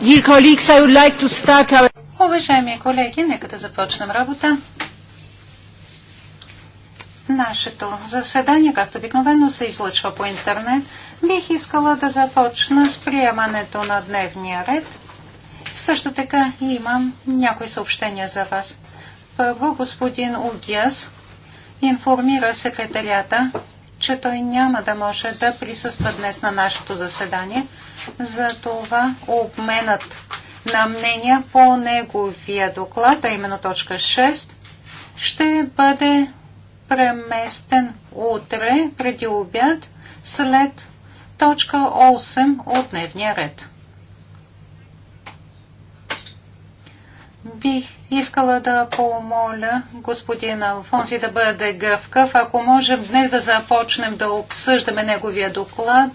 Like our... Уважаеми колеги, нека да започнем работа. Нашето заседание, както обикновено, се излъчва по интернет. Бих искала да започна с приемането на дневния ред. Също така имам някои съобщения за вас. Първо, господин Угиас информира секретарията, че той няма да може да присъства днес на нашето заседание. Затова обменът на мнения по неговия доклад, а именно точка 6, ще бъде преместен утре преди обяд след точка 8 от дневния ред. Бих искала да помоля господин Алфонси да бъде гъвкав, ако можем днес да започнем да обсъждаме неговия доклад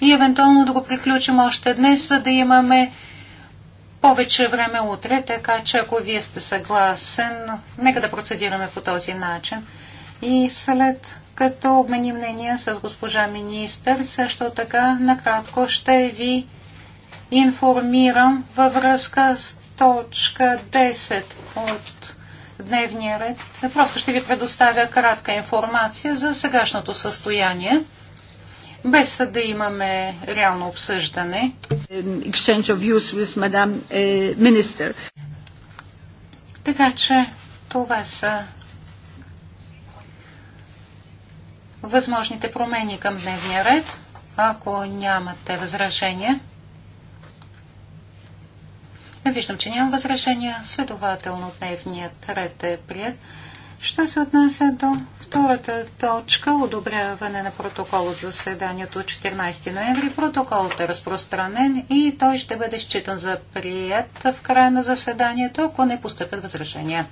и евентуално да го приключим още днес, за да имаме повече време утре, така че ако вие сте съгласен, нека да процедираме по този начин. И след като обменим мнение с госпожа министър, също така накратко ще ви информирам във връзка с точка 10 от дневния ред. Просто ще ви предоставя кратка информация за сегашното състояние, без да имаме реално обсъждане. Exchange of views with eh, Minister. Така че това са възможните промени към дневния ред, ако нямате възражения. Не Виждам, че нямам възражения. Следователно дневният ред е прият. Ще се отнася до втората точка – одобряване на протокол от заседанието от 14 ноември. Протоколът е разпространен и той ще бъде считан за прият в края на заседанието, ако не поступят възражения.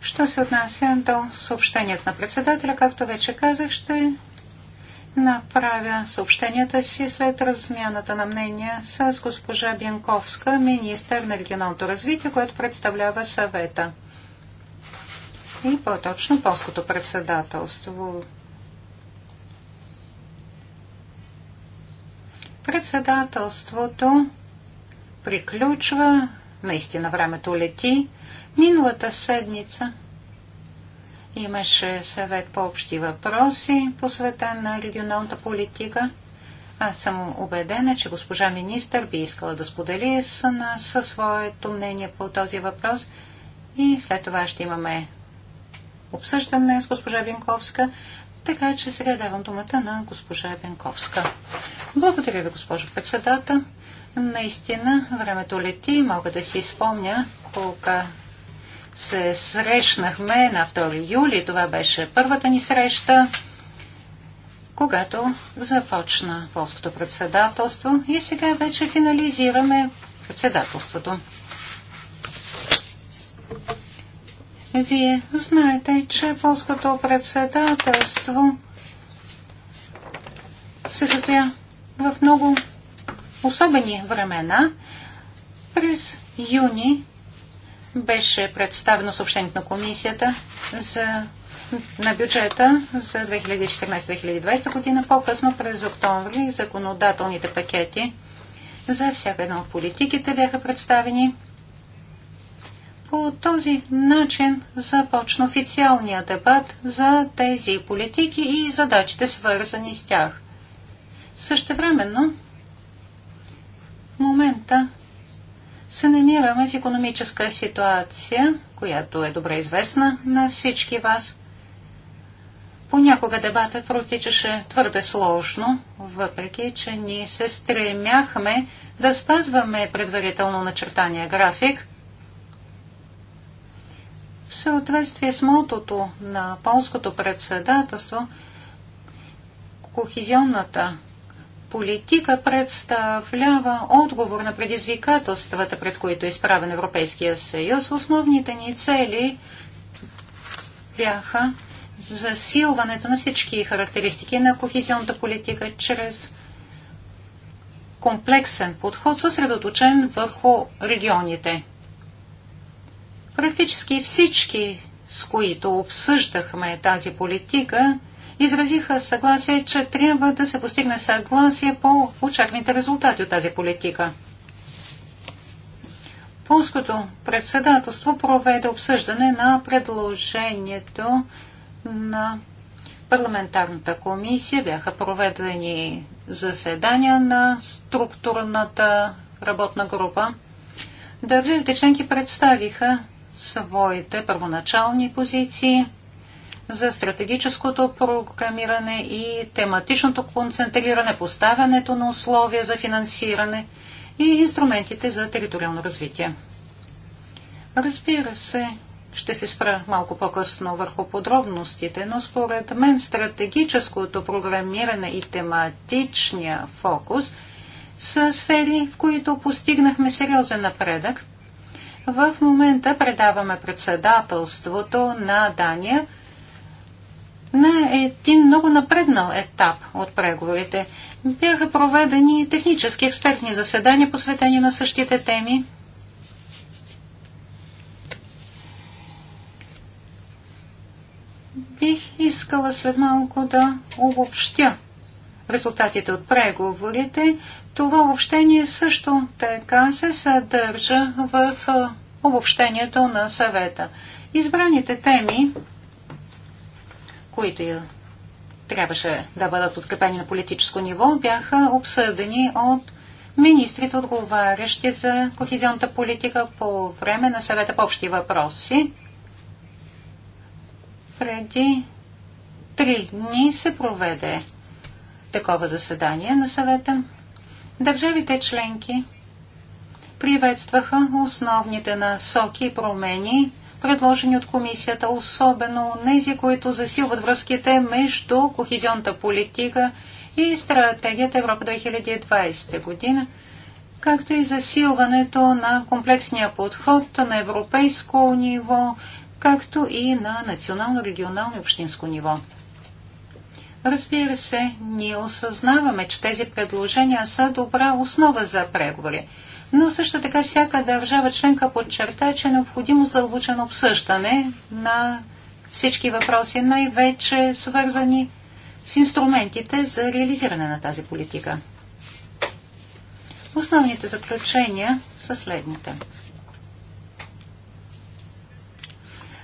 Що се отнася до съобщенията на председателя, както вече казах, ще направя съобщенията си след размяната на мнения с госпожа Бенковска, министър на регионалното развитие, което представлява съвета. И по-точно полското председателство. Председателството приключва, наистина времето лети. Миналата седмица Имаше съвет по общи въпроси, посветен на регионалната политика. Аз съм убедена, че госпожа министър би искала да сподели с нас своето мнение по този въпрос и след това ще имаме обсъждане с госпожа Бенковска, така че сега давам думата на госпожа Бенковска. Благодаря ви, госпожо председател. Наистина, времето лети. Мога да си спомня кога се срещнахме на 2 юли. Това беше първата ни среща, когато започна полското председателство и сега вече финализираме председателството. Вие знаете, че полското председателство се състоя в много особени времена. През юни беше представено съобщението на комисията за, на бюджета за 2014-2020 година. По-късно през октомври законодателните пакети за всяка една от политиките бяха представени. По този начин започна официалния дебат за тези политики и задачите свързани с тях. Същевременно, в момента се намираме в економическа ситуация, която е добре известна на всички вас. Понякога дебатът протичаше твърде сложно, въпреки че ние се стремяхме да спазваме предварително начертания график. В съответствие с мотото на полското председателство, кохизионната политика представлява отговор на предизвикателствата, пред които е изправен Европейския съюз. Основните ни цели бяха засилването на всички характеристики на кохезионната политика чрез комплексен подход, съсредоточен върху регионите. Практически всички, с които обсъждахме тази политика, изразиха съгласие, че трябва да се постигне съгласие по очакваните резултати от тази политика. Полското председателство проведе обсъждане на предложението на парламентарната комисия. Бяха проведени заседания на структурната работна група. Държавите членки представиха своите първоначални позиции – за стратегическото програмиране и тематичното концентриране, поставянето на условия за финансиране и инструментите за териториално развитие. Разбира се, ще се спра малко по-късно върху подробностите, но според мен стратегическото програмиране и тематичния фокус са сфери, в които постигнахме сериозен напредък. В момента предаваме председателството на Дания – на един много напреднал етап от преговорите. Бяха проведени технически експертни заседания, посветени на същите теми. Бих искала след малко да обобщя резултатите от преговорите. Това обобщение също така се съдържа в обобщението на съвета. Избраните теми които трябваше да бъдат подкрепени на политическо ниво, бяха обсъдени от министрите, отговарящи за кохезионната политика по време на съвета по общи въпроси. Преди три дни се проведе такова заседание на съвета. Държавите членки приветстваха основните насоки и промени предложени от комисията, особено тези, които засилват връзките между кохезионната политика и стратегията Европа 2020 година, както и засилването на комплексния подход на европейско ниво, както и на национално, регионално и общинско ниво. Разбира се, ние осъзнаваме, че тези предложения са добра основа за преговори – но също така всяка държава членка подчерта, че е необходимо задълбочено обсъждане на всички въпроси, най-вече свързани с инструментите за реализиране на тази политика. Основните заключения са следните.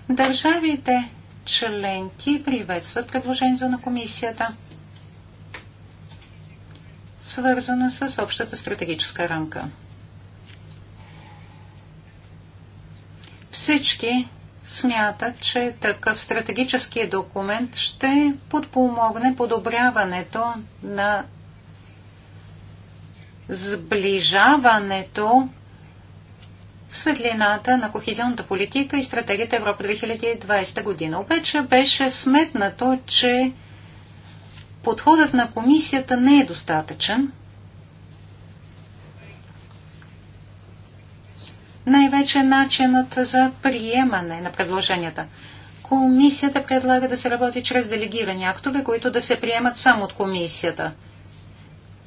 Държавите членки приветстват предложението на комисията, свързано с общата стратегическа рамка. Всички смятат, че такъв стратегически документ ще подпомогне подобряването на сближаването в светлината на кохезионната политика и стратегията Европа 2020 година. Обаче беше сметнато, че подходът на комисията не е достатъчен – най-вече начинът за приемане на предложенията. Комисията предлага да се работи чрез делегирани актове, които да се приемат само от комисията.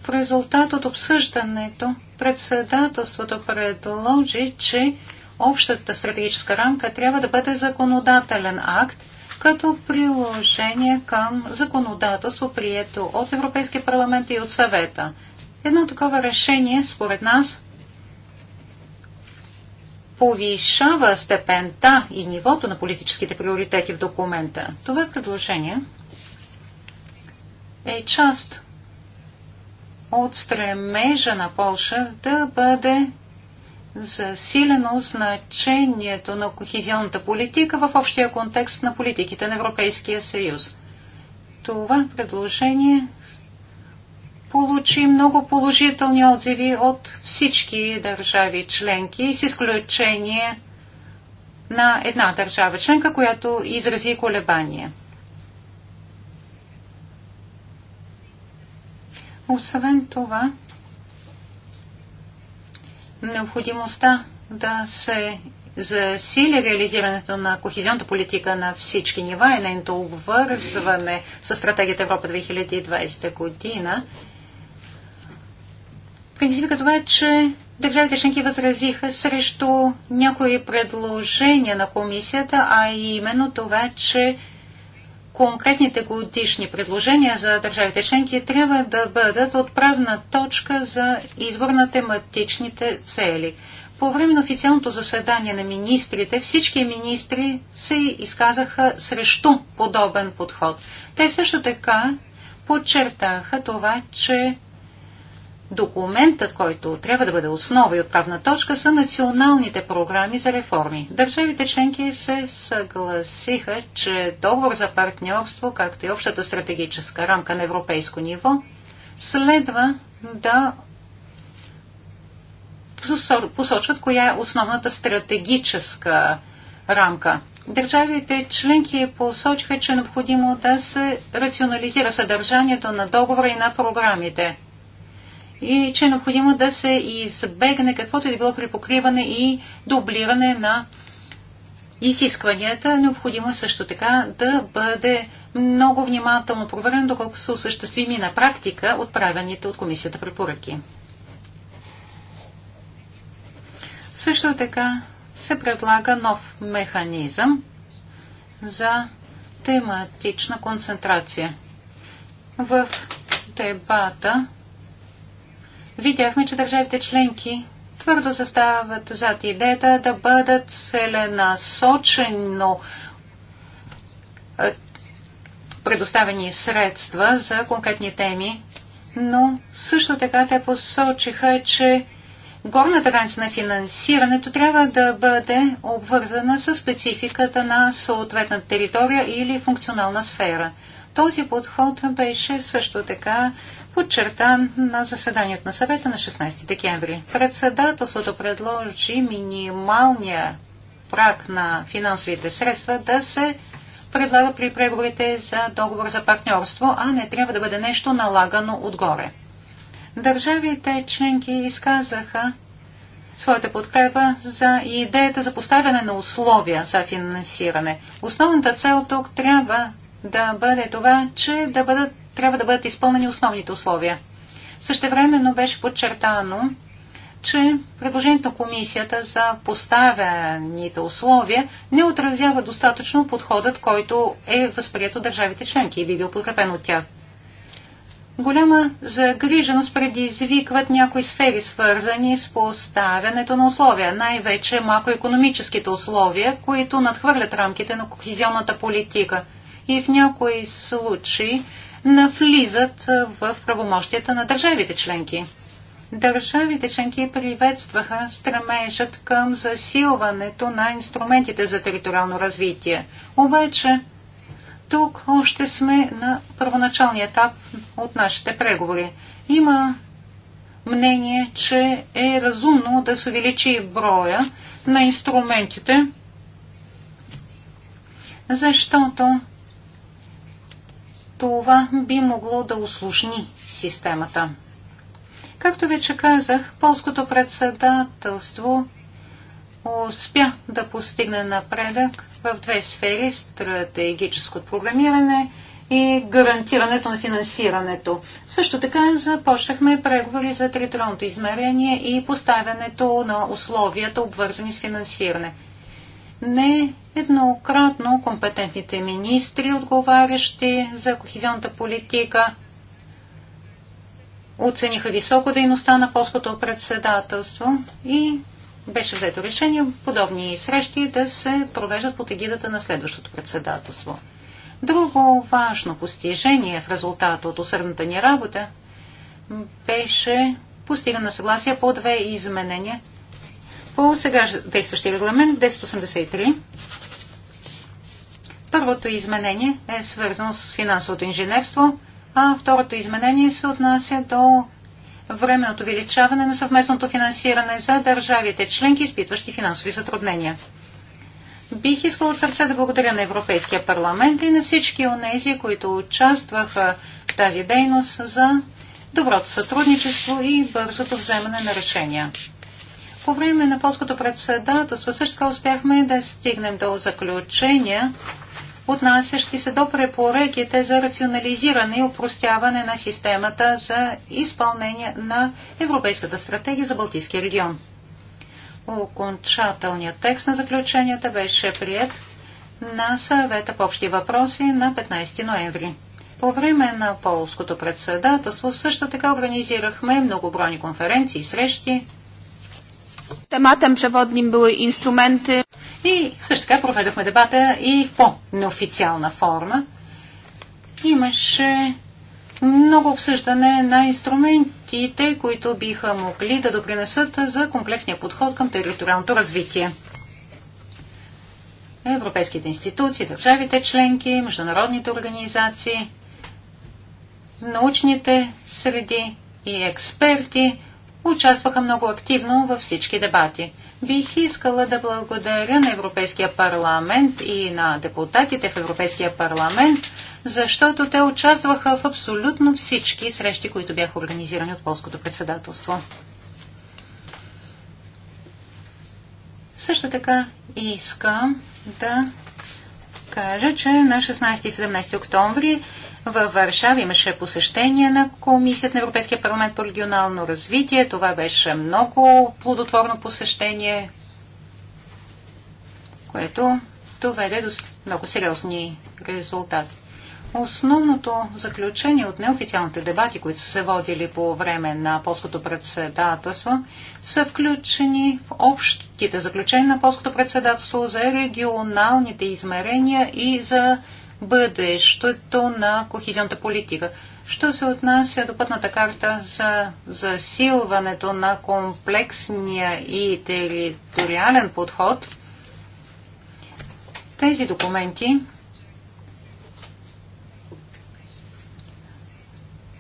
В резултат от обсъждането председателството предложи, че общата стратегическа рамка трябва да бъде законодателен акт, като приложение към законодателство, прието от Европейския парламент и от съвета. Едно такова решение, според нас, повишава степента и нивото на политическите приоритети в документа. Това предложение е част от стремежа на Полша да бъде засилено значението на кохезионната политика в общия контекст на политиките на Европейския съюз. Това предложение получи много положителни отзиви от всички държави членки, с изключение на една държава членка, която изрази колебание. Освен това, необходимостта да се засили реализирането на кохезионната политика на всички нива и нейното обвързване с стратегията Европа 2020 година – предизвика това, е, че държавите членки възразиха срещу някои предложения на комисията, а именно това, че конкретните годишни предложения за държавите членки трябва да бъдат отправна точка за избор на тематичните цели. По време на официалното заседание на министрите всички министри се изказаха срещу подобен подход. Те също така подчертаха това, че документът, който трябва да бъде основа и отправна точка, са националните програми за реформи. Държавите членки се съгласиха, че договор за партньорство, както и общата стратегическа рамка на европейско ниво, следва да посочват коя е основната стратегическа рамка. Държавите членки посочиха, че е необходимо да се рационализира съдържанието на договора и на програмите – и че е необходимо да се избегне каквото и да било припокриване и дублиране на изискванията. Необходимо е също така да бъде много внимателно проверено доколко са осъществими на практика отправените от комисията препоръки. Също така се предлага нов механизъм за тематична концентрация. В дебата видяхме, че държавите членки твърдо застават зад идеята да бъдат целенасочено е, предоставени средства за конкретни теми, но също така те посочиха, че горната граница на финансирането трябва да бъде обвързана с спецификата на съответната територия или функционална сфера. Този подход беше също така подчертан на заседанието на съвета на 16 декември. Председателството предложи минималния прак на финансовите средства да се предлага при преговорите за договор за партньорство, а не трябва да бъде нещо налагано отгоре. Държавите членки изказаха своята подкрепа за идеята за поставяне на условия за финансиране. Основната цел тук трябва да бъде това, че да бъдат трябва да бъдат изпълнени основните условия. Същевременно беше подчертано, че предложението на комисията за поставяните условия не отразява достатъчно подходът, който е възприят от държавите членки и би бил подкрепен от тях. Голяма загриженост предизвикват някои сфери, свързани с поставянето на условия, най-вече макроекономическите условия, които надхвърлят рамките на кохизионната политика. И в някои случаи навлизат в правомощията на държавите членки. Държавите членки приветстваха стремежът към засилването на инструментите за териториално развитие. Обаче, тук още сме на първоначалния етап от нашите преговори. Има мнение, че е разумно да се увеличи броя на инструментите, защото това би могло да усложни системата. Както вече казах, полското председателство успя да постигне напредък в две сфери – стратегическото програмиране и гарантирането на финансирането. Също така започнахме преговори за териториалното измерение и поставянето на условията, обвързани с финансиране – не еднократно компетентните министри, отговарящи за кохизионната политика, оцениха високо дейността на полското председателство и беше взето решение подобни срещи да се провеждат под егидата на следващото председателство. Друго важно постижение в резултат от усърдната ни работа беше постигане на съгласие по две изменения – по сега действащия регламент 1083 първото изменение е свързано с финансовото инженерство, а второто изменение се отнася до временното увеличаване на съвместното финансиране за държавите членки, изпитващи финансови затруднения. Бих искал от сърце да благодаря на Европейския парламент и на всички онези, които участваха в тази дейност за доброто сътрудничество и бързото вземане на решения. По време на полското председателство също така успяхме да стигнем до заключения, отнасящи се до препоръките за рационализиране и упростяване на системата за изпълнение на Европейската стратегия за Балтийския регион. Окончателният текст на заключенията беше прият на съвета по общи въпроси на 15 ноември. По време на полското председателство също така организирахме многобройни конференции и срещи Тематен преводним били инструменти. И също така проведохме дебата и в по-неофициална форма. Имаше много обсъждане на инструментите, които биха могли да допринесат за комплексния подход към териториалното развитие. Европейските институции, държавите членки, международните организации, научните среди и експерти – участваха много активно във всички дебати. Бих искала да благодаря на Европейския парламент и на депутатите в Европейския парламент, защото те участваха в абсолютно всички срещи, които бяха организирани от полското председателство. Също така искам да кажа, че на 16 и 17 октомври в Варшава имаше посещение на Комисията на Европейския парламент по регионално развитие. Това беше много плодотворно посещение, което доведе до много сериозни резултати. Основното заключение от неофициалните дебати, които са се водили по време на полското председателство, са включени в общите заключения на полското председателство за регионалните измерения и за бъдещето на кохизионната политика. Що се отнася до пътната карта за засилването на комплексния и териториален подход, тези документи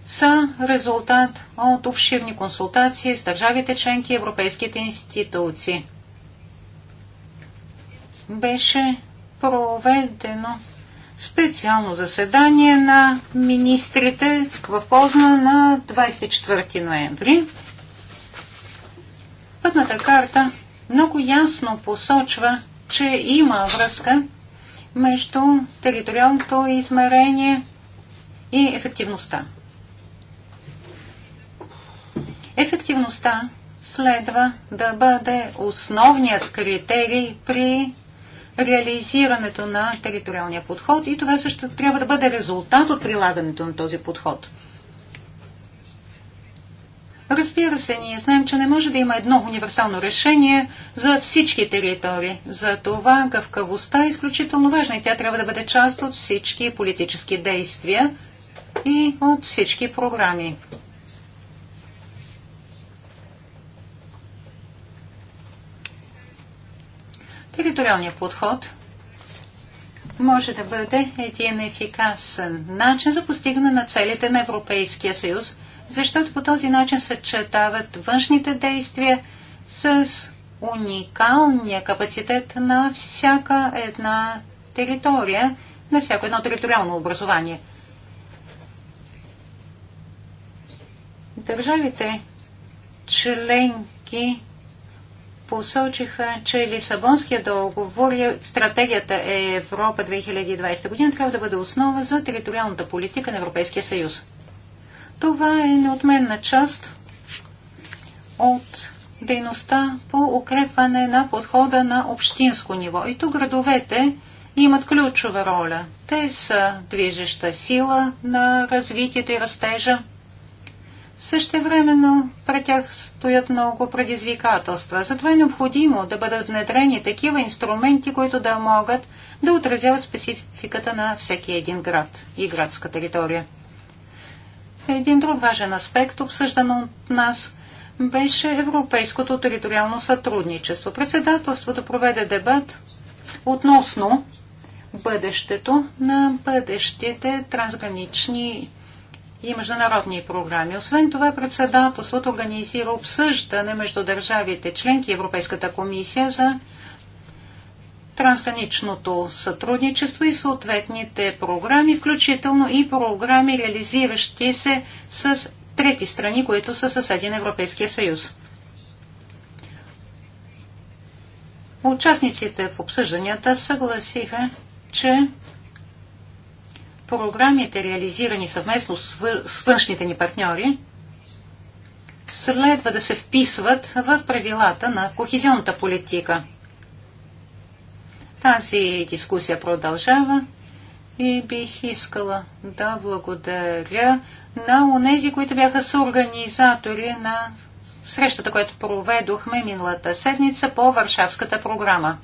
са резултат от обширни консултации с държавите членки и европейските институции. Беше проведено специално заседание на министрите в Позна на 24 ноември. Пътната карта много ясно посочва, че има връзка между териториалното измерение и ефективността. Ефективността следва да бъде основният критерий при реализирането на териториалния подход и това също трябва да бъде резултат от прилагането на този подход. Разбира се, ние знаем, че не може да има едно универсално решение за всички територии. За това гъвкавостта е изключително важна и тя трябва да бъде част от всички политически действия и от всички програми. Териториалният подход може да бъде един ефикасен начин за постигане на целите на Европейския съюз, защото по този начин съчетават външните действия с уникалния капацитет на всяка една територия, на всяко едно териториално образование. Държавите членки посочиха, че Лисабонския договор и стратегията Европа 2020 година трябва да бъде основа за териториалната политика на Европейския съюз. Това е неотменна част от дейността по укрепване на подхода на общинско ниво. И тук градовете имат ключова роля. Те са движеща сила на развитието и растежа времено пред тях стоят много предизвикателства. Затова е необходимо да бъдат внедрени такива инструменти, които да могат да отразяват спецификата на всеки един град и градска територия. Един друг важен аспект, обсъждан от нас, беше европейското териториално сътрудничество. Председателството проведе дебат относно бъдещето на бъдещите трансгранични и международни програми. Освен това, председателството организира обсъждане между държавите членки и Европейската комисия за трансграничното сътрудничество и съответните програми, включително и програми, реализиращи се с трети страни, които са съседи на Европейския съюз. Участниците в обсъжданията съгласиха, че програмите, реализирани съвместно с външните ни партньори, следва да се вписват в правилата на кохезионната политика. Тази дискусия продължава и бих искала да благодаря на онези, които бяха съорганизатори на срещата, която проведохме миналата седмица по Варшавската програма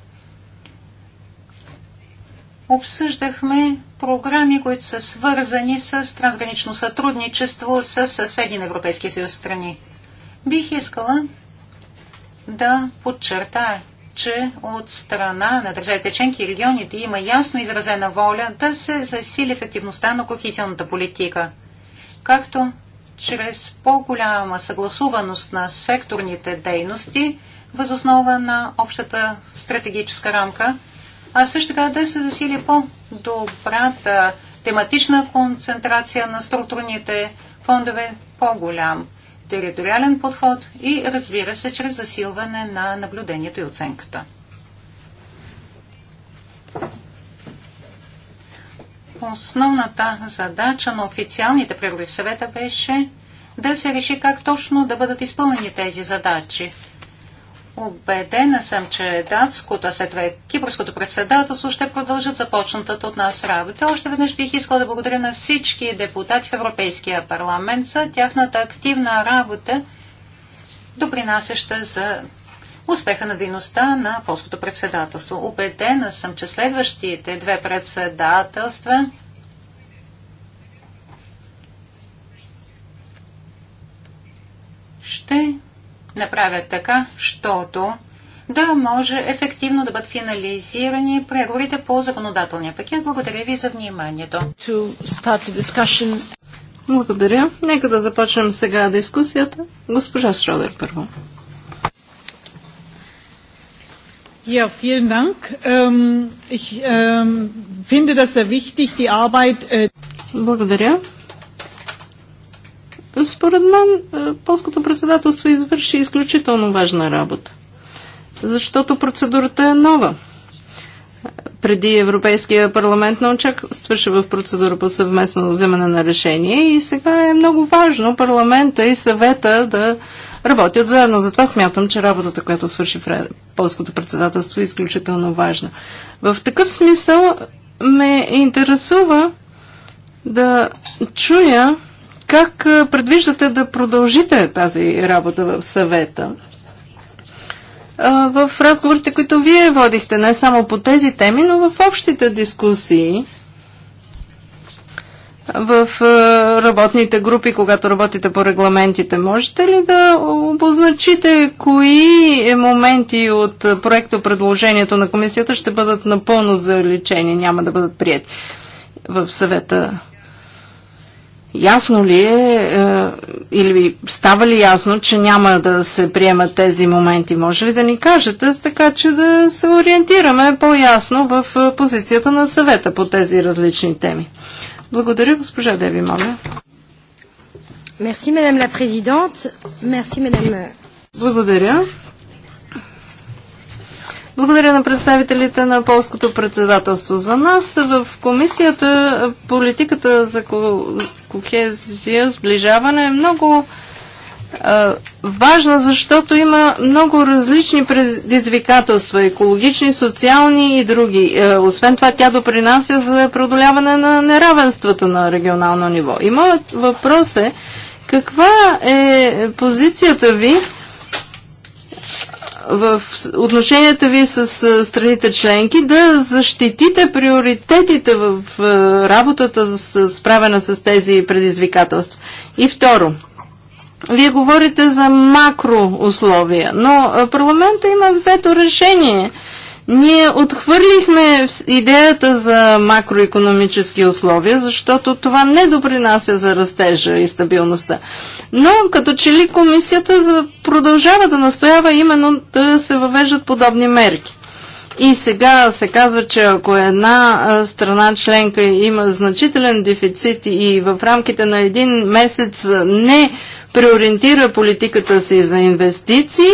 обсъждахме програми, които са свързани с трансгранично сътрудничество с съседни на Европейския съюз страни. Бих искала да подчертая, че от страна на държавите членки и регионите има ясно изразена воля да се засили ефективността на кохизионната политика, както чрез по-голяма съгласуваност на секторните дейности, възоснова на общата стратегическа рамка – а също така да се засили по-добрата тематична концентрация на структурните фондове, по-голям териториален подход и разбира се, чрез засилване на наблюдението и оценката. Основната задача на официалните преговори в съвета беше да се реши как точно да бъдат изпълнени тези задачи. Обедена съм, че датското, а след това кипърското председателство ще продължат започнатата от нас работа. Още веднъж бих искала да благодаря на всички депутати в Европейския парламент за тяхната активна работа, допринасяща за успеха на дейността на полското председателство. Обедена съм, че следващите две председателства ще направят така, щото да може ефективно да бъдат финализирани преговорите по законодателния пакет. Благодаря ви за вниманието. Благодаря. Нека да започнем сега дискусията. Госпожа Шродер първо. Ja, vielen Dank. Ähm, ich ähm, finde das sehr wichtig, die Arbeit. Äh Благодаря. Според мен, е, полското председателство извърши изключително важна работа, защото процедурата е нова. Преди Европейския парламент очак участваше в процедура по съвместно вземане на решение и сега е много важно парламента и съвета да работят заедно. Затова смятам, че работата, която свърши полското председателство е изключително важна. В такъв смисъл ме интересува да чуя как предвиждате да продължите тази работа в съвета? В разговорите, които вие водихте, не само по тези теми, но в общите дискусии, в работните групи, когато работите по регламентите, можете ли да обозначите кои моменти от проекто предложението на комисията ще бъдат напълно заличени, няма да бъдат прияти в съвета? Ясно ли е, е или става ли ясно, че няма да се приемат тези моменти? Може ли да ни кажете, така че да се ориентираме по-ясно в е, позицията на съвета по тези различни теми? Благодаря, госпожа Деви, моля. Е. Благодаря. Благодаря на представителите на полското председателство. За нас в комисията политиката за кохезия, сближаване е много важна, защото има много различни предизвикателства, екологични, социални и други. Освен това, тя допринася за преодоляване на неравенствата на регионално ниво. И моят въпрос е, каква е позицията ви в отношенията ви с страните членки да защитите приоритетите в работата с справена с тези предизвикателства. И второ, вие говорите за макроусловия, но парламента има взето решение – ние отхвърлихме идеята за макроекономически условия, защото това не допринася за растежа и стабилността. Но като че ли комисията продължава да настоява именно да се въвеждат подобни мерки. И сега се казва, че ако една страна членка има значителен дефицит и в рамките на един месец не приориентира политиката си за инвестиции,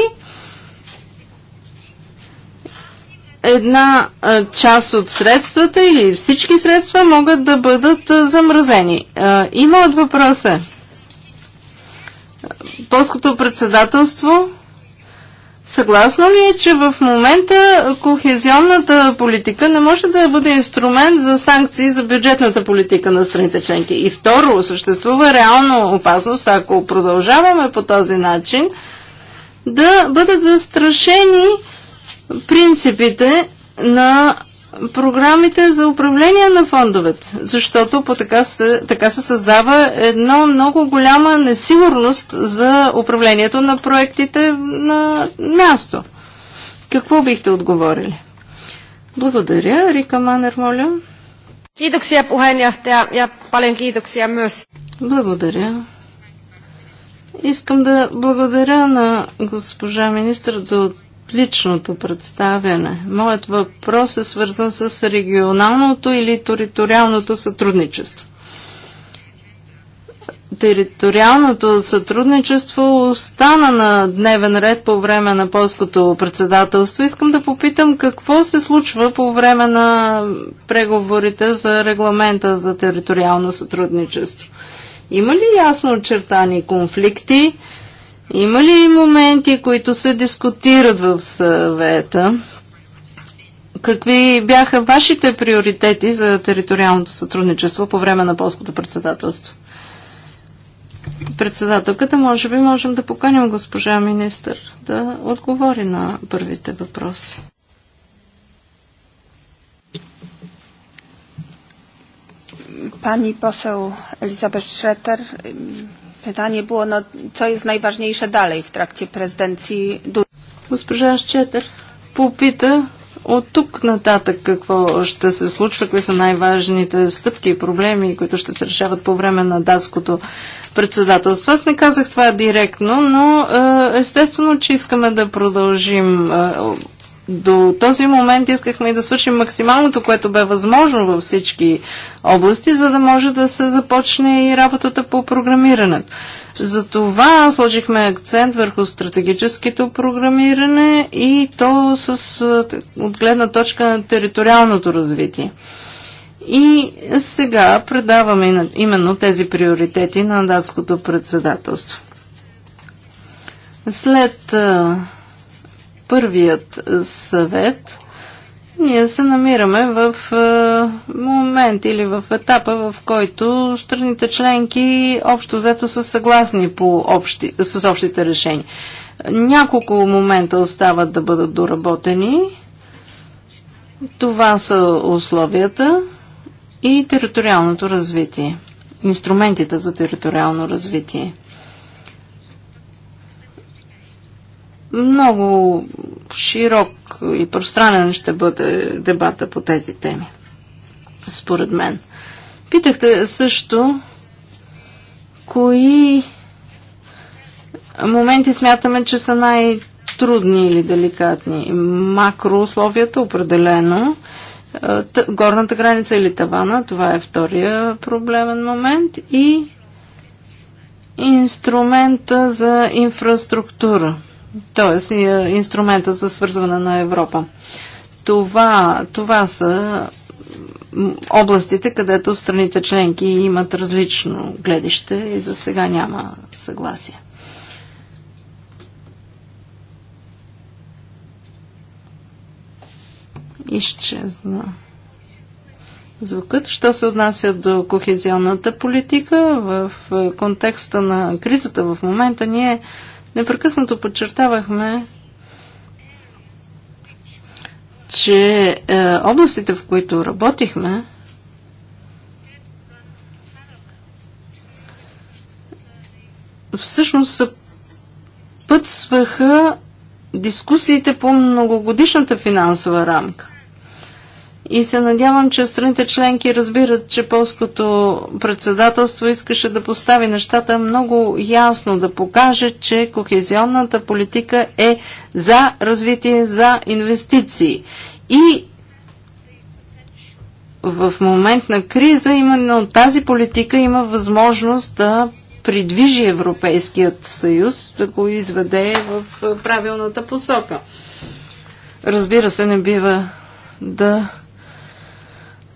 една част от средствата или всички средства могат да бъдат замразени. Има от въпроса. полското председателство Съгласно ли е, че в момента кохезионната политика не може да бъде инструмент за санкции за бюджетната политика на страните членки? И второ, съществува реално опасност, ако продължаваме по този начин, да бъдат застрашени принципите на програмите за управление на фондовете, защото по така, се, така се създава едно много голяма несигурност за управлението на проектите на място. Какво бихте отговорили? Благодаря. Рика Манер, моля. Kiitoksia puheenjohtaja ja paljon kiitoksia myös. Благодаря. Искам да благодаря на госпожа министър за личното представяне. Моят въпрос е свързан с регионалното или териториалното сътрудничество. Териториалното сътрудничество остана на дневен ред по време на полското председателство. Искам да попитам какво се случва по време на преговорите за регламента за териториално сътрудничество. Има ли ясно очертани конфликти? Има ли моменти, които се дискутират в съвета? Какви бяха вашите приоритети за териториалното сътрудничество по време на полското председателство? Председателката, може би можем да поканим госпожа министър да отговори на първите въпроси. Пани посел Елизабет Шретер pytanie było, no, co jest najważniejsze dalej w trakcie prezydencji Dudy? Госпожа Щетър попита от тук нататък какво ще се случва, кои са най-важните стъпки и проблеми, които ще се решават по време на датското председателство. Аз не казах това директно, но е, естествено, че искаме да продължим е, до този момент искахме да свършим максималното, което бе възможно във всички области, за да може да се започне и работата по програмирането. Затова сложихме акцент върху стратегическото програмиране и то с отгледна точка на териториалното развитие. И сега предаваме именно тези приоритети на датското председателство. След първият съвет, ние се намираме в е, момент или в етапа, в който страните членки общо взето са съгласни по общи, с общите решения. Няколко момента остават да бъдат доработени. Това са условията и териториалното развитие. Инструментите за териториално развитие. Много широк и пространен ще бъде дебата по тези теми, според мен. Питахте също кои моменти смятаме, че са най-трудни или деликатни. Макроусловията определено, е, горната граница или тавана, това е втория проблемен момент и инструмента за инфраструктура т.е. инструментът за свързване на Европа. Това, това са областите, където страните членки имат различно гледище и за сега няма съгласие. Изчезна звукът. Що се отнася до кохезионната политика, в е, контекста на кризата в момента ние Непрекъснато подчертавахме, че е, областите, в които работихме, всъщност съпътстваха дискусиите по многогодишната финансова рамка. И се надявам, че страните членки разбират, че полското председателство искаше да постави нещата много ясно, да покаже, че кохезионната политика е за развитие, за инвестиции. И в момент на криза именно тази политика има възможност да придвижи Европейският съюз, да го изведе в правилната посока. Разбира се, не бива да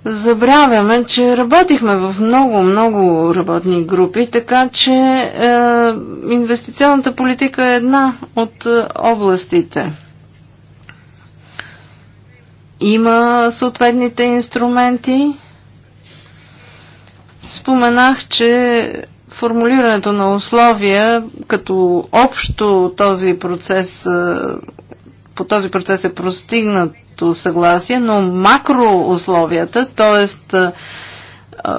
забравяме, че работихме в много-много работни групи, така че е, инвестиционната политика е една от е, областите. Има съответните инструменти. Споменах, че формулирането на условия, като общо този процес, е, по този процес е простигнат постигнато съгласие, но макроусловията, т.е.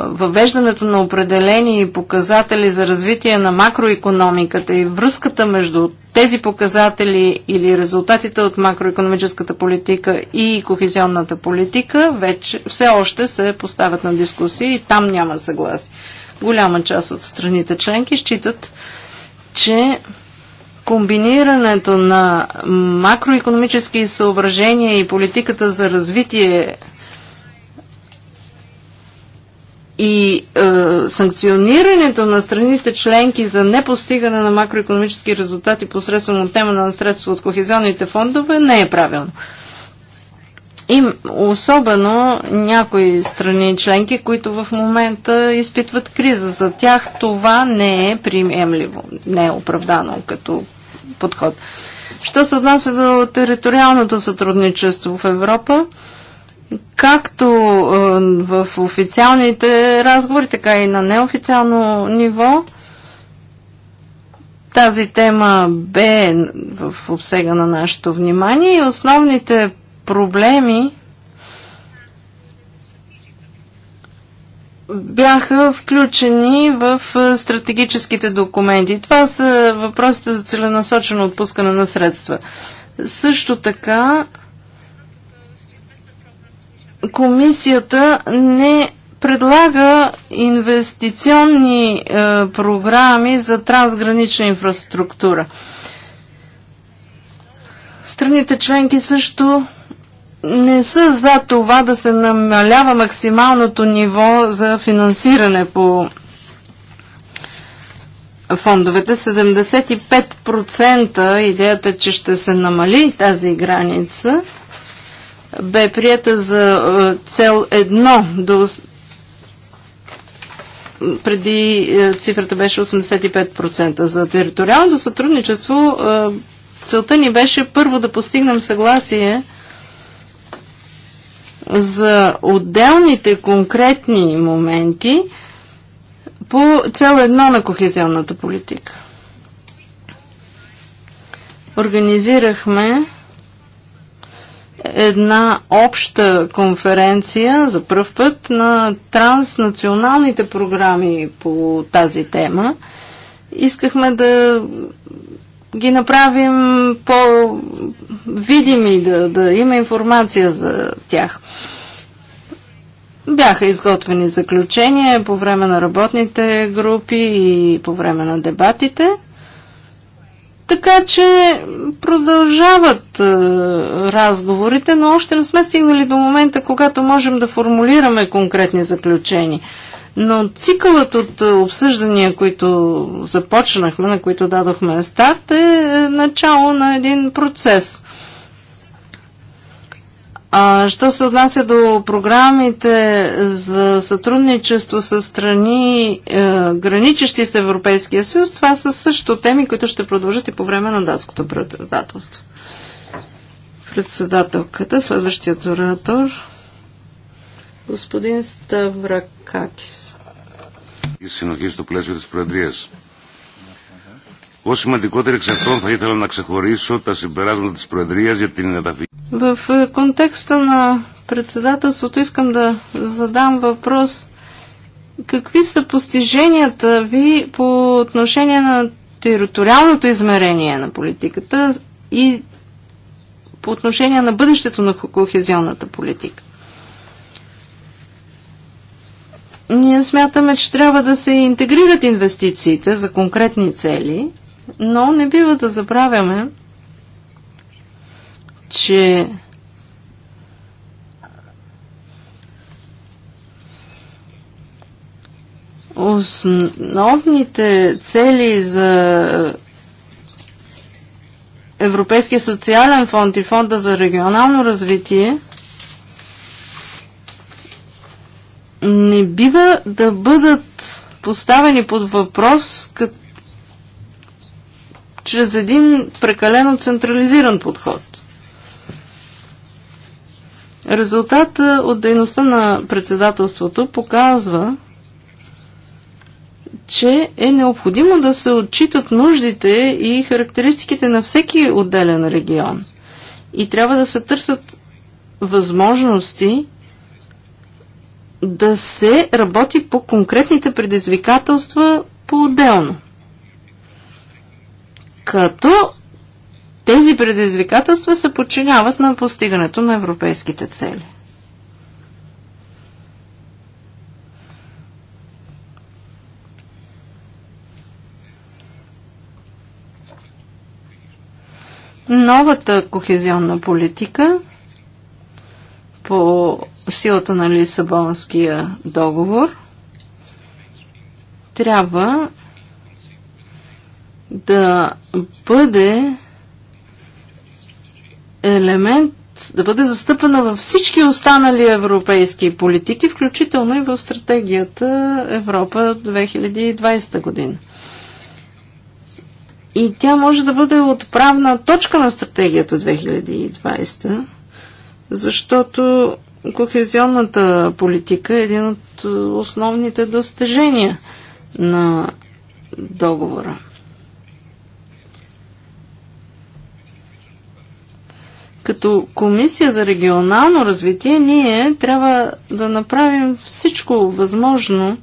въвеждането на определени показатели за развитие на макроекономиката и връзката между тези показатели или резултатите от макроекономическата политика и кохезионната политика, вече все още се поставят на дискусии и там няма съгласие. Голяма част от страните членки считат, че комбинирането на макроекономически съображения и политиката за развитие и е, санкционирането на страните членки за непостигане на макроекономически резултати посредством тема на средства от кохезионните фондове не е правилно. И особено някои страни членки, които в момента изпитват криза. За тях това не е приемливо, не е оправдано като подход. Що се отнася до териториалното сътрудничество в Европа, както е, в официалните разговори, така и на неофициално ниво, тази тема бе в обсега на нашето внимание и основните проблеми, бяха включени в стратегическите документи. Това са въпросите за целенасочено отпускане на средства. Също така, комисията не предлага инвестиционни е, програми за трансгранична инфраструктура. Страните членки също не са за това да се намалява максималното ниво за финансиране по фондовете. 75% идеята, е, че ще се намали тази граница, бе прията за е, цел 1 до преди е, цифрата беше 85%. За териториалното сътрудничество целта ни беше първо да постигнем съгласие за отделните конкретни моменти по цел едно на кохезионната политика. Организирахме една обща конференция за първ път на транснационалните програми по тази тема. Искахме да ги направим по-видими, да, да има информация за тях. Бяха изготвени заключения по време на работните групи и по време на дебатите. Така че продължават е, разговорите, но още не сме стигнали до момента, когато можем да формулираме конкретни заключения. Но цикълът от е, обсъждания, които започнахме, на които дадохме старт, е, е начало на един процес. А що се отнася до програмите за сътрудничество с страни, е, граничещи с Европейския съюз, това са също теми, които ще продължат и по време на датското председателство. Председателката, следващият оратор. Господин Ставракакис. И συνοχή στο πλαίσιο της Προεδρίας. Ω σημαντικότερη εξ αυτών θα ήθελα να ξεχωρίσω τα συμπεράσματα της Προεδρίας για την εδαφική. В контекста на председателството искам да задам въпрос какви са постиженията ви по отношение на териториалното измерение на политиката и по отношение на бъдещето на кохезионната политика? Ние смятаме, че трябва да се интегрират инвестициите за конкретни цели, но не бива да забравяме, че основните цели за Европейския социален фонд и фонда за регионално развитие не бива да бъдат поставени под въпрос като чрез един прекалено централизиран подход. Резултата от дейността на председателството показва, че е необходимо да се отчитат нуждите и характеристиките на всеки отделен регион. И трябва да се търсят възможности да се работи по конкретните предизвикателства по-отделно. Като тези предизвикателства се подчиняват на постигането на европейските цели. Новата кохезионна политика по силата на Лисабонския договор трябва да бъде елемент, да бъде застъпена във всички останали европейски политики, включително и в стратегията Европа 2020 година. И тя може да бъде отправна точка на стратегията 2020 защото кохезионната политика е един от е, основните достижения на договора. Като Комисия за регионално развитие ние трябва да направим всичко възможно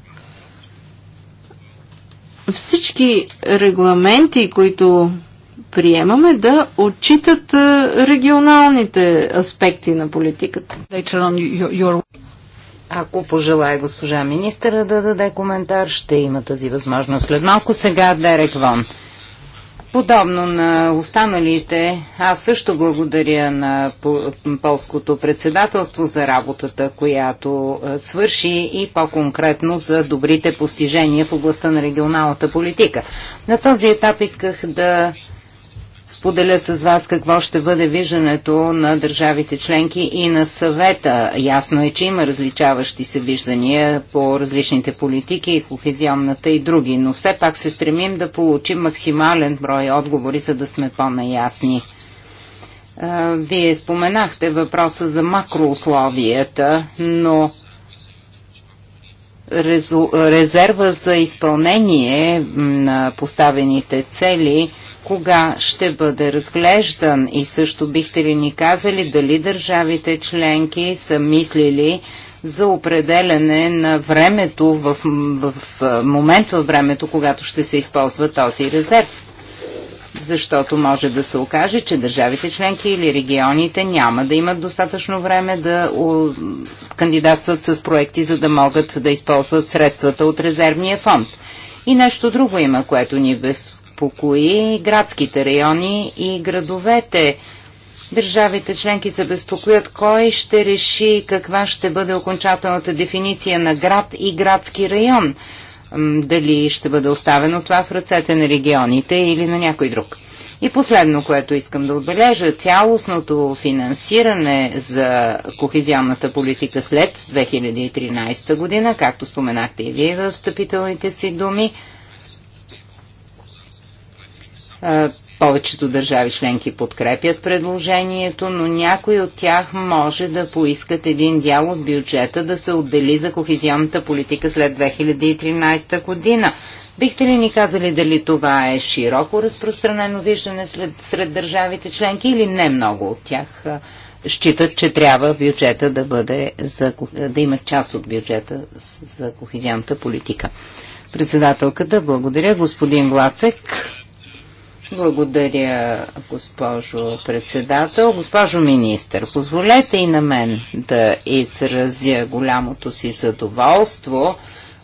всички регламенти, които приемаме, да отчитат регионалните аспекти на политиката. Ако пожелая госпожа министъра да даде коментар, ще има тази възможност. След малко сега Дерек Вон. Подобно на останалите, аз също благодаря на полското председателство за работата, която свърши и по-конкретно за добрите постижения в областта на регионалната политика. На този етап исках да споделя с вас какво ще бъде виждането на държавите членки и на съвета. Ясно е, че има различаващи се виждания по различните политики, и кохезионната и други, но все пак се стремим да получим максимален брой отговори, за да сме по-наясни. Вие споменахте въпроса за макроусловията, но резерва за изпълнение на поставените цели – кога ще бъде разглеждан и също бихте ли ни казали дали държавите членки са мислили за определене на времето в, в, в момент във времето, когато ще се използва този резерв. Защото може да се окаже, че държавите членки или регионите няма да имат достатъчно време да у... кандидатстват с проекти, за да могат да използват средствата от резервния фонд. И нещо друго има, което ни без безпокои градските райони и градовете. Държавите членки се безпокоят кой ще реши каква ще бъде окончателната дефиниция на град и градски район. Дали ще бъде оставено това в ръцете на регионите или на някой друг. И последно, което искам да отбележа, цялостното финансиране за кохезионната политика след 2013 година, както споменахте и вие в встъпителните си думи, повечето държави членки подкрепят предложението, но някой от тях може да поискат един дял от бюджета да се отдели за кохезионната политика след 2013 година. Бихте ли ни казали дали това е широко разпространено виждане след, сред държавите членки или не много от тях считат, че трябва бюджета да бъде за, да има част от бюджета за кохезионната политика? Председателката, благодаря. Господин Глацек. Благодаря, госпожо председател. Госпожо министър, позволете и на мен да изразя голямото си задоволство,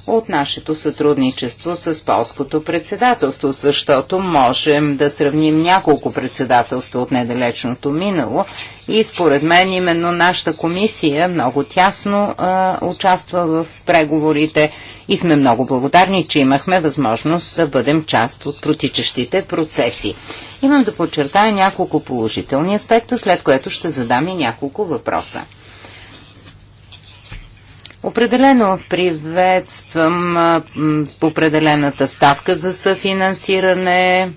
от нашето сътрудничество с полското председателство, защото можем да сравним няколко председателства от недалечното минало и според мен именно нашата комисия много тясно а, участва в преговорите и сме много благодарни, че имахме възможност да бъдем част от протичащите процеси. Имам да подчертая няколко положителни аспекта, след което ще задам и няколко въпроса. Определено приветствам определената ставка за съфинансиране.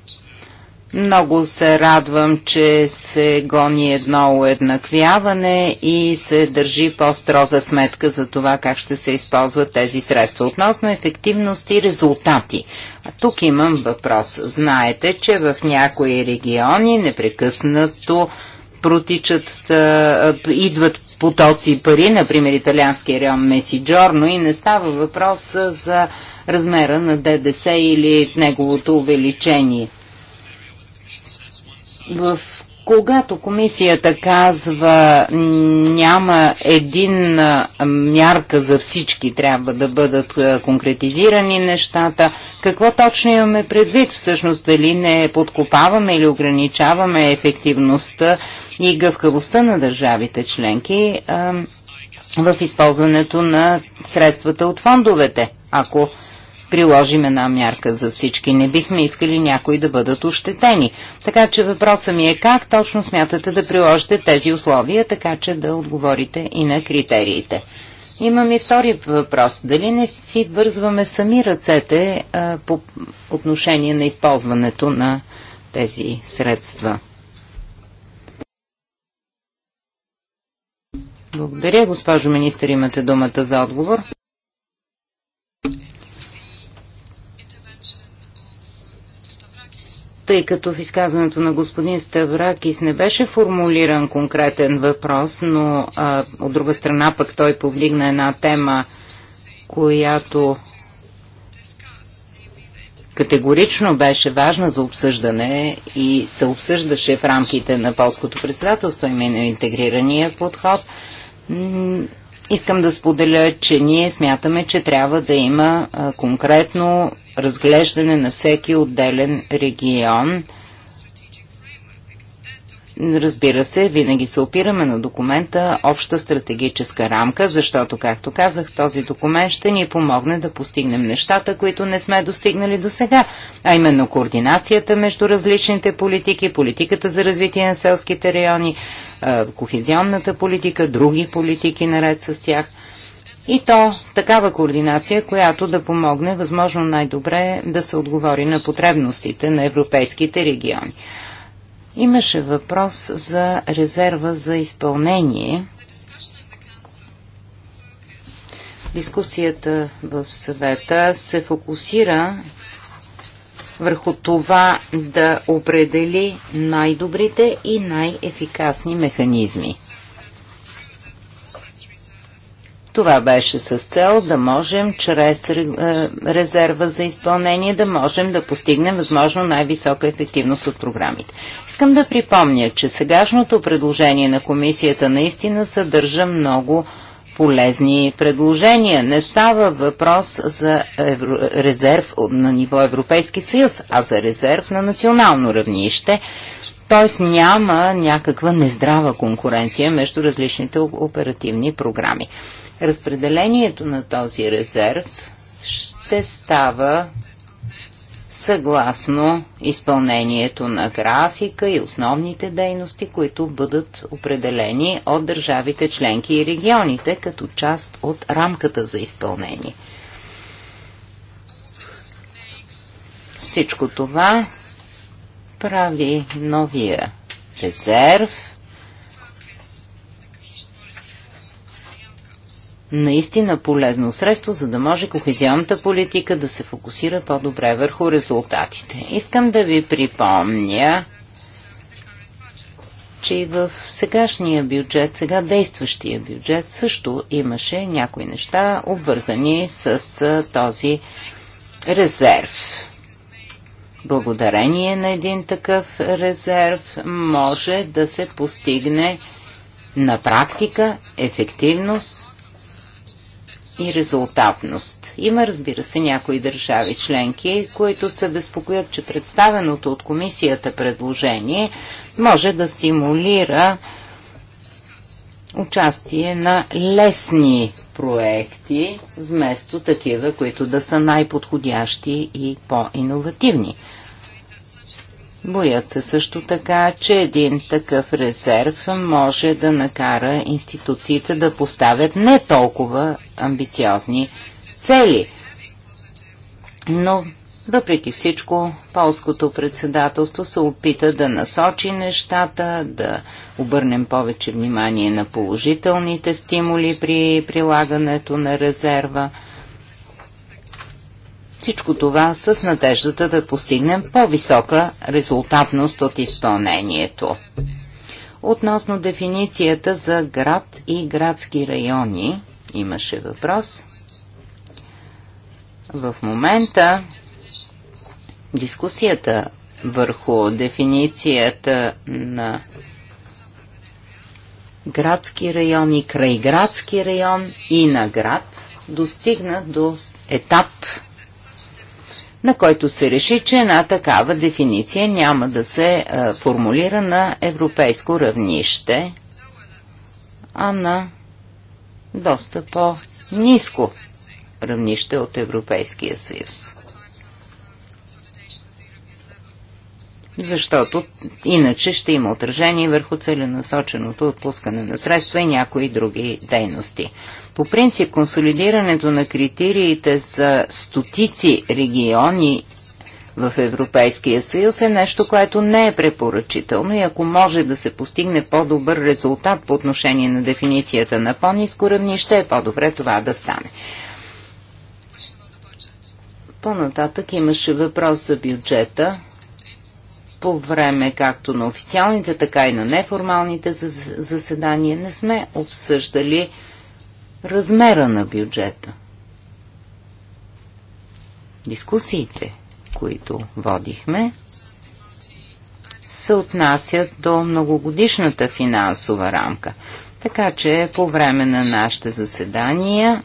Много се радвам, че се гони едно уеднаквяване и се държи по-строга сметка за това как ще се използват тези средства. Относно ефективност и резултати. А тук имам въпрос. Знаете, че в някои региони непрекъснато протичат, а, идват потоци пари, например италианския район Джорно, и не става въпрос за размера на ДДС или неговото увеличение. В когато комисията казва няма един мярка за всички, трябва да бъдат конкретизирани нещата, какво точно имаме предвид всъщност? Дали не подкопаваме или ограничаваме ефективността и гъвкавостта на държавите членки в използването на средствата от фондовете. Ако приложим една мярка за всички. Не бихме искали някои да бъдат ощетени. Така че въпросът ми е как точно смятате да приложите тези условия, така че да отговорите и на критериите. Имам и втори въпрос. Дали не си вързваме сами ръцете а, по отношение на използването на тези средства? Благодаря, госпожо министър, имате думата за отговор. Тъй като в изказването на господин Ставракис не беше формулиран конкретен въпрос, но а, от друга страна пък той повдигна една тема, която категорично беше важна за обсъждане и се обсъждаше в рамките на полското председателство, именно интегрирания подход – Искам да споделя, че ние смятаме, че трябва да има конкретно разглеждане на всеки отделен регион. Разбира се, винаги се опираме на документа Обща стратегическа рамка, защото, както казах, този документ ще ни помогне да постигнем нещата, които не сме достигнали до сега, а именно координацията между различните политики, политиката за развитие на селските райони, кохезионната политика, други политики наред с тях. И то такава координация, която да помогне възможно най-добре да се отговори на потребностите на европейските региони. Имаше въпрос за резерва за изпълнение. Дискусията в съвета се фокусира върху това да определи най-добрите и най-ефикасни механизми. Това беше с цел да можем чрез е, резерва за изпълнение да можем да постигнем възможно най-висока ефективност от програмите. Искам да припомня, че сегашното предложение на комисията наистина съдържа много полезни предложения. Не става въпрос за евро... резерв на ниво Европейски съюз, а за резерв на национално равнище. Т.е. няма някаква нездрава конкуренция между различните оперативни програми. Разпределението на този резерв ще става съгласно изпълнението на графика и основните дейности, които бъдат определени от държавите членки и регионите като част от рамката за изпълнение. Всичко това прави новия резерв наистина полезно средство, за да може кохезионната политика да се фокусира по-добре върху резултатите. Искам да ви припомня, че и в сегашния бюджет, сега действащия бюджет, също имаше някои неща, обвързани с този резерв. Благодарение на един такъв резерв може да се постигне на практика ефективност и резултатност. Има, разбира се, някои държави членки, които се безпокоят, че представеното от комисията предложение може да стимулира участие на лесни проекти, вместо такива, които да са най-подходящи и по-инновативни Боят се също така, че един такъв резерв може да накара институциите да поставят не толкова амбициозни цели. Но въпреки всичко, полското председателство се опита да насочи нещата, да обърнем повече внимание на положителните стимули при прилагането на резерва – всичко това с надеждата да постигнем по-висока резултатност от изпълнението. Относно дефиницията за град и градски райони, имаше въпрос. В момента дискусията върху дефиницията на градски район и крайградски район и на град достигна до етап на който се реши, че една такава дефиниция няма да се е, формулира на европейско равнище, а на доста по-низко равнище от Европейския съюз. Защото иначе ще има отражение върху целенасоченото отпускане на средства и някои други дейности. По принцип, консолидирането на критериите за стотици региони в Европейския съюз е нещо, което не е препоръчително и ако може да се постигне по-добър резултат по отношение на дефиницията на по-низко равнище, е по-добре това да стане. По-нататък имаше въпрос за бюджета по време както на официалните, така и на неформалните заседания. Не сме обсъждали размера на бюджета. Дискусиите, които водихме, се отнасят до многогодишната финансова рамка. Така че по време на нашите заседания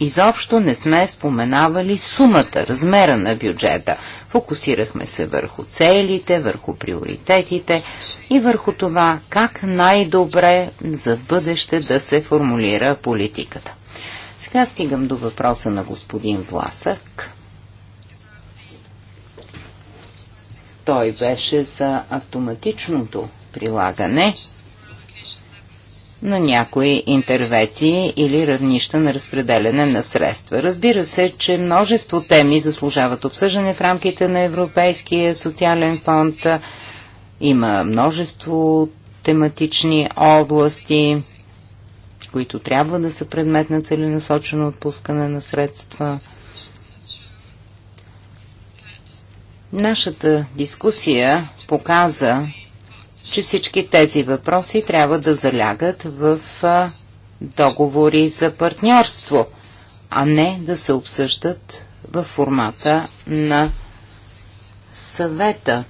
изобщо не сме споменавали сумата, размера на бюджета. Фокусирахме се върху целите, върху приоритетите и върху това как най-добре за бъдеще да се формулира политиката. Сега стигам до въпроса на господин Власък. Той беше за автоматичното прилагане на някои интервенции или равнища на разпределене на средства. Разбира се, че множество теми заслужават обсъждане в рамките на Европейския социален фонд. Има множество тематични области, които трябва да са предмет на целенасочено отпускане на средства. Нашата дискусия показа, че всички тези въпроси трябва да залягат в а, договори за партньорство, а не да се обсъждат в формата на съвета,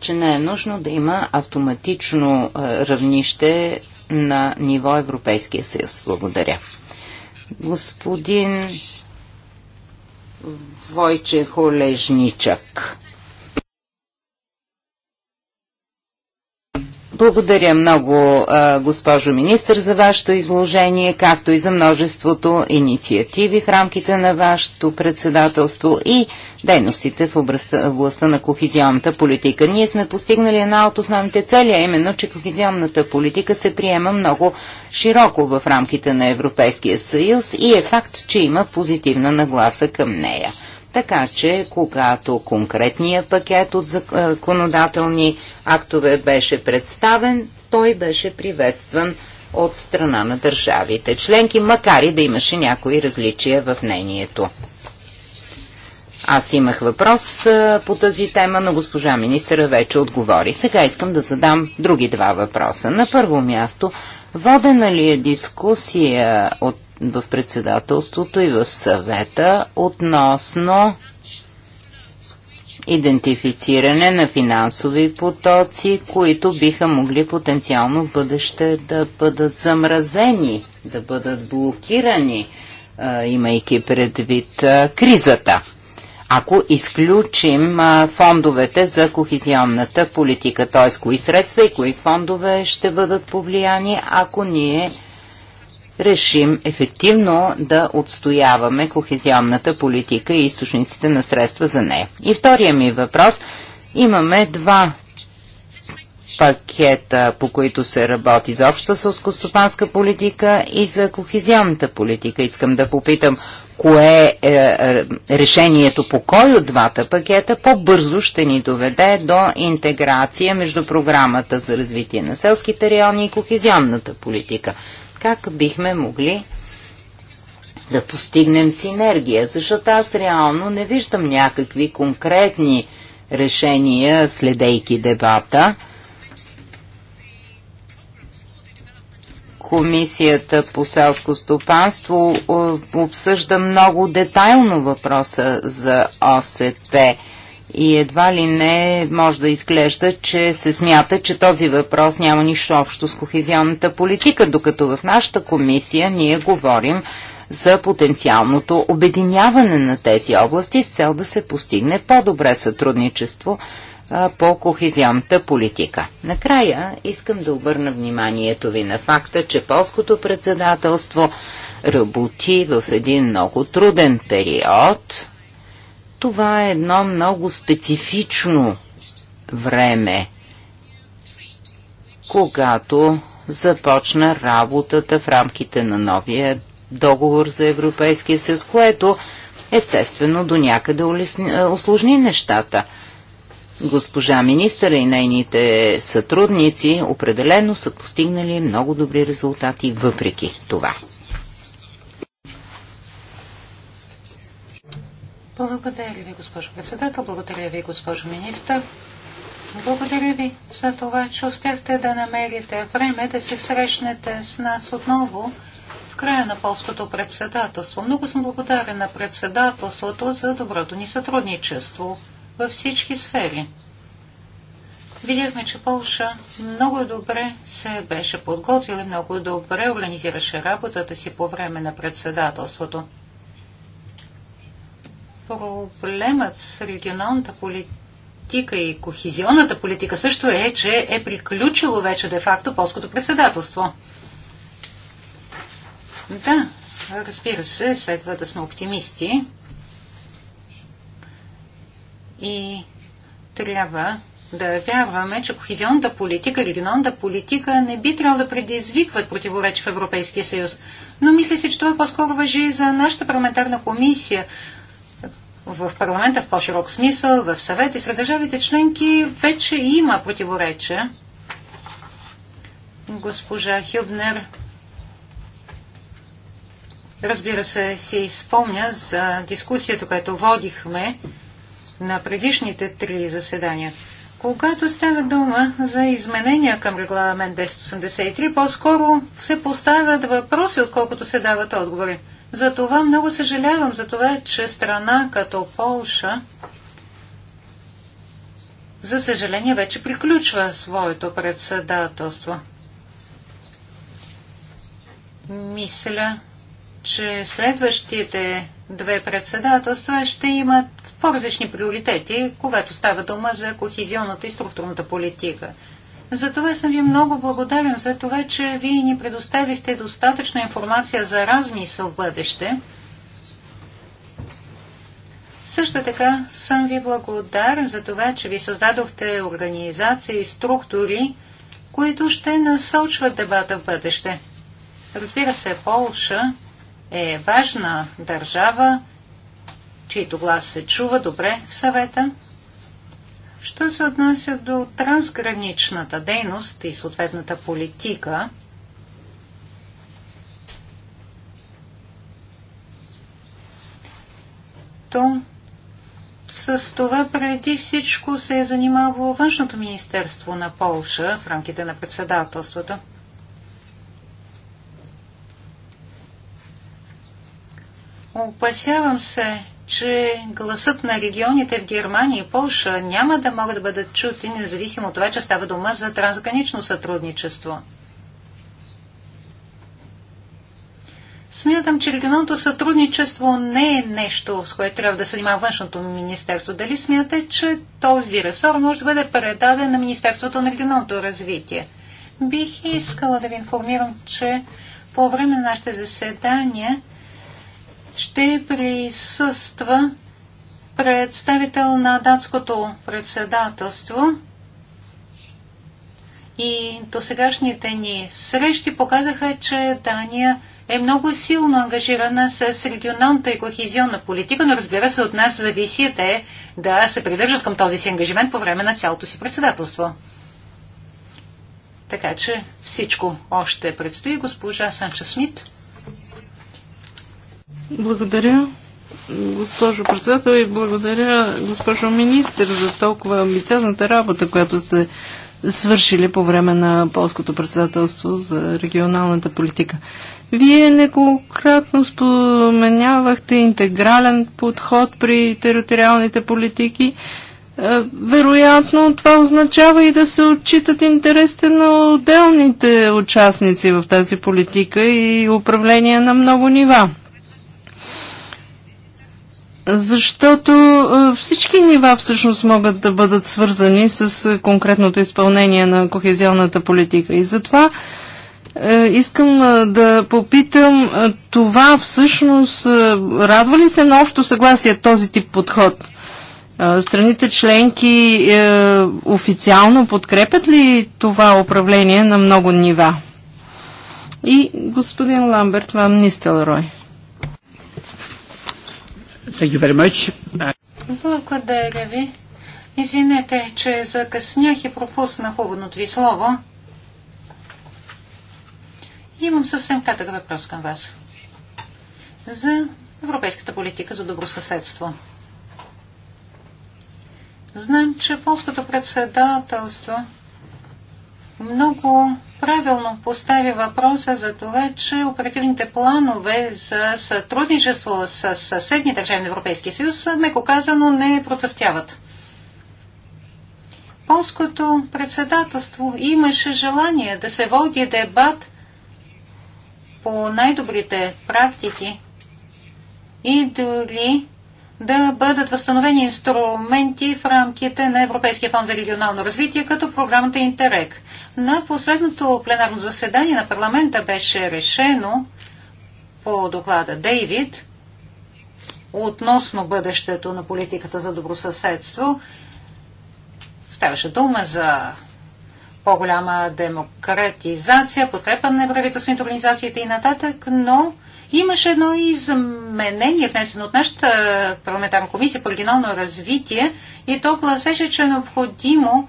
че не е нужно да има автоматично а, равнище на ниво Европейския съюз. Благодаря. Господин Войче Холежничак. Благодаря много, госпожо министр, за вашето изложение, както и за множеството инициативи в рамките на вашето председателство и дейностите в областта на кохезионната политика. Ние сме постигнали една от основните цели, а именно, че кохезионната политика се приема много широко в рамките на Европейския съюз и е факт, че има позитивна нагласа към нея. Така че, когато конкретният пакет от е, законодателни актове беше представен, той беше приветстван от страна на държавите членки, макар и да имаше някои различия в мнението. Аз имах въпрос е, по тази тема, но госпожа министъра вече отговори. Сега искам да задам други два въпроса. На първо място, водена ли е дискусия от в председателството и в съвета относно идентифициране на финансови потоци, които биха могли потенциално в бъдеще да бъдат замразени, да бъдат блокирани, имайки предвид кризата. Ако изключим фондовете за кохизионната политика, т.е. кои средства и кои фондове ще бъдат повлияни, ако ние решим ефективно да отстояваме кохезионната политика и източниците на средства за нея. И втория ми въпрос. Имаме два пакета, по които се работи за обща сълскостопанска политика и за кохезионната политика. Искам да попитам, кое е, е решението по кой от двата пакета по-бързо ще ни доведе до интеграция между програмата за развитие на селските райони и кохезионната политика. Как бихме могли да постигнем синергия? Защото аз реално не виждам някакви конкретни решения, следейки дебата. Комисията по селско стопанство е, обсъжда много детайлно въпроса за ОСП и едва ли не може да изглежда, че се смята, че този въпрос няма нищо общо с кохезионната политика, докато в нашата комисия ние говорим за потенциалното обединяване на тези области с цел да се постигне по-добре сътрудничество по кохезионната политика. Накрая искам да обърна вниманието ви на факта, че полското председателство работи в един много труден период това е едно много специфично време, когато започна работата в рамките на новия договор за Европейския съюз, което естествено до някъде осложни нещата. Госпожа министър и нейните сътрудници определено са постигнали много добри резултати въпреки това. Благодаря ви, госпожо председател. Благодаря ви, госпожо министър. Благодаря ви за това, че успяхте да намерите време да се срещнете с нас отново в края на полското председателство. Много съм благодарен на председателството за доброто ни сътрудничество във всички сфери. Видяхме, че Полша много добре се беше подготвила и много добре организираше работата си по време на председателството. Проблемът с регионалната политика и кохизионната политика също е, че е приключило вече де-факто полското председателство. Да, разбира се, следва да сме оптимисти и трябва да вярваме, че кохизионната политика, регионалната политика не би трябвало да предизвикват противоречи в Европейския съюз. Но мисля си, че това по-скоро въжи за нашата парламентарна комисия в парламента в по-широк смисъл, в съвет и сред държавите членки вече има противоречия. Госпожа Хюбнер разбира се си спомня за дискусията, която водихме на предишните три заседания. Когато става дума за изменения към регламент 1083, по-скоро се поставят въпроси, отколкото се дават отговори. За това много съжалявам, за това, че страна като Полша, за съжаление, вече приключва своето председателство. Мисля, че следващите две председателства ще имат по-различни приоритети, когато става дума за кохезионната и структурната политика. Затова съм ви много благодарен за това, че вие ни предоставихте достатъчна информация за размисъл в бъдеще. Също така съм ви благодарен за това, че ви създадохте организации и структури, които ще насочват дебата в бъдеще. Разбира се, Полша е важна държава, чийто глас се чува добре в съвета. Що се отнася до трансграничната дейност и съответната политика, то с това преди всичко се е занимавало Външното министерство на Полша в рамките на председателството. Опасявам се, че гласът на регионите в Германия и Польша няма да могат да бъдат чути, независимо от това, че става дума за трансгранично сътрудничество. Смятам, че регионалното сътрудничество не е нещо, с което трябва да се занимава външното министерство. Дали смятате, че този ресор може да бъде предаден на Министерството на регионалното развитие? Бих искала да ви информирам, че по време на нашите заседания ще присъства представител на датското председателство и досегашните ни срещи показаха, че Дания е много силно ангажирана с регионалната и кохезионна политика, но разбира се от нас зависи те да се придържат към този си ангажимент по време на цялото си председателство. Така че всичко още предстои. Госпожа Санча Смит. Благодаря, госпожо председател и благодаря, госпожо министр, за толкова амбициозната работа, която сте свършили по време на полското председателство за регионалната политика. Вие неколкратно споменявахте интегрален подход при териториалните политики. Е, вероятно това означава и да се отчитат интересите на отделните участници в тази политика и управление на много нива. Защото всички нива всъщност могат да бъдат свързани с конкретното изпълнение на кохезионната политика. И затова е, искам да попитам това всъщност радва ли се на общо съгласие този тип подход? Страните членки е, официално подкрепят ли това управление на много нива? И господин Ламберт Ван Нистелрой. Thank you very much. Благодаря ви. Извинете, че закъснях и пропуснах уводното ви слово. Имам съвсем кратък въпрос към вас. За европейската политика за добросъседство. Знам, че полското председателство много правилно постави въпроса за това, че оперативните планове за сътрудничество с съседни държави на Европейския съюз, меко казано, не процъфтяват. Полското председателство имаше желание да се води дебат по най-добрите практики и дори да бъдат възстановени инструменти в рамките на Европейския фонд за регионално развитие, като програмата Интерек. На последното пленарно заседание на парламента беше решено по доклада Дейвид относно бъдещето на политиката за добросъседство. Ставаше дума за по-голяма демократизация, подкрепа на правителствените организациите и нататък, но Имаше едно изменение, внесено от нашата е, парламентарна комисия по регионално развитие и то гласеше, че е необходимо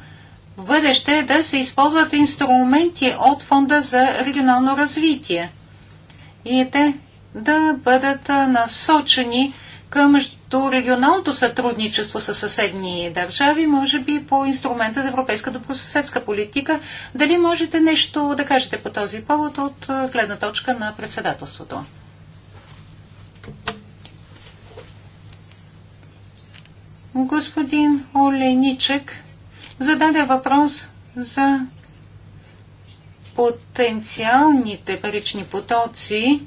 в бъдеще да се използват инструменти от Фонда за регионално развитие и те да бъдат е, насочени към регионалното сътрудничество с съседни държави, може би по инструмента за европейска добросъседска политика. Дали можете нещо да кажете по този повод от е, гледна точка на председателството? Господин Оленичек зададе въпрос за потенциалните парични потоци,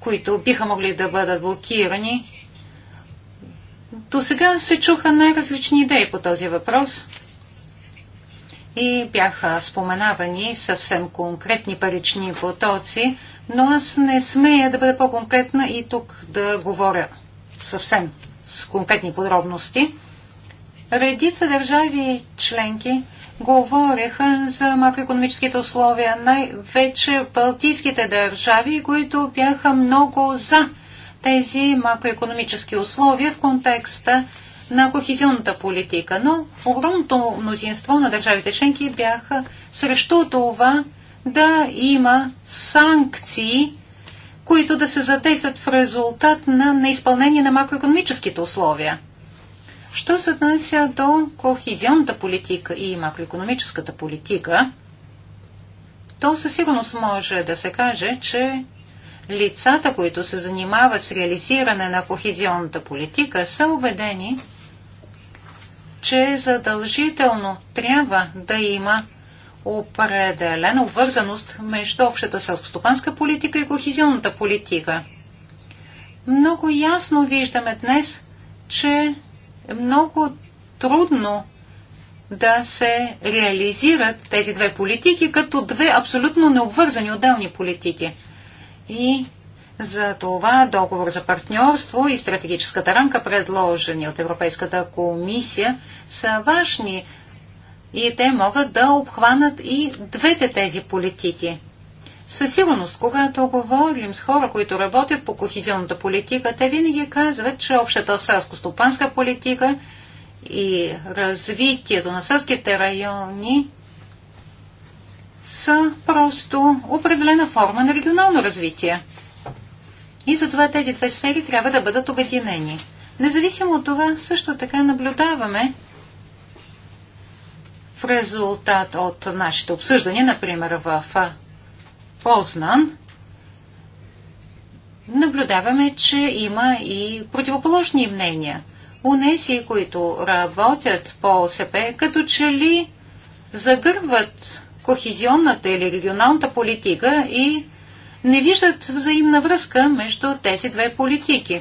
които биха могли да бъдат блокирани. До сега се чуха най-различни идеи по този въпрос и бяха споменавани съвсем конкретни парични потоци, но аз не смея да бъда по-конкретна и тук да говоря съвсем с конкретни подробности. Редица държави членки говореха за макроекономическите условия, най-вече балтийските държави, които бяха много за тези макроекономически условия в контекста на кохезионната политика. Но огромното мнозинство на държавите членки бяха срещу това да има санкции, които да се задействат в резултат на неизпълнение на макроекономическите условия. Що се отнася до кохизионната политика и макроекономическата политика, то със сигурност може да се каже, че лицата, които се занимават с реализиране на кохизионната политика, са убедени, че задължително трябва да има определена обвързаност между общата селскостопанска политика и кохизионната политика. Много ясно виждаме днес, че е много трудно да се реализират тези две политики като две абсолютно необвързани отделни политики. И за това договор за партньорство и стратегическата рамка, предложени от Европейската комисия, са важни и те могат да обхванат и двете тези политики. Със сигурност, когато говорим с хора, които работят по кохизионната политика, те винаги казват, че общата селско-стопанска политика и развитието на сърските райони са просто определена форма на регионално развитие. И затова тези две сфери трябва да бъдат обединени. Независимо от това, също така наблюдаваме, в резултат от нашите обсъждания, например в Познан, наблюдаваме, че има и противоположни мнения. Унеси, които работят по ОСП, като че ли загърбват кохезионната или регионалната политика и не виждат взаимна връзка между тези две политики.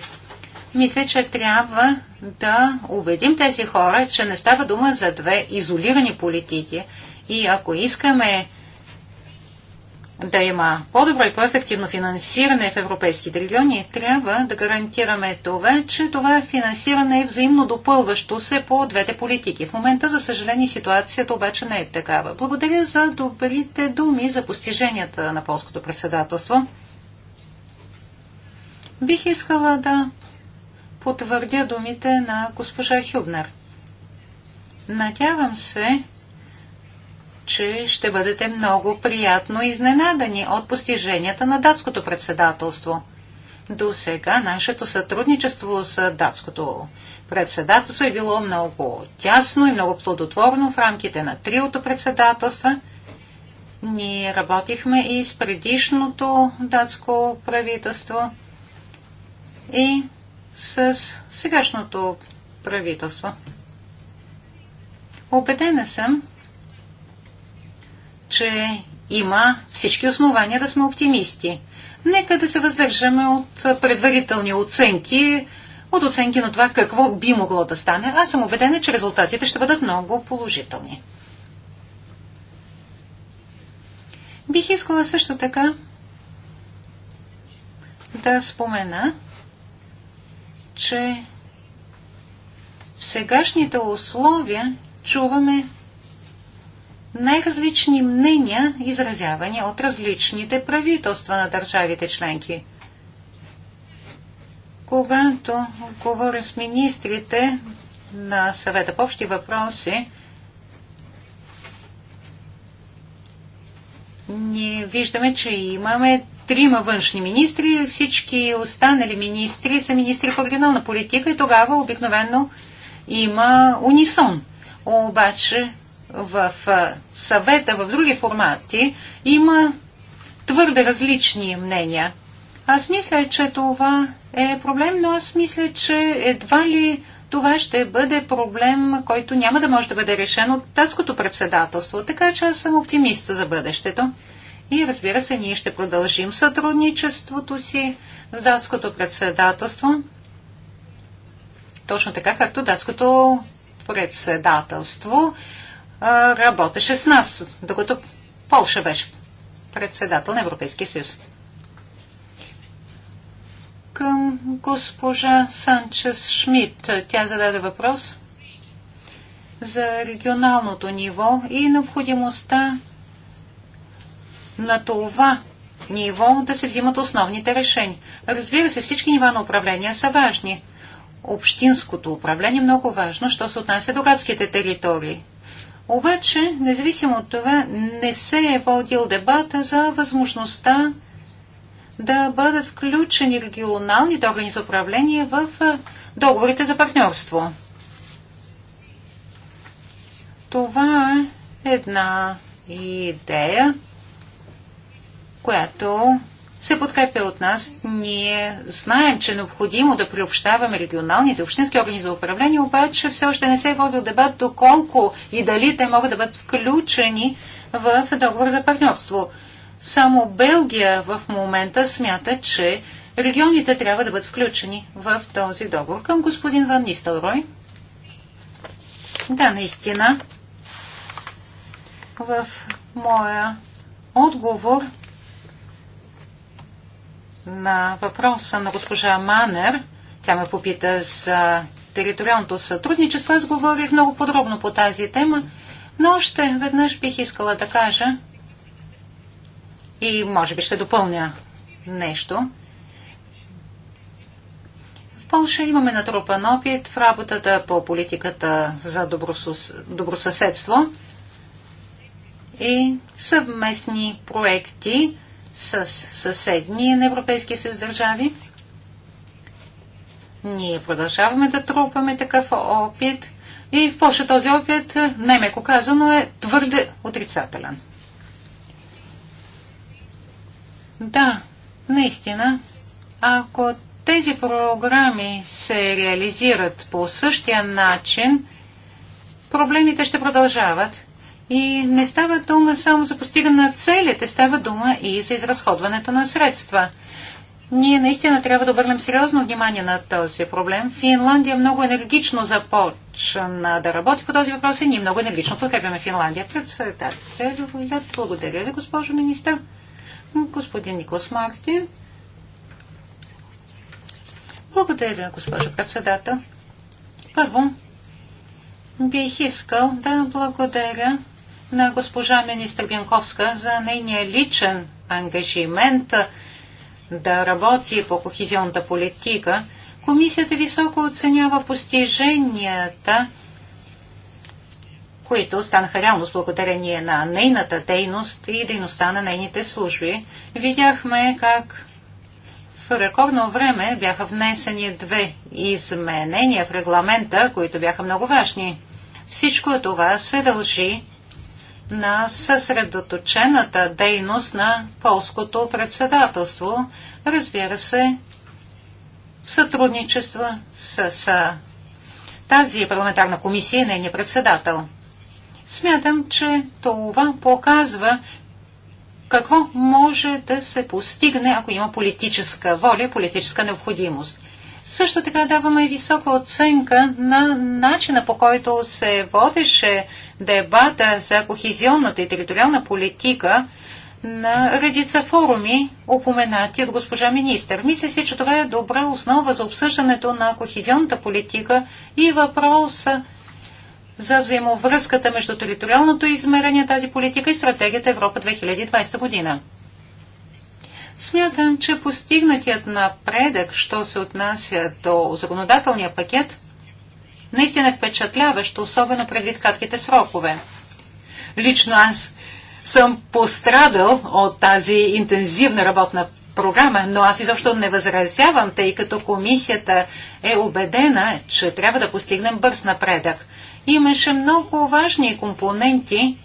Мисля, че трябва да убедим тези хора, че не става дума за две изолирани политики. И ако искаме да има по-добро и по-ефективно финансиране в европейските региони, трябва да гарантираме това, че това финансиране е взаимно допълващо се по двете политики. В момента, за съжаление, ситуацията обаче не е такава. Благодаря за добрите думи за постиженията на полското председателство. Бих искала да потвърдя думите на госпожа Хюбнер. Надявам се, че ще бъдете много приятно изненадани от постиженията на датското председателство. До сега нашето сътрудничество с датското председателство е било много тясно и много плодотворно в рамките на триото председателства. Ние работихме и с предишното датско правителство и с сегашното правителство. Обедена съм, че има всички основания да сме оптимисти. Нека да се въздържаме от предварителни оценки, от оценки на това какво би могло да стане. Аз съм убедена, че резултатите ще бъдат много положителни. Бих искала също така да спомена, че в сегашните условия чуваме най-различни мнения, изразявани от различните правителства на държавите членки. Когато говоря с министрите на съвета по общи въпроси, ние виждаме, че имаме трима външни министри, всички останали министри са министри по регионална политика и тогава обикновено има унисон. Обаче в съвета, в други формати има твърде различни мнения. Аз мисля, че това е проблем, но аз мисля, че едва ли това ще бъде проблем, който няма да може да бъде решен от датското председателство. Така че аз съм оптимист за бъдещето. И разбира се, ние ще продължим сътрудничеството си с датското председателство. Точно така, както датското председателство работеше с нас, докато Полша беше председател на Европейския съюз към госпожа Санчес Шмидт. Тя зададе въпрос за регионалното ниво и необходимостта на това ниво да се взимат основните решения. Разбира се, всички нива на управление са важни. Общинското управление е много важно, що се отнася до градските територии. Обаче, независимо от това, не се е водил дебата за възможността да бъдат включени регионалните органи за управление в договорите за партньорство. Това е една идея, която се подкрепя от нас. Ние знаем, че е необходимо да приобщаваме регионалните общински органи за управление, обаче все още не се е водил дебат доколко и дали те могат да бъдат включени в договор за партньорство. Само Белгия в момента смята, че регионите трябва да бъдат включени в този договор. Към господин Ван Нистелрой. Да, наистина. В моя отговор на въпроса на госпожа Манер, тя ме попита за териториалното сътрудничество. Аз говорих много подробно по тази тема, но още веднъж бих искала да кажа, и може би ще допълня нещо. В Польша имаме натрупан опит в работата по политиката за добросус... добросъседство и съвместни проекти с съседни на Европейския съюз държави. Ние продължаваме да трупаме такъв опит и в Польша този опит, немеко казано, е твърде отрицателен. Да, наистина, ако тези програми се реализират по същия начин, проблемите ще продължават. И не става дума само за постигане на целите, става дума и за изразходването на средства. Ние наистина трябва да обърнем сериозно внимание на този проблем. Финландия много енергично започна да работи по този въпрос и ние много енергично подкрепяме Финландия. Председателят, благодаря ви, госпожо министър. Господин Никлас Мартин. Благодаря, госпожо председател. Първо, бих искал да благодаря на госпожа министър Бянковска за нейния личен ангажимент да работи по кохизионната политика. Комисията високо оценява постиженията които станаха реалност благодарение на нейната дейност и дейността на нейните служби. Видяхме как в рекордно време бяха внесени две изменения в регламента, които бяха много важни. Всичко това се дължи на съсредоточената дейност на полското председателство, разбира се, в сътрудничество с тази парламентарна комисия и нейния председател. Смятам, че това показва какво може да се постигне, ако има политическа воля, политическа необходимост. Също така даваме висока оценка на начина по който се водеше дебата за кохезионната и териториална политика на редица форуми, упоменати от госпожа министър. Мисля си, че това е добра основа за обсъждането на кохезионната политика и въпроса за взаимовръзката между териториалното измерение тази политика и стратегията Европа 2020 година. Смятам, че постигнатият напредък, що се отнася до законодателния пакет, наистина е впечатляващ, особено предвид кратките срокове. Лично аз съм пострадал от тази интензивна работна програма, но аз изобщо не възразявам, тъй като комисията е убедена, че трябва да постигнем бърз напредък имаше много важни компоненти,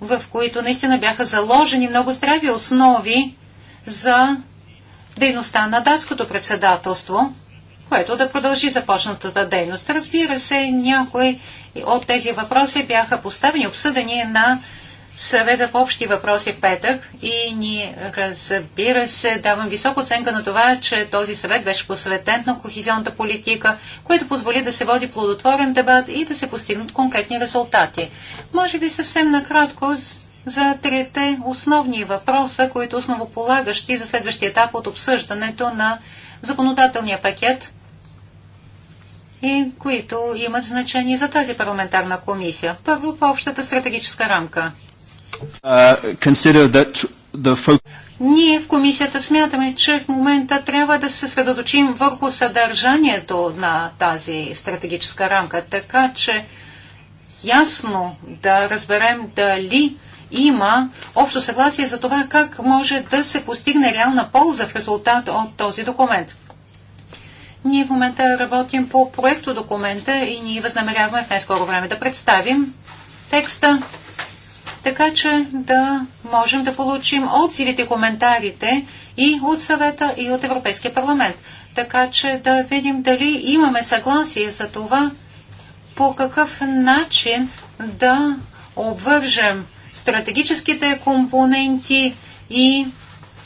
в които наистина бяха заложени много здрави основи за дейността на датското председателство, което да продължи започнатата дейност. Разбира се, някои от тези въпроси бяха поставени, обсъдени на съвета по общи въпроси в петък и ни, разбира се, давам висока оценка на това, че този съвет беше посветен на кохизионната политика, което позволи да се води плодотворен дебат и да се постигнат конкретни резултати. Може би съвсем накратко за трите основни въпроса, които основополагащи за следващия етап от обсъждането на законодателния пакет и които имат значение за тази парламентарна комисия. Първо по общата стратегическа рамка. Uh, ние в комисията смятаме, че в момента трябва да се съсредоточим върху съдържанието на тази стратегическа рамка, така че ясно да разберем дали има общо съгласие за това как може да се постигне реална полза в резултат от този документ. Ние в момента работим по проекто документа и ние възнамеряваме в най-скоро време да представим текста така че да можем да получим отзивите, коментарите и от съвета, и от Европейския парламент. Така че да видим дали имаме съгласие за това, по какъв начин да обвържем стратегическите компоненти и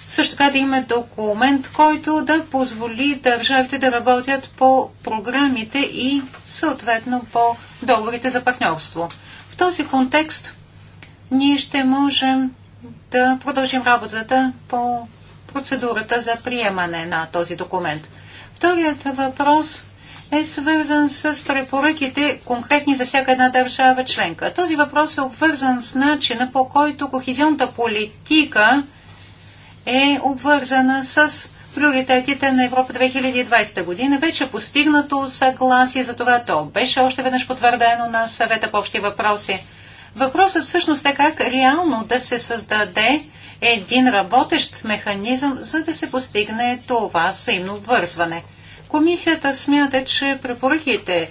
също така да има документ, който да позволи държавите да работят по програмите и съответно по договорите за партньорство. В този контекст ние ще можем да продължим работата по процедурата за приемане на този документ. Вторият въпрос е свързан с препоръките, конкретни за всяка една държава членка. Този въпрос е обвързан с начина по който кохизионната политика е обвързана с приоритетите на Европа 2020 година. Вече е постигнато съгласие за това то беше още веднъж потвърдено на съвета по общи въпроси. Въпросът всъщност е как реално да се създаде един работещ механизъм, за да се постигне това взаимно вързване. Комисията смята, че препоръките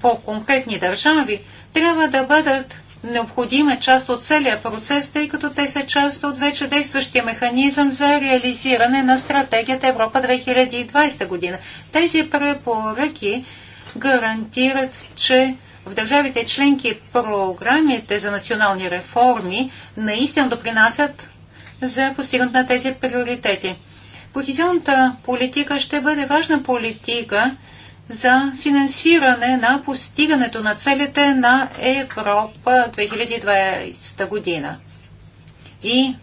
по конкретни държави трябва да бъдат необходима част от целия процес, тъй като те са част от вече действащия механизъм за реализиране на стратегията Европа 2020 година. Тези препоръки гарантират, че в държавите членки програмите за национални реформи наистина допринасят за постигането на тези приоритети. Кохезионната политика ще бъде важна политика за финансиране на постигането на целите на Европа 2020 година. И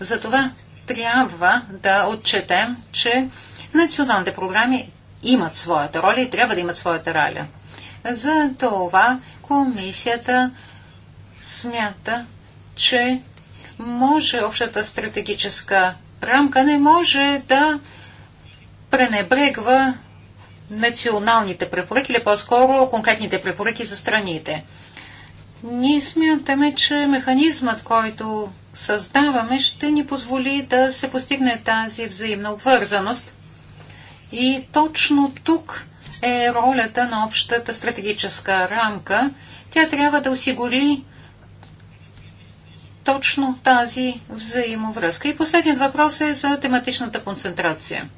за това трябва да отчетем, че националните програми имат своята роля и трябва да имат своята роля. За това комисията смята, че може общата стратегическа рамка не може да пренебрегва националните препоръки или по-скоро конкретните препоръки за страните. Ние смятаме, че механизмът, който създаваме, ще ни позволи да се постигне тази взаимна обвързаност. И точно тук е ролята на общата стратегическа рамка. Тя трябва да осигури точно тази взаимовръзка. И последният въпрос е за тематичната концентрация.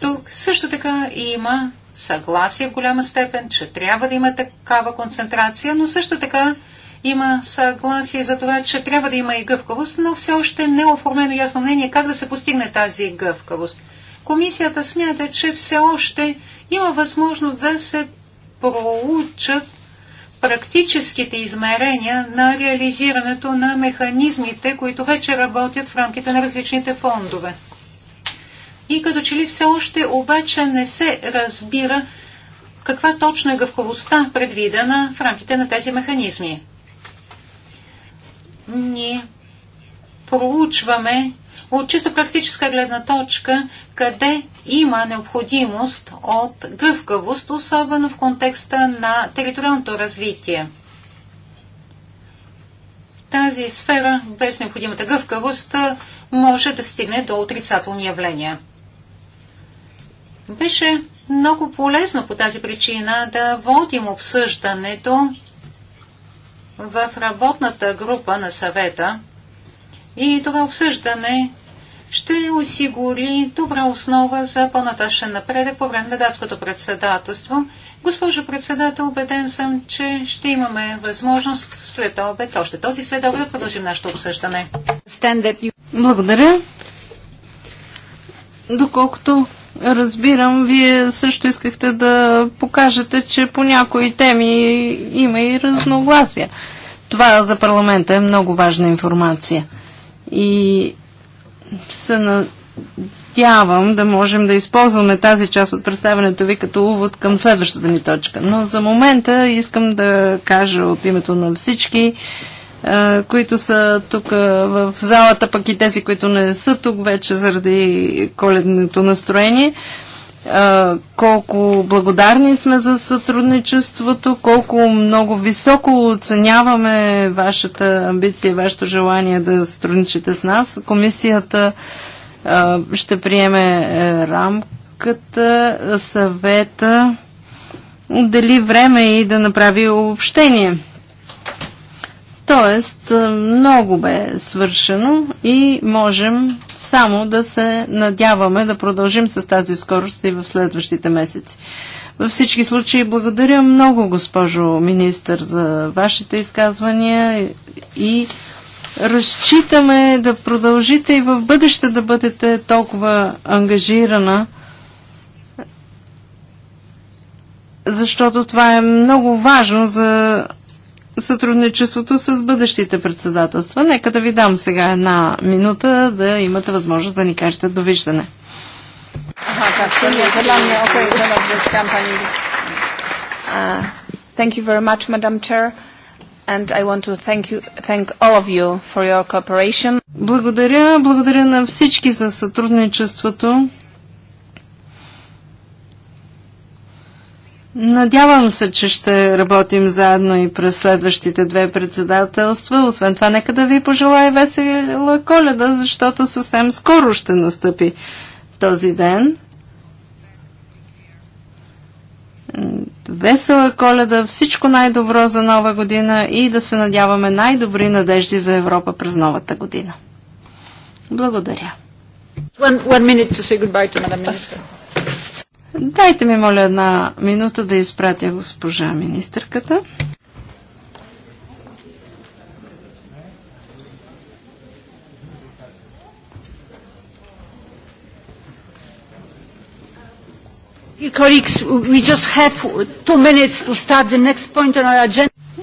Тук също така има съгласие в голяма степен, че трябва да има такава концентрация, но също така има съгласие за това, че трябва да има и гъвкавост, но все още не е оформено ясно мнение как да се постигне тази гъвкавост комисията смята, че все още има възможност да се проучат практическите измерения на реализирането на механизмите, които вече работят в рамките на различните фондове. И като че ли все още обаче не се разбира каква точно е гъвковостта предвидена в рамките на тези механизми. Ние проучваме от чисто практическа гледна точка, къде има необходимост от гъвкавост, особено в контекста на териториалното развитие. Тази сфера без необходимата гъвкавост може да стигне до отрицателни явления. Беше много полезно по тази причина да водим обсъждането в работната група на съвета и това обсъждане ще осигури добра основа за по натъщен напредък по време на датското председателство. Госпожо председател, убеден съм, че ще имаме възможност след обед, още този след обед, да продължим нашето обсъждане. Благодаря. Доколкото разбирам, вие също искахте да покажете, че по някои теми има и разногласия. Това за парламента е много важна информация. И се надявам да можем да използваме тази част от представенето ви като увод към следващата ни точка. Но за момента искам да кажа от името на всички, е, които са тук е, в залата, пък и тези, които не са тук вече заради коледното настроение колко благодарни сме за сътрудничеството, колко много високо оценяваме вашата амбиция, вашето желание да сътрудничите с нас. Комисията ще приеме е, рамката, съвета, отдели време и да направи общение. Тоест, е, много бе свършено и можем само да се надяваме да продължим с тази скорост и в следващите месеци. Във всички случаи благодаря много, госпожо министър, за вашите изказвания и разчитаме да продължите и в бъдеще да бъдете толкова ангажирана, защото това е много важно за сътрудничеството с бъдещите председателства. Нека да ви дам сега една минута да имате възможност да ни кажете довиждане. thank you very much, Madam Chair and I want to thank you, thank all of you for your cooperation. Благодаря, благодаря на всички за сътрудничеството. Надявам се, че ще работим заедно и през следващите две председателства. Освен това, нека да ви пожелая весела коледа, защото съвсем скоро ще настъпи този ден. Весела коледа, всичко най-добро за нова година и да се надяваме най-добри надежди за Европа през новата година. Благодаря. One, one minute to say goodbye to Madam Minister. Дайте ми, моля, една минута да изпратя госпожа министърката.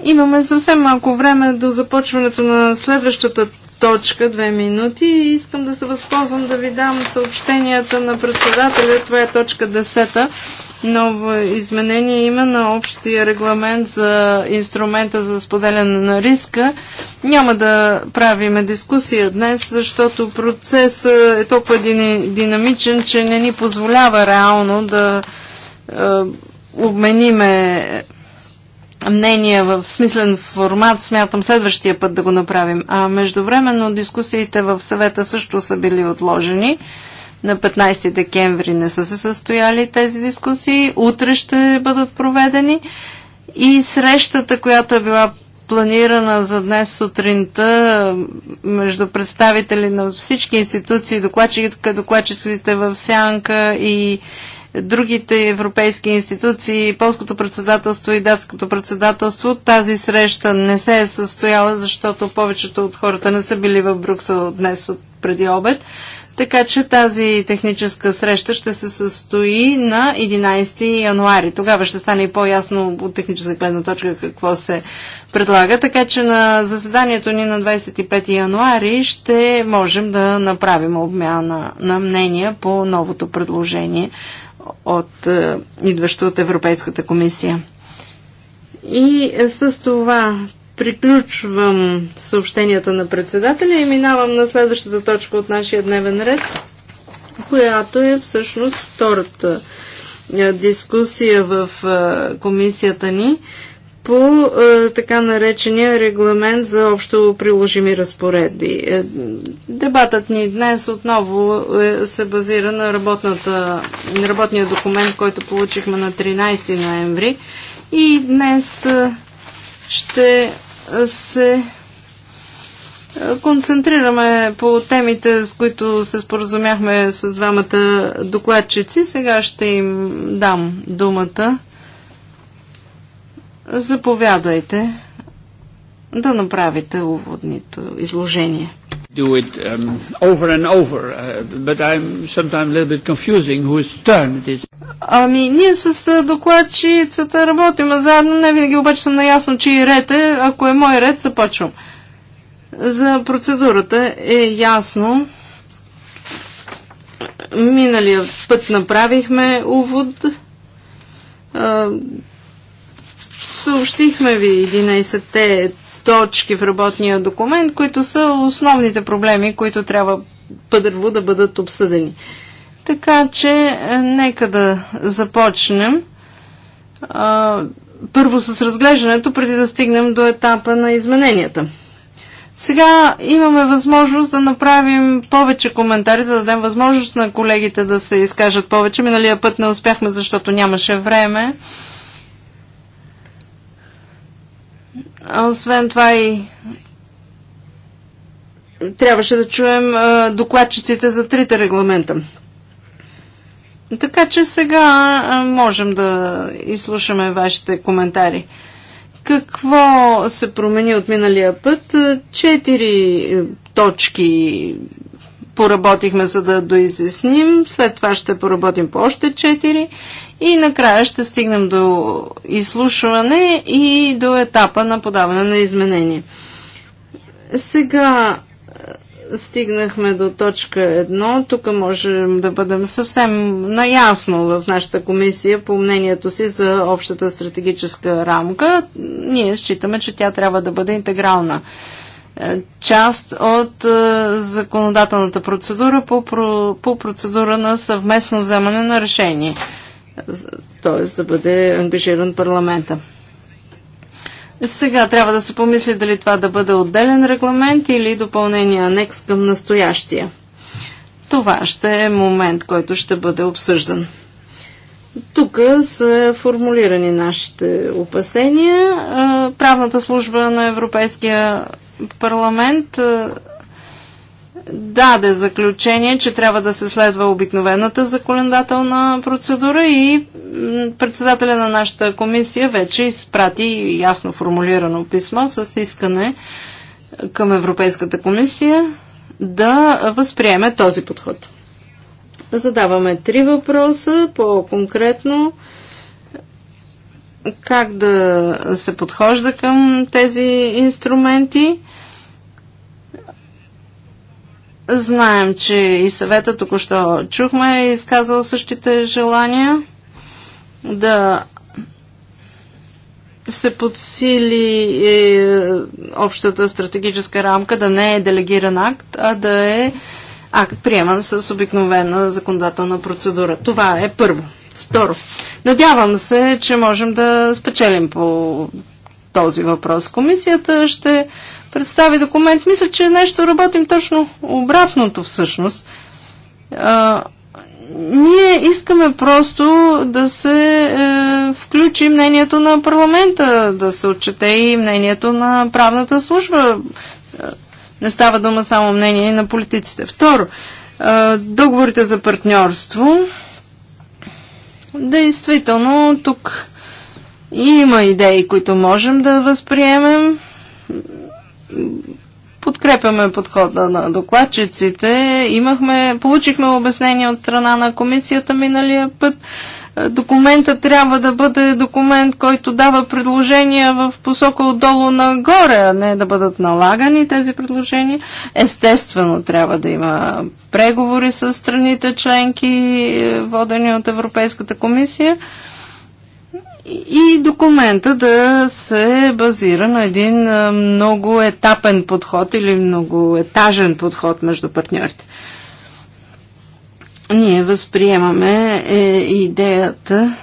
Имаме съвсем малко време до започването на следващата точка, две минути и искам да се възползвам да ви дам съобщенията на председателя. Това е точка 10. Ново изменение има на общия регламент за инструмента за споделяне на риска. Няма да правиме дискусия днес, защото процесът е толкова динамичен, че не ни позволява реално да е, обмениме мнения в смислен формат, смятам следващия път да го направим. А междувременно дискусиите в съвета също са били отложени. На 15 декември не са се състояли тези дискусии. Утре ще бъдат проведени. И срещата, която е била планирана за днес сутринта между представители на всички институции, докладчиците, докладчиците в Сянка и другите европейски институции, полското председателство и датското председателство. Тази среща не се е състояла, защото повечето от хората не са били в Брюксел днес от преди обед. Така че тази техническа среща ще се състои на 11 януари. Тогава ще стане и по-ясно от техническа гледна точка какво се предлага. Така че на заседанието ни на 25 януари ще можем да направим обмяна на мнения по новото предложение от, е, идващо от Европейската комисия. И е, с това приключвам съобщенията на председателя и минавам на следващата точка от нашия дневен ред, която е всъщност втората е, дискусия в комисията ни по е, така наречения регламент за общо приложими разпоредби. Е, дебатът ни днес отново е, се базира на работната, работния документ, който получихме на 13 ноември. И днес ще се концентрираме по темите, с които се споразумяхме с двамата докладчици. Сега ще им дам думата Заповядайте да направите уводните изложение. Do it um, over and over, uh, but I'm sometimes a little bit confusing whose turn it is. Ами, ние с докладчицата работим заедно, не винаги обаче съм наясно, че и ред е. Ако е мой ред, започвам. За процедурата е ясно. Миналия път направихме увод Съобщихме ви 11-те точки в работния документ, които са основните проблеми, които трябва първо да бъдат обсъдени. Така че, е, нека да започнем. първо с разглеждането, преди да стигнем до етапа на измененията. Сега имаме възможност да направим повече коментари, да дадем възможност на колегите да се изкажат повече. Миналия път не успяхме, защото нямаше време. Освен това и трябваше да чуем докладчиците за трите регламента. Така че сега можем да изслушаме вашите коментари. Какво се промени от миналия път? Четири е, точки поработихме за да доизясним, след това ще поработим по още 4 и накрая ще стигнем до изслушване и до етапа на подаване на изменения. Сега е, стигнахме до точка 1. Тук можем да бъдем съвсем наясно в нашата комисия по мнението си за общата стратегическа рамка. Ние считаме, че тя трябва да бъде интегрална е, част от е, законодателната процедура по, по процедура на съвместно вземане на решение, т.е. да бъде ангажиран парламента. Сега трябва да се помисли дали това да бъде отделен регламент или допълнение анекс към настоящия. Това ще е момент, който ще бъде обсъждан. Тук са формулирани нашите опасения. Е, правната служба на Европейския парламент е, даде заключение, че трябва да се следва обикновената законодателна процедура и председателя на нашата комисия вече изпрати ясно формулирано писмо с искане към Европейската комисия да възприеме този подход. Задаваме три въпроса по-конкретно как да се подхожда към тези инструменти. Знаем, че и съвета току-що чухме е изказал същите желания да се подсили е, общата стратегическа рамка да не е делегиран акт, а да е акт приеман с обикновена законодателна процедура. Това е първо. Второ, надявам се, че можем да спечелим по този въпрос. Комисията ще представи документ. Мисля, че нещо работим точно обратното всъщност. А, ние искаме просто да се е, включи мнението на парламента, да се отчете и мнението на правната служба. Е, не става дума само мнение на политиците. Второ, е, договорите за партньорство. Действително, тук има идеи, които можем да възприемем. Подкрепяме подхода на докладчиците. Имахме, получихме обяснение от страна на комисията миналия път. Е, документа трябва да бъде документ, който дава предложения в посока отдолу нагоре, а не да бъдат налагани тези предложения. Естествено, трябва да има преговори с страните членки, е, водени от Европейската комисия и документа да се базира на един е, много етапен подход или многоетажен подход между партньорите ние възприемаме е, идеята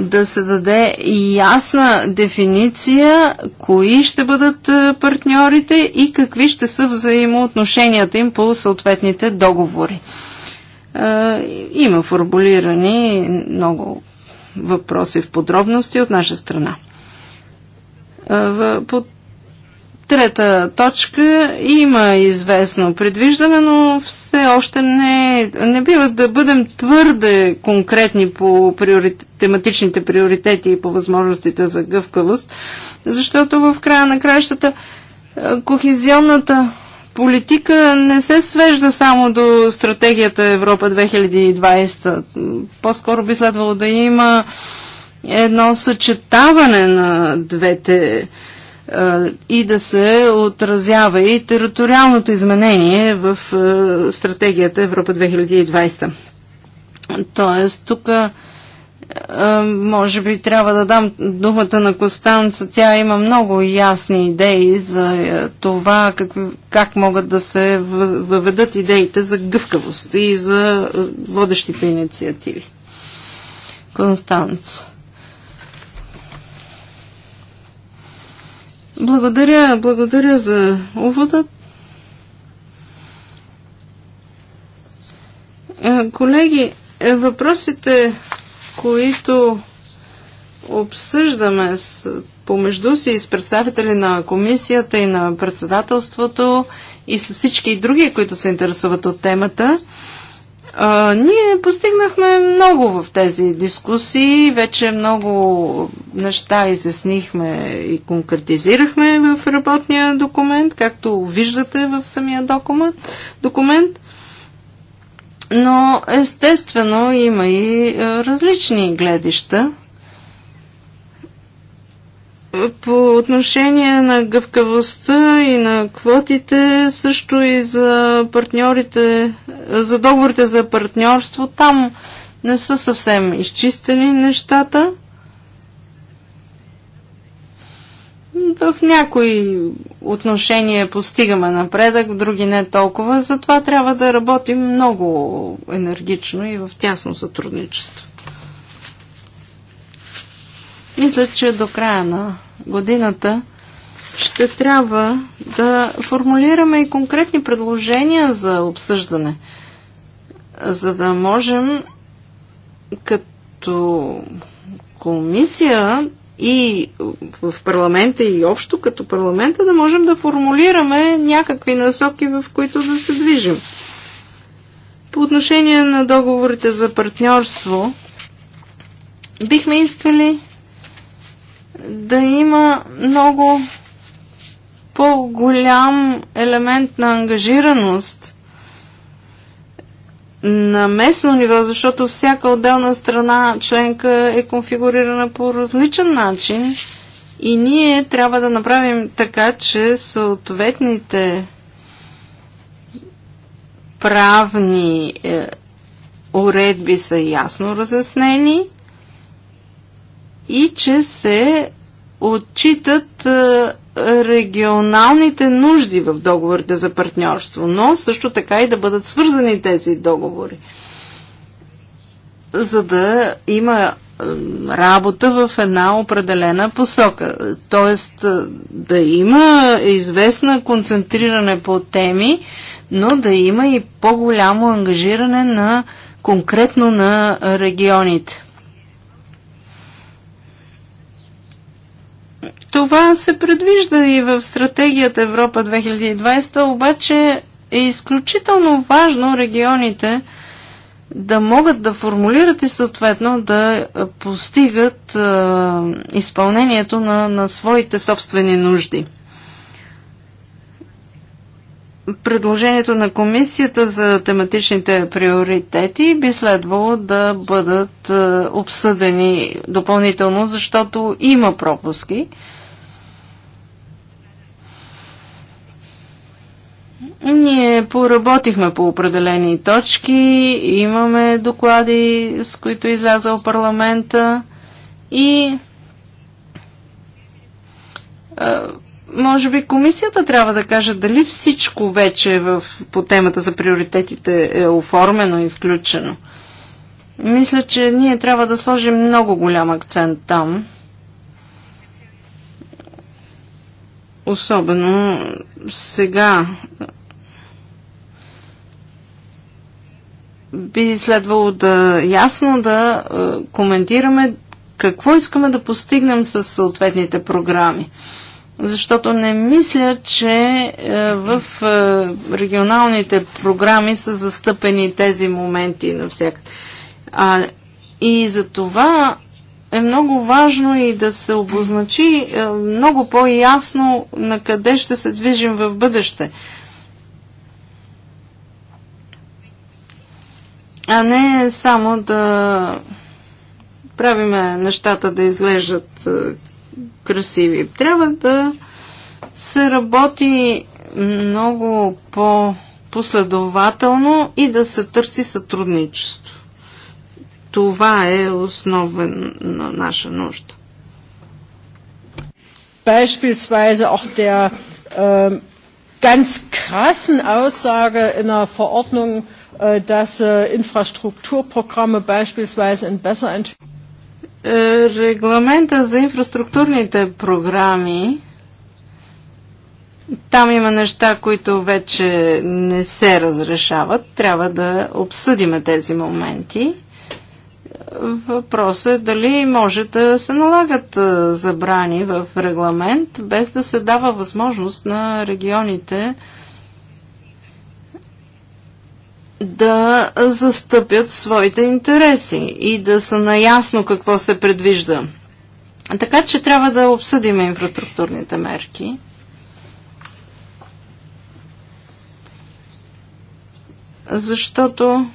да се даде ясна дефиниция кои ще бъдат е, партньорите и какви ще са взаимоотношенията им по съответните договори. Е, има формулирани много въпроси в подробности от наша страна. Е, по Трета точка има известно предвиждане, но все още не, не бива да бъдем твърде конкретни по приорит, тематичните приоритети и по възможностите за гъвкавост, защото в края на краищата кохезионната политика не се свежда само до стратегията Европа 2020. По-скоро би следвало да има едно съчетаване на двете и да се отразява и териториалното изменение в стратегията Европа 2020. Тоест, тук може би трябва да дам думата на Костанца. Тя има много ясни идеи за това как, как могат да се въведат идеите за гъвкавост и за водещите инициативи. Констанца. Благодаря, благодаря за увода. Е, колеги, е, въпросите, които обсъждаме с, помежду си и с представители на комисията и на председателството и с всички други, които се интересуват от темата, а, ние постигнахме много в тези дискусии, вече много неща изяснихме и конкретизирахме в работния документ, както виждате в самия документ. документ. Но естествено има и различни гледища. По отношение на гъвкавостта и на квотите, също и за партньорите, за договорите за партньорство, там не са съвсем изчистени нещата. В някои отношения постигаме напредък, в други не толкова, затова трябва да работим много енергично и в тясно сътрудничество. Мисля, че до края на годината ще трябва да формулираме и конкретни предложения за обсъждане, за да можем като комисия и в парламента и общо като парламента да можем да формулираме някакви насоки, в които да се движим. По отношение на договорите за партньорство, бихме искали да има много по-голям елемент на ангажираност на местно ниво, защото всяка отделна страна членка е конфигурирана по различен начин и ние трябва да направим така, че съответните правни е, уредби са ясно разяснени – и че се отчитат е, регионалните нужди в договорите за партньорство, но също така и да бъдат свързани тези договори, за да има е, работа в една определена посока. Тоест е, да има известна концентриране по теми, но да има и по-голямо ангажиране на конкретно на регионите. Това се предвижда и в стратегията Европа 2020, обаче е изключително важно регионите да могат да формулират и съответно да постигат е, изпълнението на, на своите собствени нужди. Предложението на комисията за тематичните приоритети би следвало да бъдат обсъдени допълнително, защото има пропуски. Ние поработихме по определени точки, имаме доклади, с които е излязъл парламента и може би комисията трябва да каже дали всичко вече в, по темата за приоритетите е оформено и включено. Мисля, че ние трябва да сложим много голям акцент там. Особено сега би следвало да ясно да е, коментираме какво искаме да постигнем с съответните програми. Защото не мисля, че е, в е, регионалните програми са застъпени тези моменти навсякъде. А, и за това е много важно и да се обозначи много по-ясно на къде ще се движим в бъдеще. а не само да правиме нещата да изглеждат е, красиви. Трябва да се работи много по-последователно и да се търси сътрудничество. Това е основен на наша нужда. Beispielsweise auch der äh, ganz krassen Aussage in der Verordnung Äh, dass äh, Infrastrukturprogramme beispielsweise in besser Регламента за инфраструктурните програми там има неща, които вече не се разрешават. Трябва да обсъдиме тези моменти. Въпросът е дали може да се налагат забрани в регламент, без да се дава възможност на регионите да застъпят своите интереси и да са наясно какво се предвижда. Така че трябва да обсъдим инфраструктурните мерки. Защото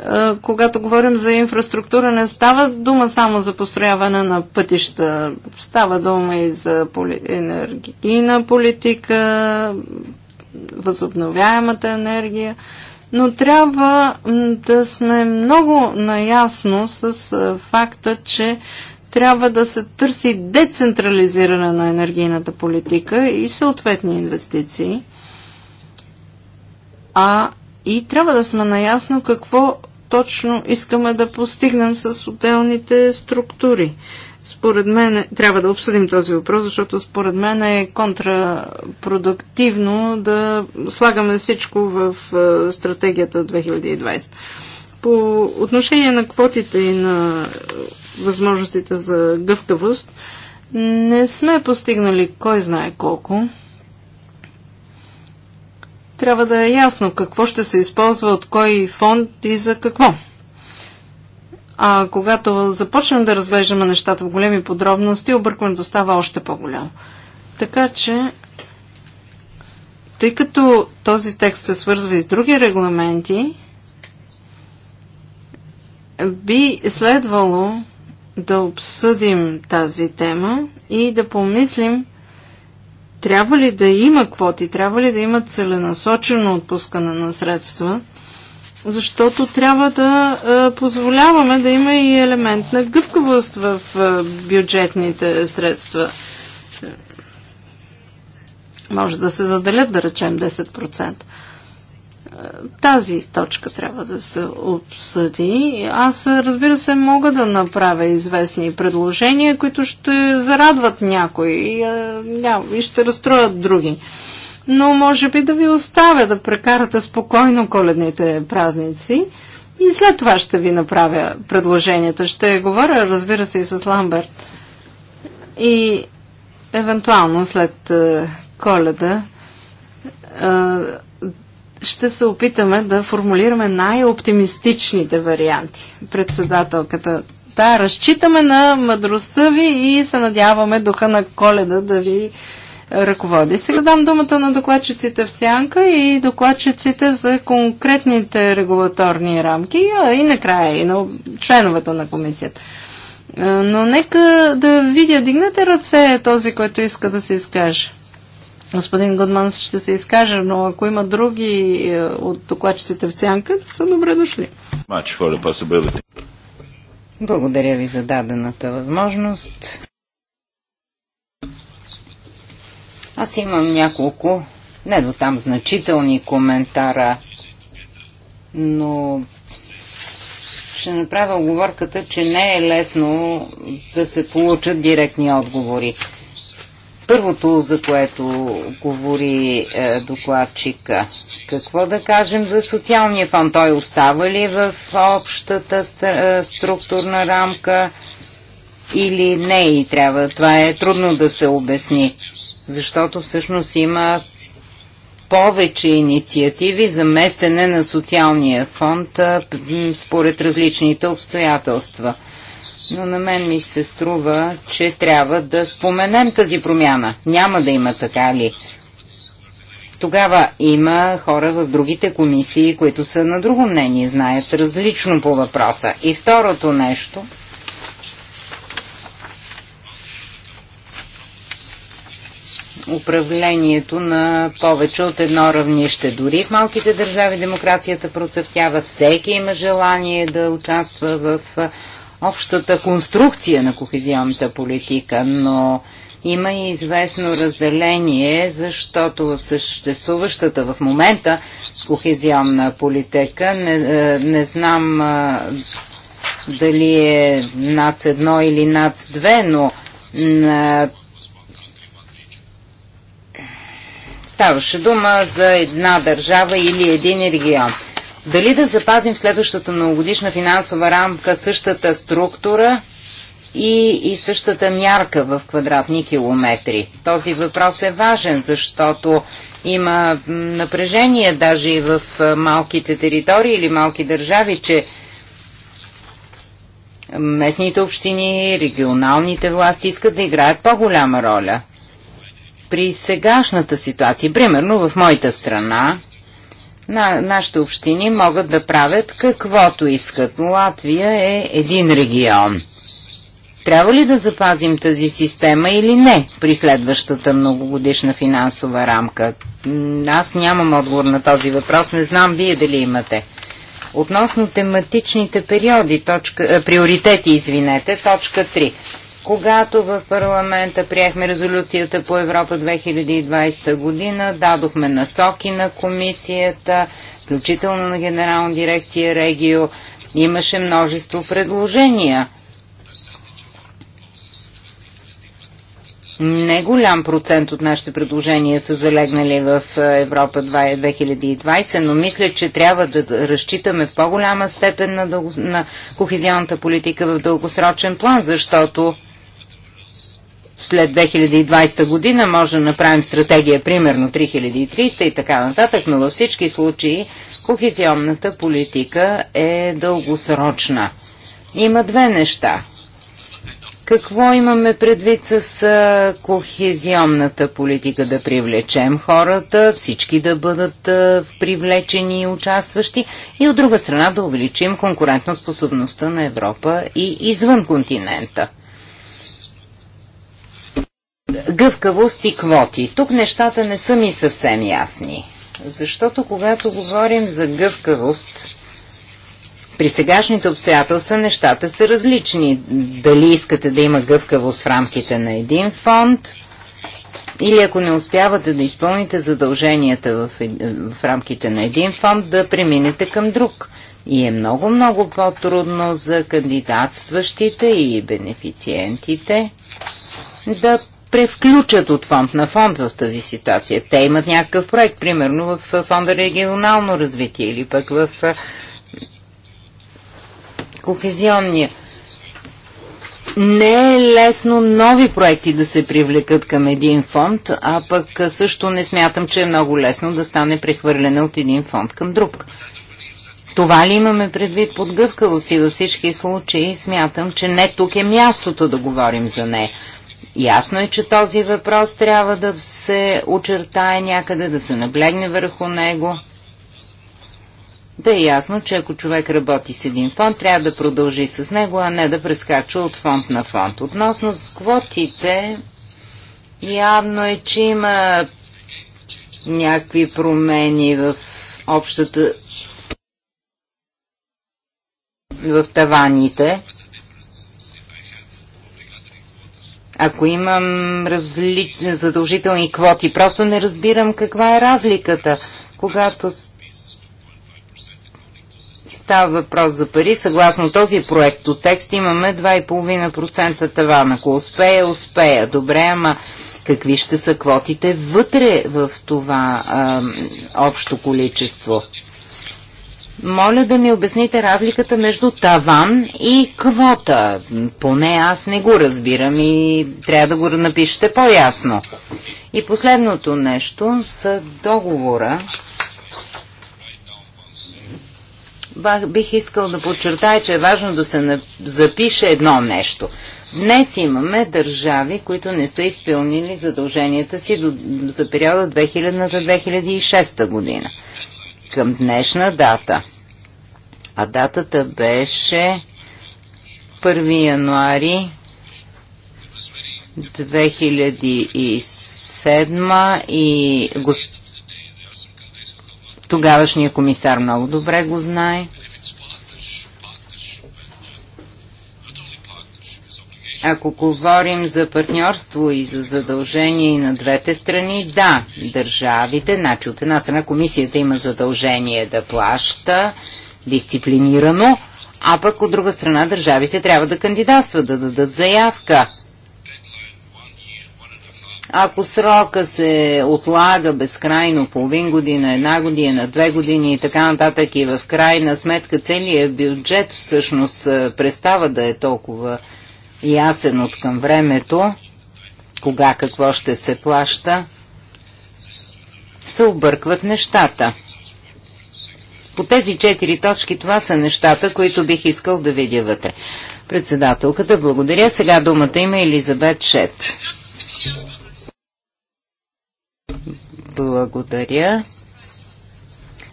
е, когато говорим за инфраструктура, не става дума само за построяване на пътища, става дума и за поли... енергийна политика, възобновяемата енергия но трябва да сме много наясно с е, факта, че трябва да се търси децентрализиране на енергийната политика и съответни инвестиции. А и трябва да сме наясно какво точно искаме да постигнем с отделните структури според мен трябва да обсъдим този въпрос, защото според мен е контрапродуктивно да слагаме всичко в е, стратегията 2020. По отношение на квотите и на възможностите за гъвкавост, не сме постигнали кой знае колко. Трябва да е ясно какво ще се използва от кой фонд и за какво. А когато започнем да разглеждаме нещата в големи подробности, объркването става още по-голямо. Така че, тъй като този текст се свързва и с други регламенти, би следвало да обсъдим тази тема и да помислим трябва ли да има квоти, трябва ли да има целенасочено отпускане на средства – защото трябва да е, позволяваме да има и елемент на гъвкавост в е, бюджетните средства. Може да се заделят, да речем, 10%. Е, тази точка трябва да се обсъди. Аз, разбира се, мога да направя известни предложения, които ще зарадват някои и, и ще разстроят други но може би да ви оставя да прекарате спокойно коледните празници и след това ще ви направя предложенията. Ще говоря, разбира се, и с Ламберт. И евентуално след е, коледа е, ще се опитаме да формулираме най-оптимистичните варианти. Председателката. Да, разчитаме на мъдростта ви и се надяваме духа на коледа да ви ръководи. Сега дам думата на докладчиците в сянка и докладчиците за конкретните регулаторни рамки, а и накрая и на членовете на комисията. Но нека да видя, дигнете ръце този, който иска да се изкаже. Господин Гудман ще се изкаже, но ако има други е, от докладчиците в сянка, са добре дошли. Благодаря ви за дадената възможност. Аз имам няколко, не до там значителни коментара, но ще направя оговорката, че не е лесно да се получат директни отговори. Първото, за което говори е, докладчика, какво да кажем за социалния фонд? Той остава ли в общата е, структурна рамка? или не и трябва. Това е трудно да се обясни, защото всъщност има повече инициативи за местене на социалния фонд според различните обстоятелства. Но на мен ми се струва, че трябва да споменем тази промяна. Няма да има така ли? Тогава има хора в другите комисии, които са на друго мнение, знаят различно по въпроса. И второто нещо – управлението на повече от едно равнище. Дори в малките държави демокрацията процъфтява. Всеки има желание да участва в общата конструкция на кохезионната политика, но има и известно разделение, защото в съществуващата в момента кохезионна политика, не, не знам дали е над едно или над две, но на Ставаше дума за една държава или един регион. Дали да запазим в следващата многогодишна финансова рамка същата структура и, и същата мярка в квадратни километри? Този въпрос е важен, защото има напрежение даже и в малките територии или малки държави, че местните общини, регионалните власти искат да играят по-голяма роля при сегашната ситуация. Примерно в моята страна на, нашите общини могат да правят каквото искат. Латвия е един регион. Трябва ли да запазим тази система или не при следващата многогодишна финансова рамка? Аз нямам отговор на този въпрос, не знам вие дали имате. Относно тематичните периоди, точка, а, приоритети, извинете, точка 3. Когато в парламента приехме резолюцията по Европа 2020 година, дадохме насоки на комисията, включително на Генерална дирекция Регио, имаше множество предложения. Не голям процент от нашите предложения са залегнали в е, Европа 2020, но мисля, че трябва да разчитаме в по-голяма степен на, дълго... на кохезионната политика в дългосрочен план, защото след 2020 година може да направим стратегия, примерно 3300 и така нататък, но във всички случаи кохезионната политика е дългосрочна. Има две неща. Какво имаме предвид с кохезионната политика? Да привлечем хората, всички да бъдат привлечени и участващи и от друга страна да увеличим конкурентоспособността на Европа и извън континента гъвкавост и квоти. Тук нещата не са ми съвсем ясни. Защото когато говорим за гъвкавост, при сегашните обстоятелства нещата са различни. Дали искате да има гъвкавост в рамките на един фонд, или ако не успявате да изпълните задълженията в, в рамките на един фонд, да преминете към друг. И е много-много по-трудно за кандидатстващите и бенефициентите да превключат от фонд на фонд в тази ситуация. Те имат някакъв проект, примерно в фонда регионално развитие или пък в кохезионния. Не е лесно нови проекти да се привлекат към един фонд, а пък също не смятам, че е много лесно да стане прехвърлена от един фонд към друг. Това ли имаме предвид под гъвкавост и във всички случаи смятам, че не тук е мястото да говорим за нея. Ясно е, че този въпрос трябва да се очертае някъде, да се наблегне върху него. Да е ясно, че ако човек работи с един фонд, трябва да продължи с него, а не да прескача от фонд на фонд. Относно с квотите, явно е, че има някакви промени в общата в таваните. ако имам разли... задължителни квоти. Просто не разбирам каква е разликата, когато става въпрос за пари. Съгласно този проект от текст имаме 2,5% таван. Ако успея, успея. Добре, ама какви ще са квотите вътре в това а, общо количество? Моля да ми обясните разликата между таван и квота. Поне аз не го разбирам и трябва да го напишете по-ясно. И последното нещо са договора. Бих искал да подчертая, че е важно да се запише едно нещо. Днес имаме държави, които не са изпълнили задълженията си до, за периода 2000-2006 година към днешна дата а датата беше 1 януари 2007 и го... тогавашния комисар много добре го знае. Ако говорим за партньорство и за задължение и на двете страни, да, държавите, значи от една страна комисията има задължение да плаща, дисциплинирано, а пък от друга страна държавите трябва да кандидатстват, да дадат заявка. Ако срока се отлага безкрайно половин година, една година, две години и така нататък и в крайна сметка целият бюджет всъщност престава да е толкова ясен от към времето, кога какво ще се плаща, се объркват нещата. По тези четири точки това са нещата, които бих искал да видя вътре. Председателката, благодаря. Сега думата има Елизабет Шет. Благодаря.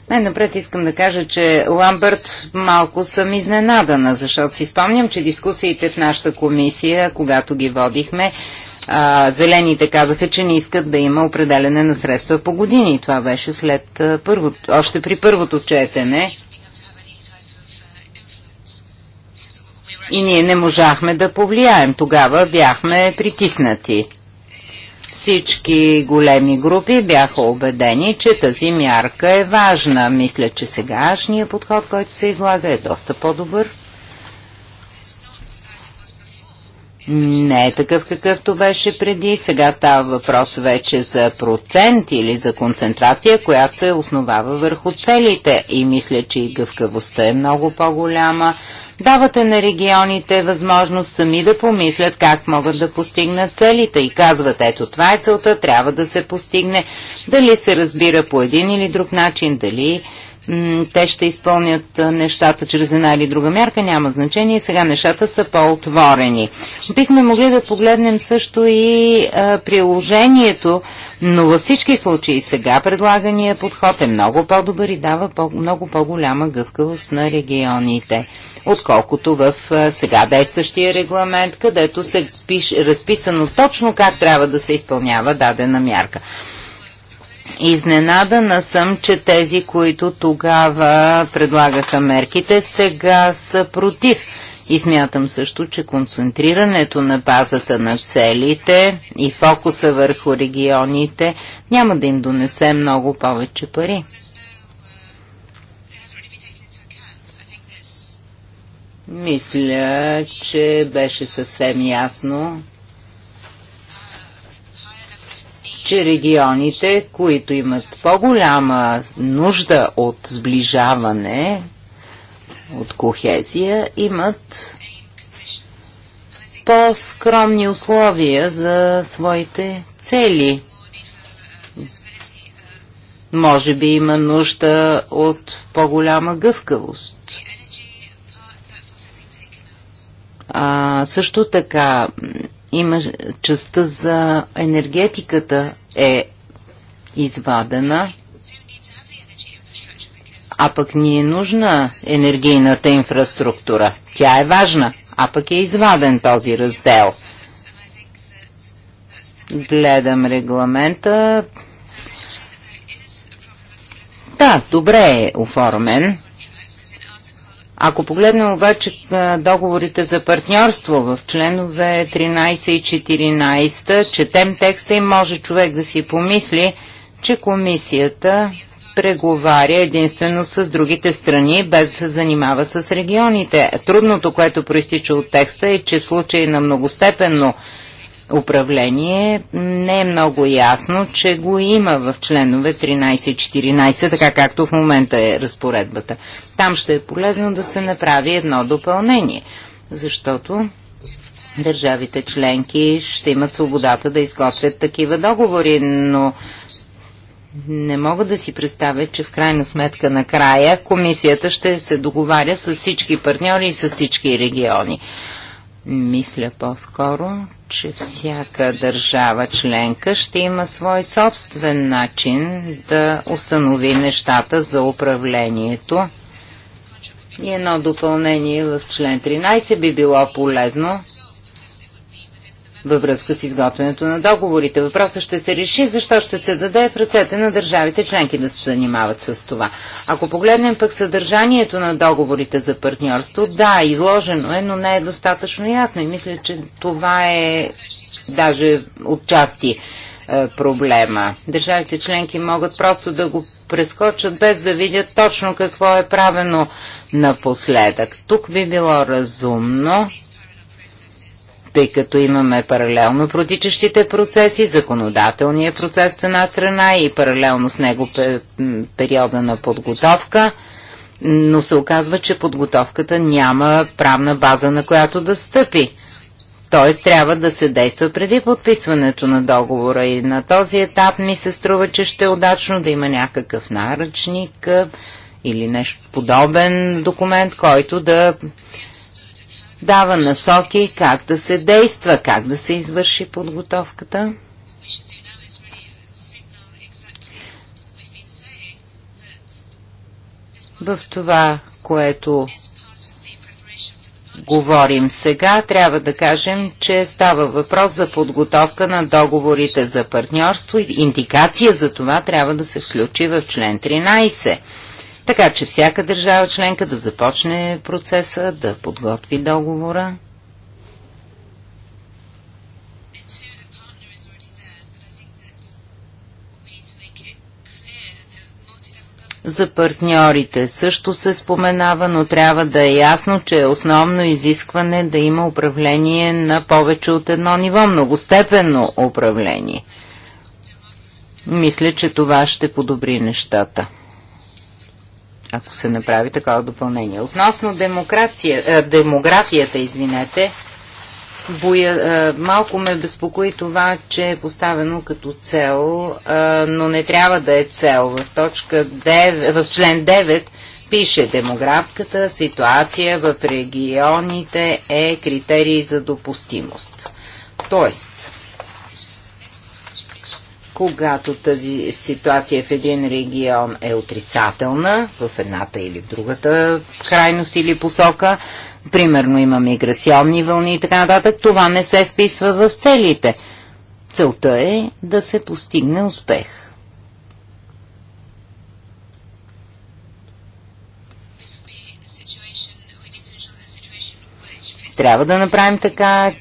Най-напред искам да кажа, че Ламбърт малко съм изненадана, защото си спомням, че дискусиите в нашата комисия, когато ги водихме, а, зелените казаха, че не искат да има определене на средства по години. Това беше след а, първо, още при първото четене. И ние не можахме да повлияем. Тогава бяхме притиснати. Всички големи групи бяха убедени, че тази мярка е важна. Мисля, че сегашният подход, който се излага, е доста по-добър. не е такъв какъвто беше преди. Сега става въпрос вече за процент или за концентрация, която се основава върху целите. И мисля, че и гъвкавостта е много по-голяма. Давате на регионите възможност сами да помислят как могат да постигнат целите и казват, ето това е целта, трябва да се постигне, дали се разбира по един или друг начин, дали те ще изпълнят нещата чрез една или друга мярка, няма значение. Сега нещата са по-отворени. Бихме могли да погледнем също и а, приложението, но във всички случаи сега предлагания подход е много по-добър и дава по- много по-голяма гъвкавост на регионите, отколкото в а, сега действащия регламент, където се разписано точно как трябва да се изпълнява дадена мярка. Изненадана съм, че тези, които тогава предлагаха мерките, сега са против. И смятам също, че концентрирането на базата на целите и фокуса върху регионите няма да им донесе много повече пари. Мисля, че беше съвсем ясно, че регионите, които имат по-голяма нужда от сближаване, от кохезия, имат по-скромни условия за своите цели. Може би има нужда от по-голяма гъвкавост. А, също така има частта за енергетиката е извадена, а пък ни е нужна енергийната инфраструктура. Тя е важна, а пък е изваден този раздел. Гледам регламента. Да, добре е оформен. Ако погледнем обаче договорите за партньорство в членове 13 и 14, четем текста и може човек да си помисли, че комисията преговаря единствено с другите страни, без да се занимава с регионите. Трудното, което проистича от текста е, че в случай на многостепенно управление, не е много ясно, че го има в членове 13 14, така както в момента е разпоредбата. Там ще е полезно да се направи едно допълнение, защото държавите членки ще имат свободата да изготвят такива договори, но не мога да си представя, че в крайна сметка накрая комисията ще се договаря с всички партньори и с всички региони. Мисля по-скоро, че всяка държава членка ще има свой собствен начин да установи нещата за управлението. И едно допълнение в член 13 би било полезно във връзка с изготвянето на договорите. Въпросът ще се реши, защо ще се даде в ръцете на държавите членки да се занимават с това. Ако погледнем пък съдържанието на договорите за партньорство, да, изложено е, но не е достатъчно ясно и мисля, че това е даже отчасти е, проблема. Държавите членки могат просто да го прескочат без да видят точно какво е правено напоследък. Тук би било разумно тъй като имаме паралелно протичащите процеси, законодателния процес от една страна и паралелно с него периода на подготовка, но се оказва, че подготовката няма правна база, на която да стъпи. Т.е. трябва да се действа преди подписването на договора и на този етап ми се струва, че ще е удачно да има някакъв наръчник или нещо подобен документ, който да дава насоки как да се действа, как да се извърши подготовката. В това, което говорим сега, трябва да кажем, че става въпрос за подготовка на договорите за партньорство и индикация за това трябва да се включи в член 13 така че всяка държава членка да започне процеса, да подготви договора. За партньорите също се споменава, но трябва да е ясно, че е основно изискване да има управление на повече от едно ниво, многостепенно управление. Мисля, че това ще подобри нещата ако се направи такова допълнение. Относно демокрация, е, демографията, извинете, боя, е, малко ме безпокои това, че е поставено като цел, е, но не трябва да е цел. В, точка 9, в член 9 пише демографската ситуация в регионите е критерий за допустимост. Тоест, когато тази ситуация в един регион е отрицателна, в едната или в другата крайност или посока, примерно има миграционни вълни и така нататък, това не се вписва в целите. Целта е да се постигне успех. Трябва да направим така,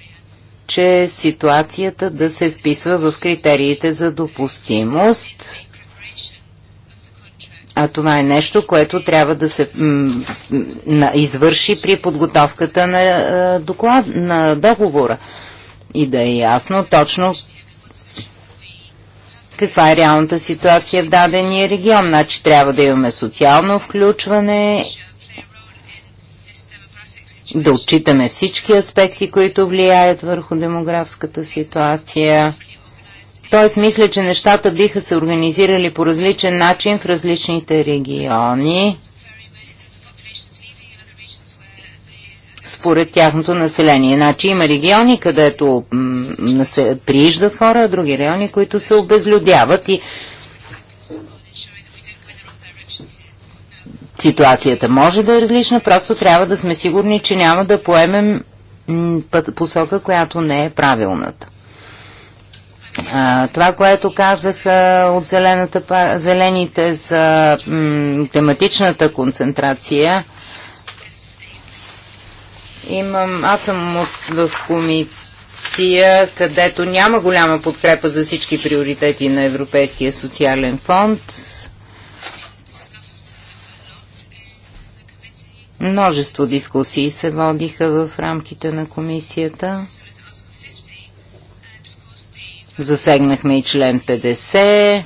че ситуацията да се вписва в критериите за допустимост. А това е нещо, което трябва да се извърши при подготовката на, е, доклад, на договора. И да е ясно точно каква е реалната ситуация в дадения регион. Значи трябва да имаме социално включване да отчитаме всички аспекти, които влияят върху демографската ситуация. Тоест, мисля, че нещата биха се организирали по различен начин в различните региони. според тяхното население. Значи има региони, където се прииждат хора, а други райони, които се обезлюдяват и Ситуацията може да е различна, просто трябва да сме сигурни, че няма да поемем посока, която не е правилната. А, това, което а, от зелената, зелените за тематичната концентрация, имам, аз съм от, в комисия, където няма голяма подкрепа за всички приоритети на Европейския социален фонд Множество дискусии се водиха в рамките на комисията. Засегнахме и член 50.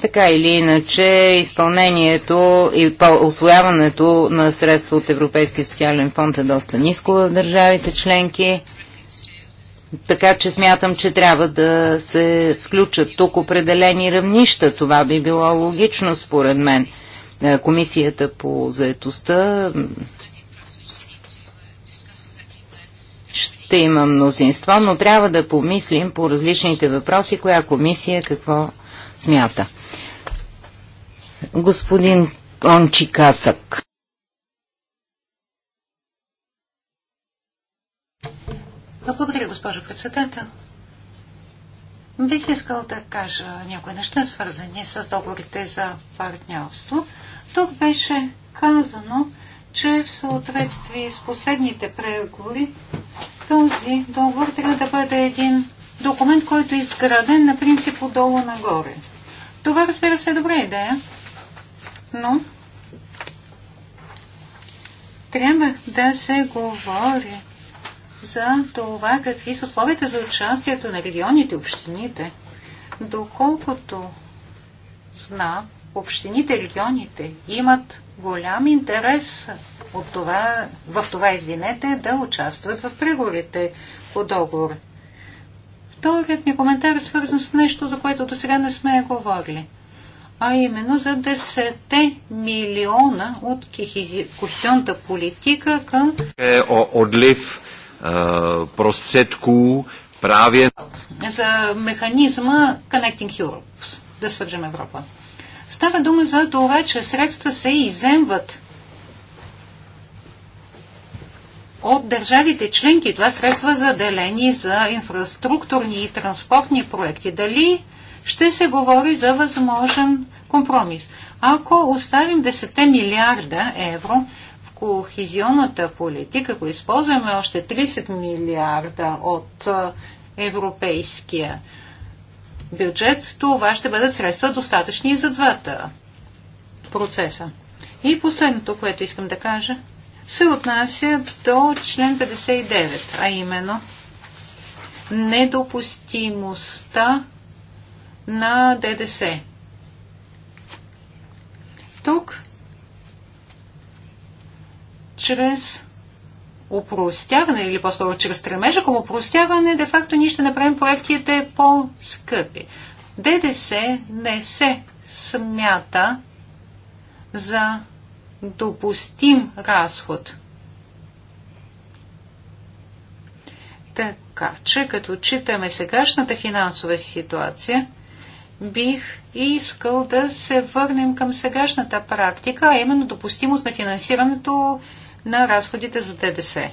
Така или иначе, изпълнението и освояването на средства от Европейския социален фонд е доста ниско в държавите членки. Така че смятам, че трябва да се включат тук определени равнища. Това би било логично според мен – е, комисията по заетостта ще има мнозинство, но трябва да помислим по различните въпроси, коя комисия какво смята. Господин Ончи Касък. Благодаря, госпожо председател. Бих искал да кажа някои неща, свързани с договорите за партньорство. Тук беше казано, че в съответствие с последните преговори този договор трябва да бъде един документ, който е изграден на принцип отдолу нагоре. Това, разбира се, е добра идея, но трябва да се говори за това какви са условията за участието на регионите, общините. Доколкото знам, общините, регионите имат голям интерес от това, в това, извинете, да участват в преговорите по договор. Вторият ми коментар е свързан с нещо, за което до сега не сме говорили, а именно за 10 милиона от кохезионната политика към е, отлив е, просцеткů правě за механизма Connecting Europe, да свържем Европа. Става дума за това, че средства се иземват от държавите членки. Това е средства заделени за инфраструктурни и транспортни проекти. Дали ще се говори за възможен компромис? Ако оставим 10 милиарда евро в кохизионната политика, ако използваме още 30 милиарда от европейския бюджет, това ще бъдат средства достатъчни за двата процеса. И последното, което искам да кажа, се отнася до член 59, а именно недопустимостта на ДДС. Тук чрез упростяване или по-скоро чрез стремежа към упростяване, де-факто ние ще направим проектите по-скъпи. ДДС не се смята за допустим разход. Така че, като читаме сегашната финансова ситуация, бих искал да се върнем към сегашната практика, а именно допустимост на финансирането на разходите за ДДС.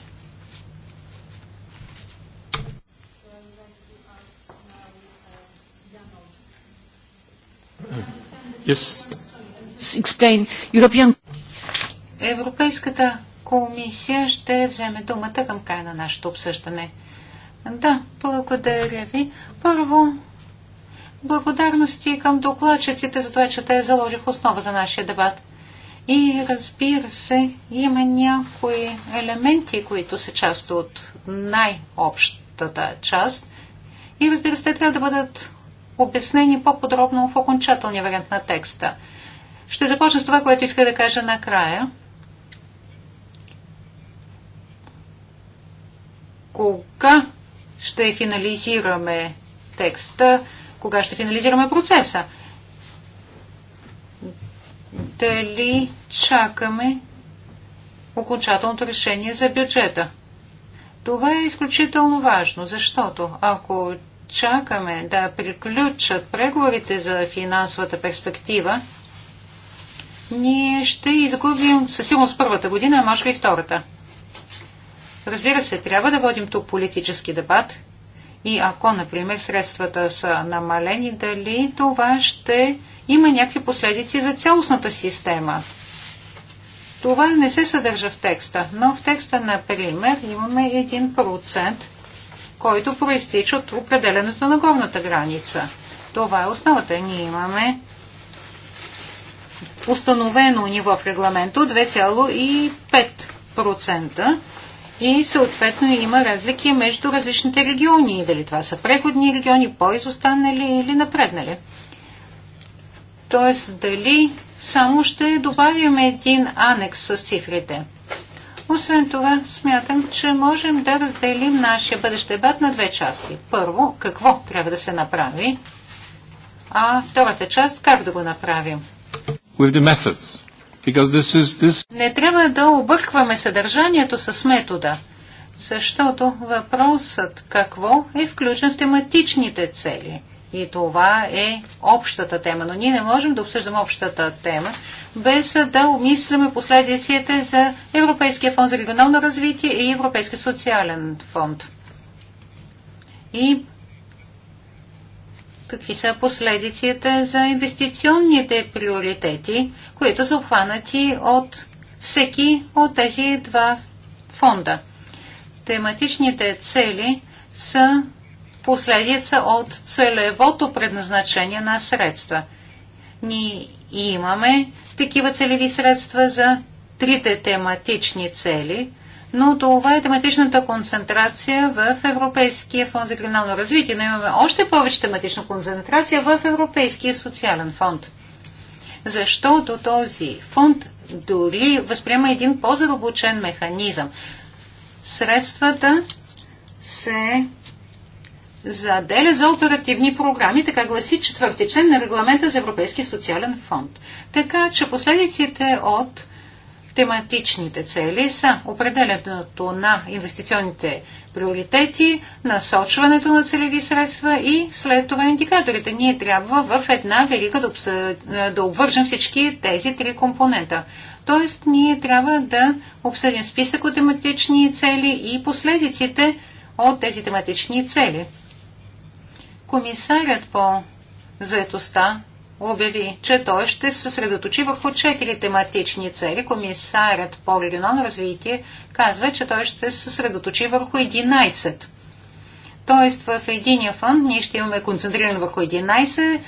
Европейската комисия ще вземе думата към края на нашето обсъждане. Да, благодаря ви. Първо, благодарности към докладчиците за това, че те заложих основа за нашия дебат. И разбира се, има някои елементи, които са част от най-общата част. И разбира се, те трябва да бъдат обяснени по-подробно в окончателния вариант на текста. Ще започна с това, което иска да кажа накрая. Кога ще финализираме текста, кога ще финализираме процеса? дали чакаме окончателното решение за бюджета. Това е изключително важно, защото ако чакаме да приключат преговорите за финансовата перспектива, ние ще изгубим със сигурност първата година, а може би втората. Разбира се, трябва да водим тук политически дебат и ако, например, средствата са намалени, дали това ще има някакви последици за цялостната система. Това не се съдържа в текста, но в текста, например, имаме един процент, който проистича от определенето на горната граница. Това е основата. Ние имаме установено ниво в регламента 2,5% и съответно има разлики между различните региони, дали това са преходни региони, по-изостанали или напреднали. Т.е. дали само ще добавим един анекс с цифрите. Освен това, смятам, че можем да разделим нашия бъдещ дебат на две части. Първо, какво трябва да се направи, а втората част, как да го направим. With the methods. Because this is, this... Не трябва да объркваме съдържанието с метода, защото въпросът какво е включен в тематичните цели – и това е общата тема. Но ние не можем да обсъждаме общата тема без да обмисляме последиците за Европейския фонд за регионално развитие и Европейския социален фонд. И какви са последиците за инвестиционните приоритети, които са обхванати от всеки от тези два фонда. Тематичните цели са последица от целевото предназначение на средства. Ние имаме такива целеви средства за трите тематични цели, но това е тематичната концентрация в Европейския фонд за регионално развитие, но имаме още повече тематична концентрация в Европейския социален фонд. Защото този фонд дори възприема един по-задълбочен механизъм. Средствата се заделя за оперативни програми, така гласи четвърти член на регламента за Европейския социален фонд. Така че последиците от тематичните цели са определянето на инвестиционните приоритети, насочването на целеви средства и след това индикаторите. Ние трябва в една верига да, обсъ... да обвържем всички тези три компонента. Тоест, ние трябва да обсъдим списък от тематични цели и последиците от тези тематични цели. Комисарят по заетостта обяви, че той ще се съсредоточи върху четири тематични цели. Комисарят по регионално развитие казва, че той ще се съсредоточи върху 11. Тоест в единия фонд ние ще имаме концентриран върху 11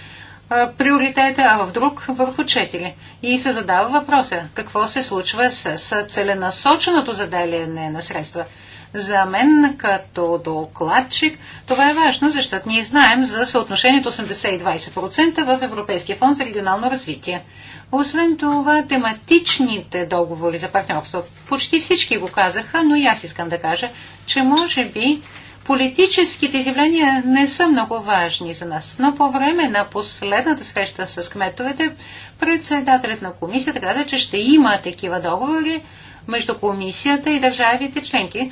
а, приоритета, а в друг върху 4. И се задава въпроса, какво се случва с, с целенасоченото заделяне на средства – за мен като докладчик това е важно, защото ние знаем за съотношението 80-20% в Европейския фонд за регионално развитие. Освен това, тематичните договори за партньорство, почти всички го казаха, но и аз искам да кажа, че може би политическите изявления не са много важни за нас. Но по време на последната среща с кметовете, председателят на комисията каза, че ще има такива договори между комисията и държавите членки.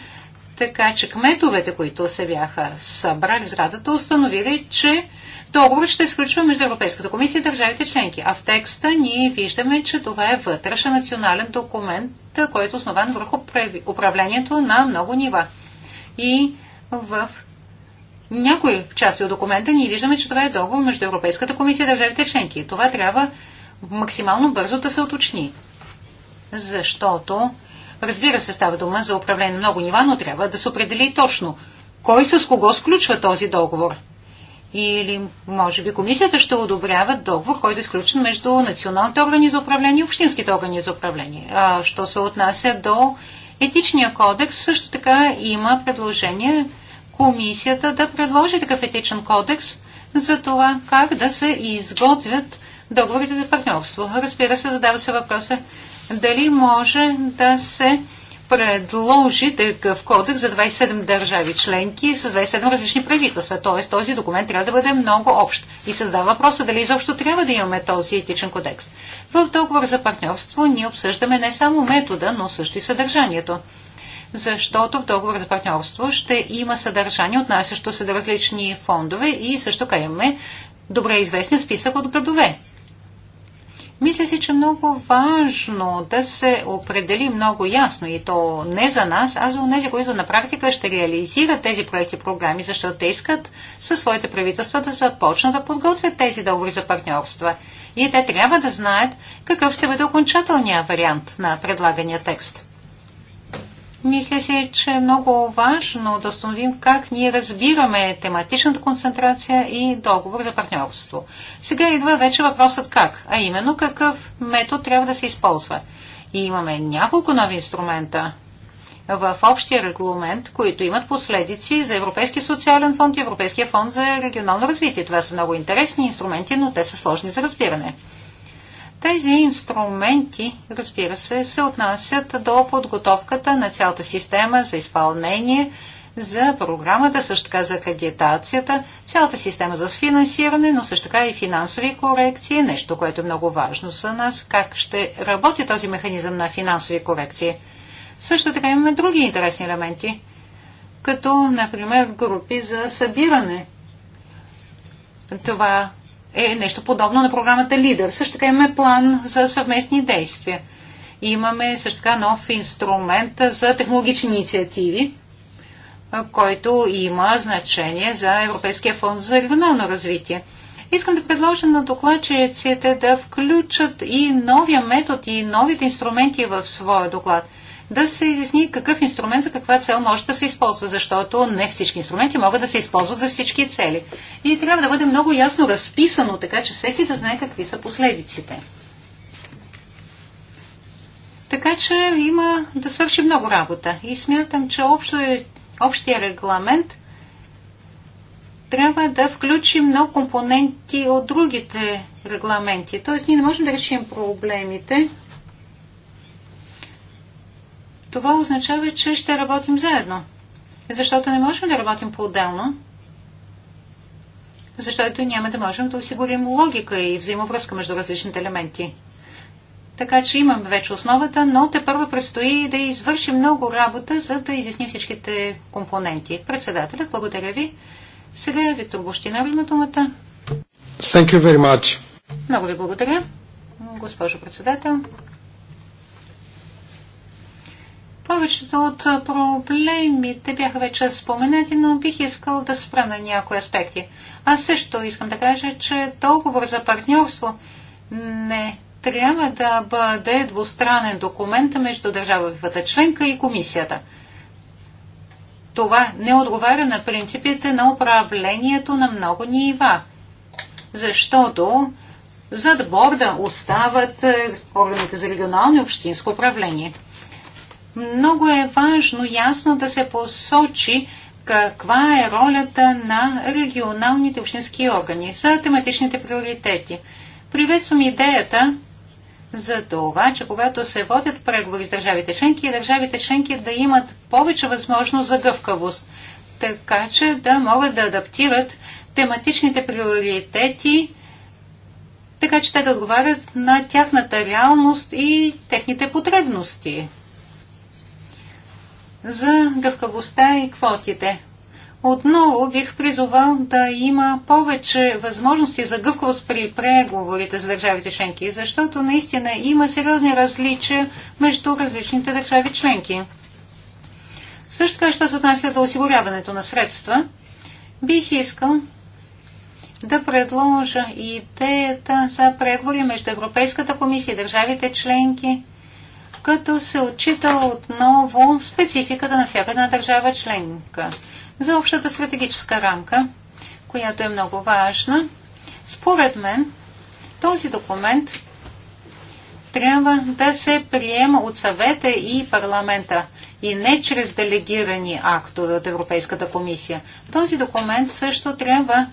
Така че кметовете, които се бяха събрали в сградата, установили, че договор ще изключва между Европейската комисия и държавите членки. А в текста ние виждаме, че това е вътрешен национален документ, който е основан върху управлението на много нива. И в някои части от документа ние виждаме, че това е договор между Европейската комисия и държавите членки. Това трябва максимално бързо да се уточни. Защото Разбира се, става дума за управление на много нива, но трябва да се определи точно кой с кого сключва този договор. Или, може би, комисията ще одобрява договор, който е изключен между националните органи за управление и общинските органи за управление. А, що се отнася до етичния кодекс, също така има предложение комисията да предложи такъв етичен кодекс за това как да се изготвят договорите за партньорство. Разбира се, задава се въпроса дали може да се предложи такъв кодекс за 27 държави членки с 27 различни правителства. Т.е. този документ трябва да бъде много общ. И създава въпроса дали изобщо трябва да имаме този етичен кодекс. В договор за партньорство ние обсъждаме не само метода, но също и съдържанието. Защото в договор за партньорство ще има съдържание, отнасящо се до различни фондове и също така имаме добре известен списък от градове. Мисля си, че много важно да се определи много ясно и то не за нас, а за тези, които на практика ще реализират тези проекти и програми, защото те искат със своите правителства да започнат да подготвят тези договори за партньорства. И те трябва да знаят какъв ще бъде окончателният вариант на предлагания текст. Мисля се, че е много важно да установим как ние разбираме тематичната концентрация и договор за партньорство. Сега идва вече въпросът как, а именно какъв метод трябва да се използва. И имаме няколко нови инструмента в общия регламент, които имат последици за Европейския социален фонд и Европейския фонд за регионално развитие. Това са много интересни инструменти, но те са сложни за разбиране. Тези инструменти, разбира се, се отнасят до подготовката на цялата система за изпълнение, за програмата, също така за акредитацията, цялата система за финансиране, но също така и финансови корекции, нещо, което е много важно за нас, как ще работи този механизъм на финансови корекции. Също така имаме други интересни елементи, като, например, групи за събиране. Това е нещо подобно на програмата Лидер. Също така имаме план за съвместни действия. Имаме също така нов инструмент за технологични инициативи, който има значение за Европейския фонд за регионално развитие. Искам да предложа на докладчиците да включат и новия метод и новите инструменти в своя доклад – да се изясни какъв инструмент за каква цел може да се използва, защото не всички инструменти могат да се използват за всички цели. И трябва да бъде много ясно разписано, така че всеки да знае какви са последиците. Така че има да свърши много работа. И смятам, че общо е, общия регламент трябва да включи много компоненти от другите регламенти. Тоест, ние не можем да решим проблемите това означава, че ще работим заедно. Защото не можем да работим по-отделно, защото няма да можем да осигурим логика и взаимовръзка между различните елементи. Така че имам вече основата, но те първо предстои да извършим много работа, за да изясним всичките компоненти. Председателят, благодаря ви. Сега е Виктор Бощинар има думата. Thank you very much. Много ви благодаря, госпожо председател. Повечето от проблемите бяха вече споменати, но бих искал да спра на някои аспекти. Аз също искам да кажа, че договор за партньорство не трябва да бъде двустранен документ между държавата членка и комисията. Това не отговаря на принципите на управлението на много нива, защото зад борда остават е, органите за регионално и общинско управление – много е важно ясно да се посочи каква е ролята на регионалните общински органи за тематичните приоритети. Приветствам идеята за това, че когато се водят преговори с държавите членки, държавите членки да имат повече възможност за гъвкавост, така че да могат да адаптират тематичните приоритети, така че те да отговарят на тяхната реалност и техните потребности за гъвкавостта и квотите. Отново бих призовал да има повече възможности за гъвкавост при преговорите за държавите членки, защото наистина има сериозни различия между различните държави членки. Също така, що се отнася до осигуряването на средства, бих искал да предложа идеята за преговори между Европейската комисия и държавите членки – като се отчита отново спецификата на всяка една държава членка за общата стратегическа рамка, която е много важна. Според мен, този документ трябва да се приема от съвета и парламента и не чрез делегирани актове от Европейската комисия. Този документ също трябва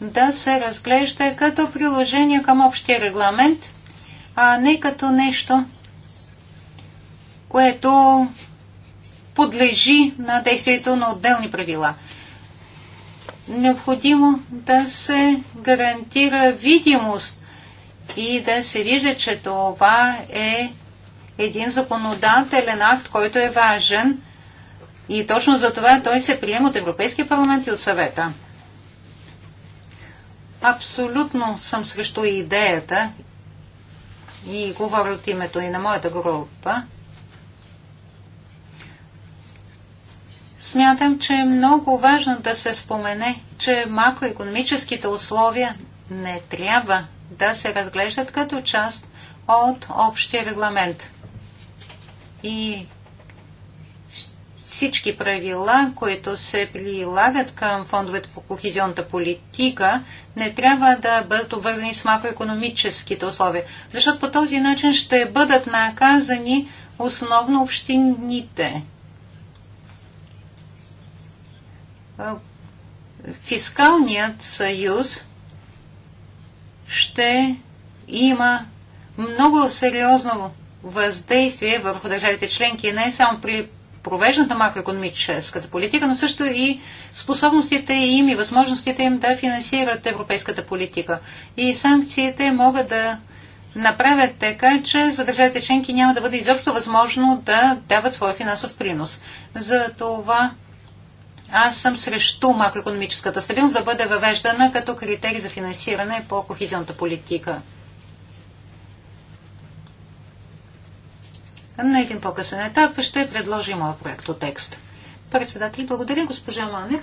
да се разглежда като приложение към общия регламент, а не като нещо, което подлежи на действието на отделни правила. Необходимо да се гарантира видимост и да се вижда, че това е един законодателен акт, който е важен и точно за това той се приема от Европейския парламент и от съвета. Абсолютно съм срещу идеята и говоря от името и на моята група, Смятам, че е много важно да се спомене, че макроекономическите условия не трябва да се разглеждат като част от общия регламент. И всички правила, които се прилагат към фондовете по кохезионната политика, не трябва да бъдат обвързани с макроекономическите условия, защото по този начин ще бъдат наказани основно общините. фискалният съюз ще има много сериозно въздействие върху държавите членки, не само при провеждането на макроекономическата политика, но също и способностите им и възможностите им да финансират европейската политика. И санкциите могат да направят така, че за държавите членки няма да бъде изобщо възможно да дават своя финансов принос. За това аз съм срещу макроекономическата стабилност да бъде въвеждана като критерий за финансиране по кохизионната политика. На един по-късен етап ще предложи моят проект от текст. Председател, благодаря госпожа Мане.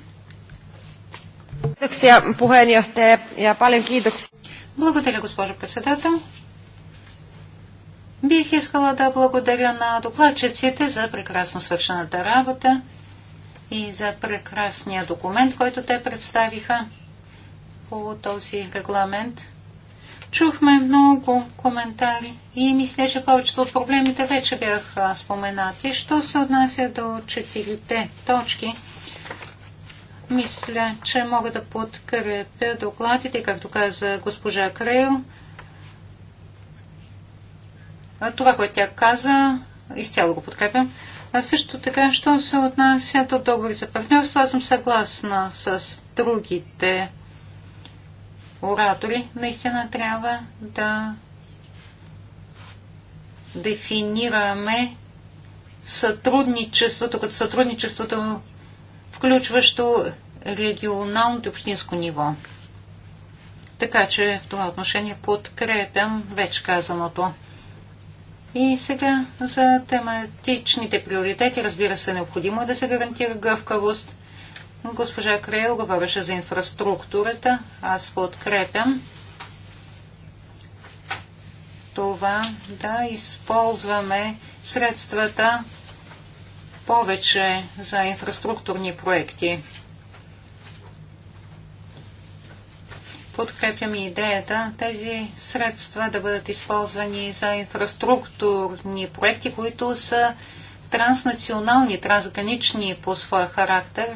Благодаря, госпожо председател. Бих искала да благодаря на докладчиците за прекрасно свършената работа и за прекрасния документ, който те представиха по този регламент. Чухме много коментари и мисля, че повечето от проблемите вече бяха споменати. Що се отнася до четирите точки, мисля, че мога да подкрепя докладите, както каза госпожа Крейл. Това, което тя каза, изцяло го подкрепям. А също така, що се отнася до договори за партньорство, аз съм съгласна с другите оратори. Наистина трябва да дефинираме сътрудничеството, като сътрудничеството включващо регионалното общинско ниво. Така че в това отношение подкрепям вече казаното. И сега за тематичните приоритети, разбира се, необходимо е да се гарантира гъвкавост. Госпожа Крейл говореше за инфраструктурата. Аз подкрепям това да използваме средствата повече за инфраструктурни проекти. подкрепям идеята тези средства да бъдат използвани за инфраструктурни проекти, които са транснационални, трансгранични по своя характер,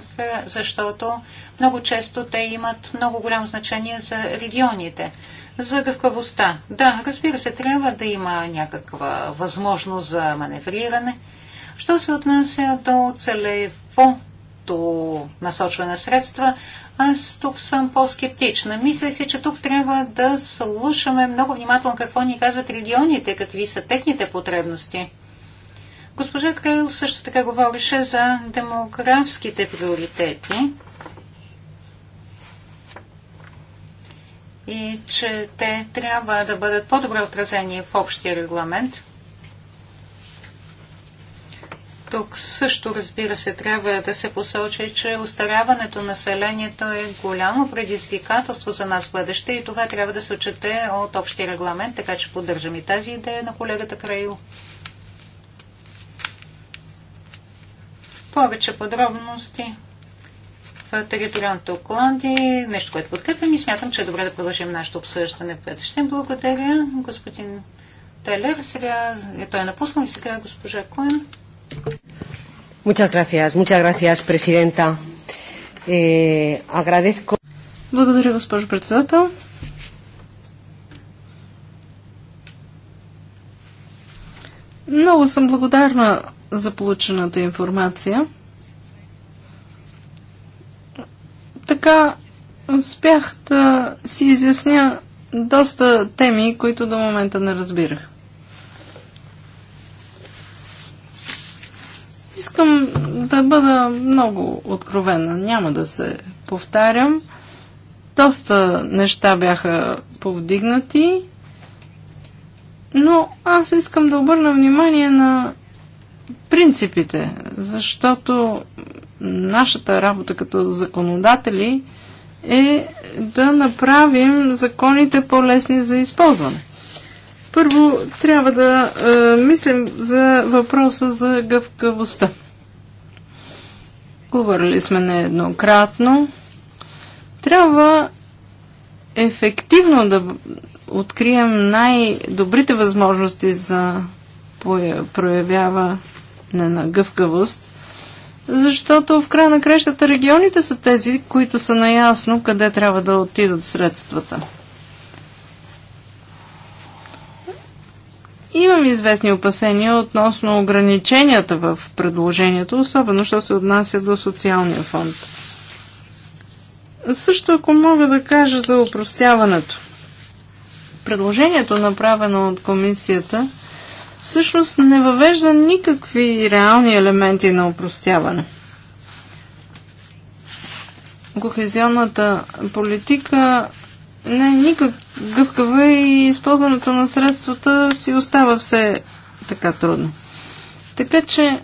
защото много често те имат много голямо значение за регионите. За гъвкавостта. Да, разбира се, трябва да има някаква възможност за маневриране. Що се отнася до целевото насочване на средства, аз тук съм по-скептична. Мисля си, че тук трябва да слушаме много внимателно какво ни казват регионите, какви са техните потребности. Госпожа Крайл също така говореше за демографските приоритети и че те трябва да бъдат по-добре отразени в общия регламент – тук също, разбира се, трябва да се посочи, че устаряването на населението е голямо предизвикателство за нас в бъдеще и това трябва да се отчете от общия регламент, така че поддържам и тази идея на колегата Краил. Повече подробности в териториалното Окланди, нещо, което подкрепям и смятам, че е добре да продължим нашето обсъждане в бъдеще. Благодаря, господин Телер. Сега е той е напуснал и сега е госпожа Коен. Muchas gracias, muchas gracias, presidenta. Eh, agradezco. Благодаря, госпожо председател. Много съм благодарна за получената информация. Така успях да си изясня доста теми, които до момента не разбирах. Искам да бъда много откровена, няма да се повтарям. Доста неща бяха повдигнати, но аз искам да обърна внимание на принципите, защото нашата работа като законодатели е да направим законите по-лесни за използване. Първо трябва да а, е, мислим за въпроса за гъвкавостта. Говорили сме нееднократно. Трябва ефективно да открием най-добрите възможности за проявяване на гъвкавост, защото в края на крещата регионите са тези, които са наясно къде трябва да отидат средствата. Имам известни опасения относно ограниченията в предложението, особено що се отнася до социалния фонд. Също ако мога да кажа за упростяването. Предложението, направено от комисията, всъщност не въвежда никакви реални елементи на упростяване. Кохезионната политика не, никак гъвкава е и използването на средствата си остава все така трудно. Така че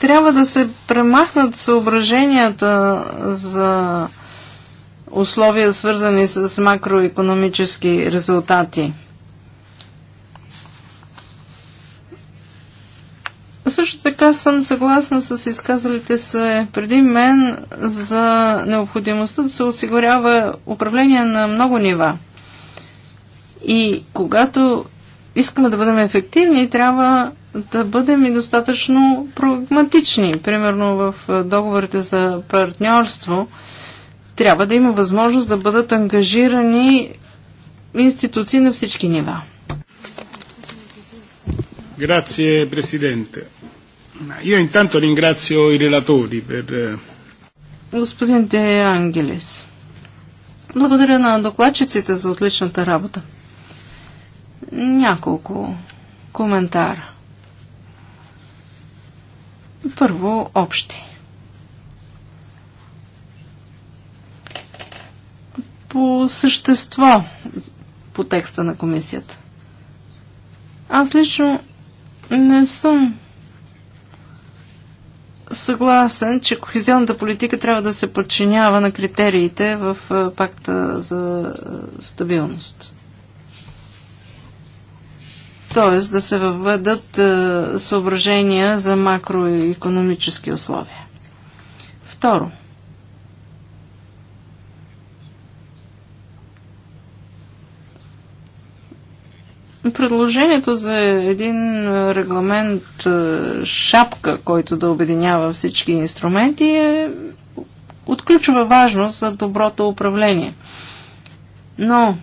трябва да се премахнат съображенията за условия, свързани с макроекономически резултати – Също така съм съгласна с изказалите се преди мен за необходимостта да се осигурява управление на много нива. И когато искаме да бъдем ефективни, трябва да бъдем и достатъчно прагматични. Примерно в е, договорите за партньорство трябва да има възможност да бъдат ангажирани институции на всички нива. Grazie Presidente. Io intanto ringrazio i relatori per... Eh, Господин Де Ангелес, благодаря на докладчиците за отличната работа. Няколко коментара. Първо, общи. По същество, по текста на комисията. Аз лично не съм съгласен, че кохезионната политика трябва да се подчинява на критериите в е, пакта за е, стабилност. Тоест да се въведат е, съображения за макроекономически условия. Второ, предложението за един регламент е, шапка, който да обединява всички инструменти е от ключова важност за доброто управление. Но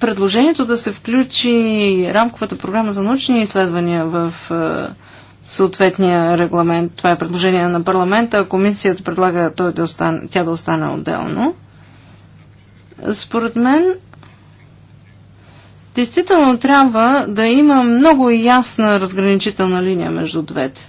предложението да се включи рамковата програма за научни изследвания в е, съответния регламент, това е предложение на парламента, комисията предлага той да остане, тя да остане отделно – според мен, действително трябва да има много ясна разграничителна линия между двете.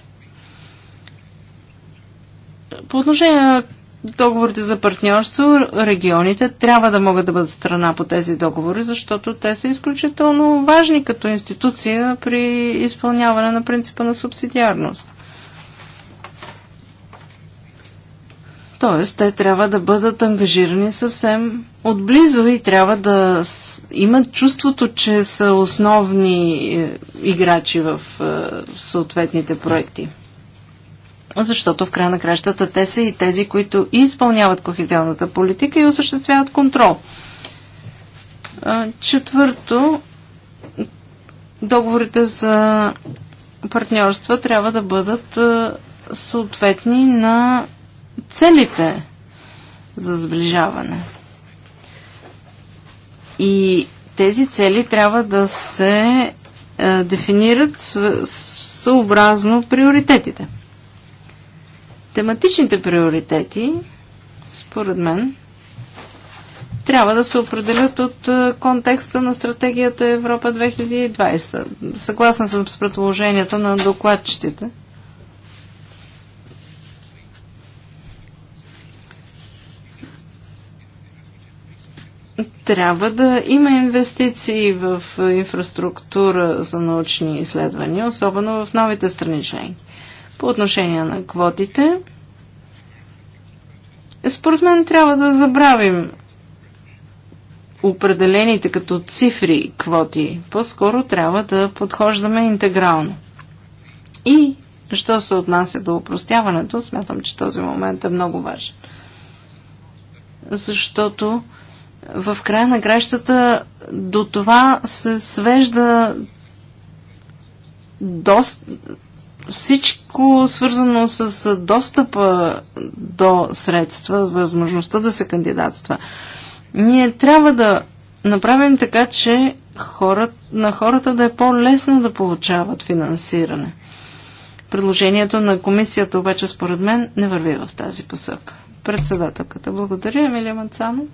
По отношение на договорите за партньорство, регионите трябва да могат да бъдат страна по тези договори, защото те са изключително важни като институция при изпълняване на принципа на субсидиарност. Тоест, те трябва да бъдат ангажирани съвсем отблизо и трябва да имат чувството, че са основни е, играчи в е, съответните проекти. Защото в края на кращата те са и тези, които и изпълняват кохезионната политика и осъществяват контрол. Четвърто, договорите за партньорства трябва да бъдат е, съответни на целите за сближаване. И тези цели трябва да се е, дефинират съобразно приоритетите. Тематичните приоритети, според мен, трябва да се определят от е, контекста на стратегията Европа 2020. Съгласен съм с предположенията на докладчетите. Трябва да има инвестиции в инфраструктура за научни изследвания, особено в новите страни членки. По отношение на квотите, според мен трябва да забравим определените като цифри квоти. По-скоро трябва да подхождаме интегрално. И, що се отнася до упростяването, смятам, че този момент е много важен. Защото в края на гращата до това се свежда доста, всичко свързано с достъпа до средства, възможността да се кандидатства. Ние трябва да направим така, че хората, на хората да е по-лесно да получават финансиране. Предложението на комисията обаче според мен не върви в тази посока. Председателката. Благодаря, Емилия Манцано.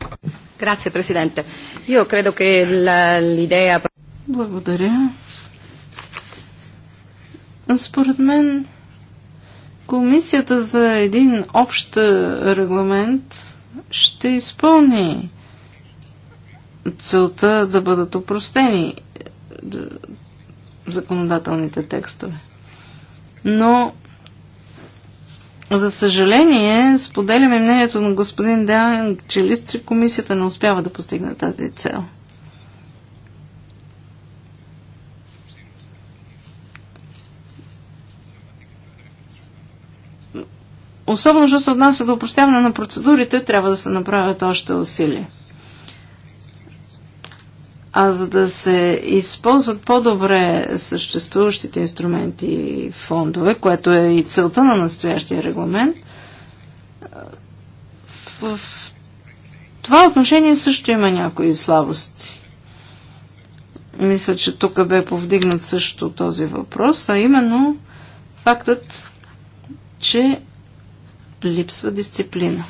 Грация, президенте. Io credo che l'idea... Благодаря. Според мен, комисията за един общ регламент ще изпълни целта да бъдат опростени е, законодателните текстове. Но за съжаление, споделяме мнението на господин Деан, че лист, комисията не успява да постигне тази цел. Особено, що се отнася до упростяване на процедурите, трябва да се направят още усилия. А за да се използват по-добре съществуващите инструменти и фондове, което е и целта на настоящия регламент, в, в това отношение също има някои слабости. Мисля, че тук бе повдигнат също този въпрос, а именно фактът, че липсва дисциплина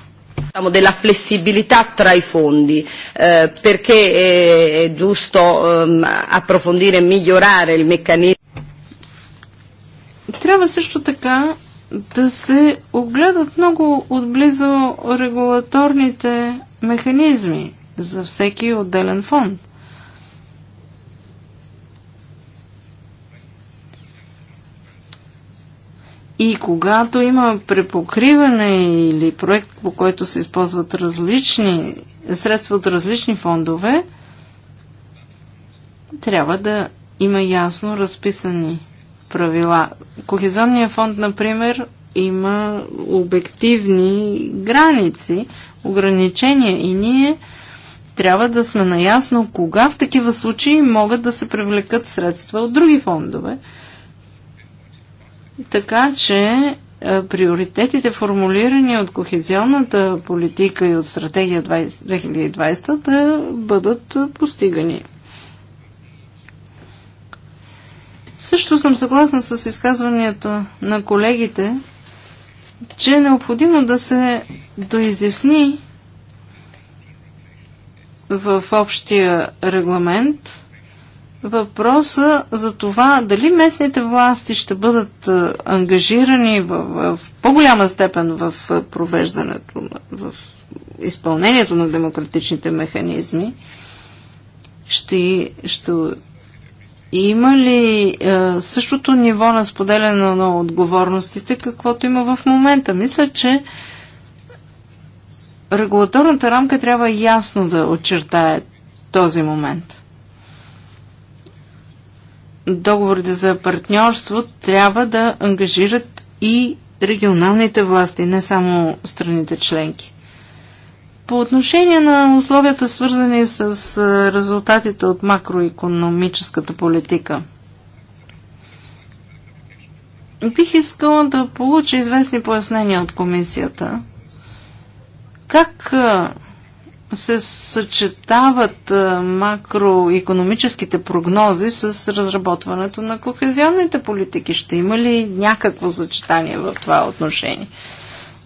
diciamo, della flessibilità tra i fondi, eh, perché è, è giusto eh, approfondire e migliorare il meccanismo. Трябва също така да се огледат много отблизо регулаторните механизми за всеки отделен фонд. И когато има препокриване или проект, по който се използват различни средства от различни фондове, трябва да има ясно разписани правила. Кохезонния фонд, например, има обективни граници, ограничения и ние трябва да сме наясно кога в такива случаи могат да се привлекат средства от други фондове така че е, приоритетите, формулирани от кохезионната политика и от стратегия 2020, да бъдат е, постигани. Също съм съгласна с изказванията на колегите, че е необходимо да се доизясни в общия регламент въпроса за това дали местните власти ще бъдат е, ангажирани в, в, в по-голяма степен в е, провеждането, в изпълнението на демократичните механизми, ще, ще има ли е, същото ниво на споделяне на отговорностите, каквото има в момента? Мисля, че регулаторната рамка трябва ясно да очертае този момент договорите за партньорство трябва да ангажират и регионалните власти, не само страните членки. По отношение на условията, свързани с резултатите от макроекономическата политика, бих искала да получа известни пояснения от комисията. Как се съчетават макроекономическите прогнози с разработването на кохезионните политики? Ще има ли някакво съчетание в това отношение?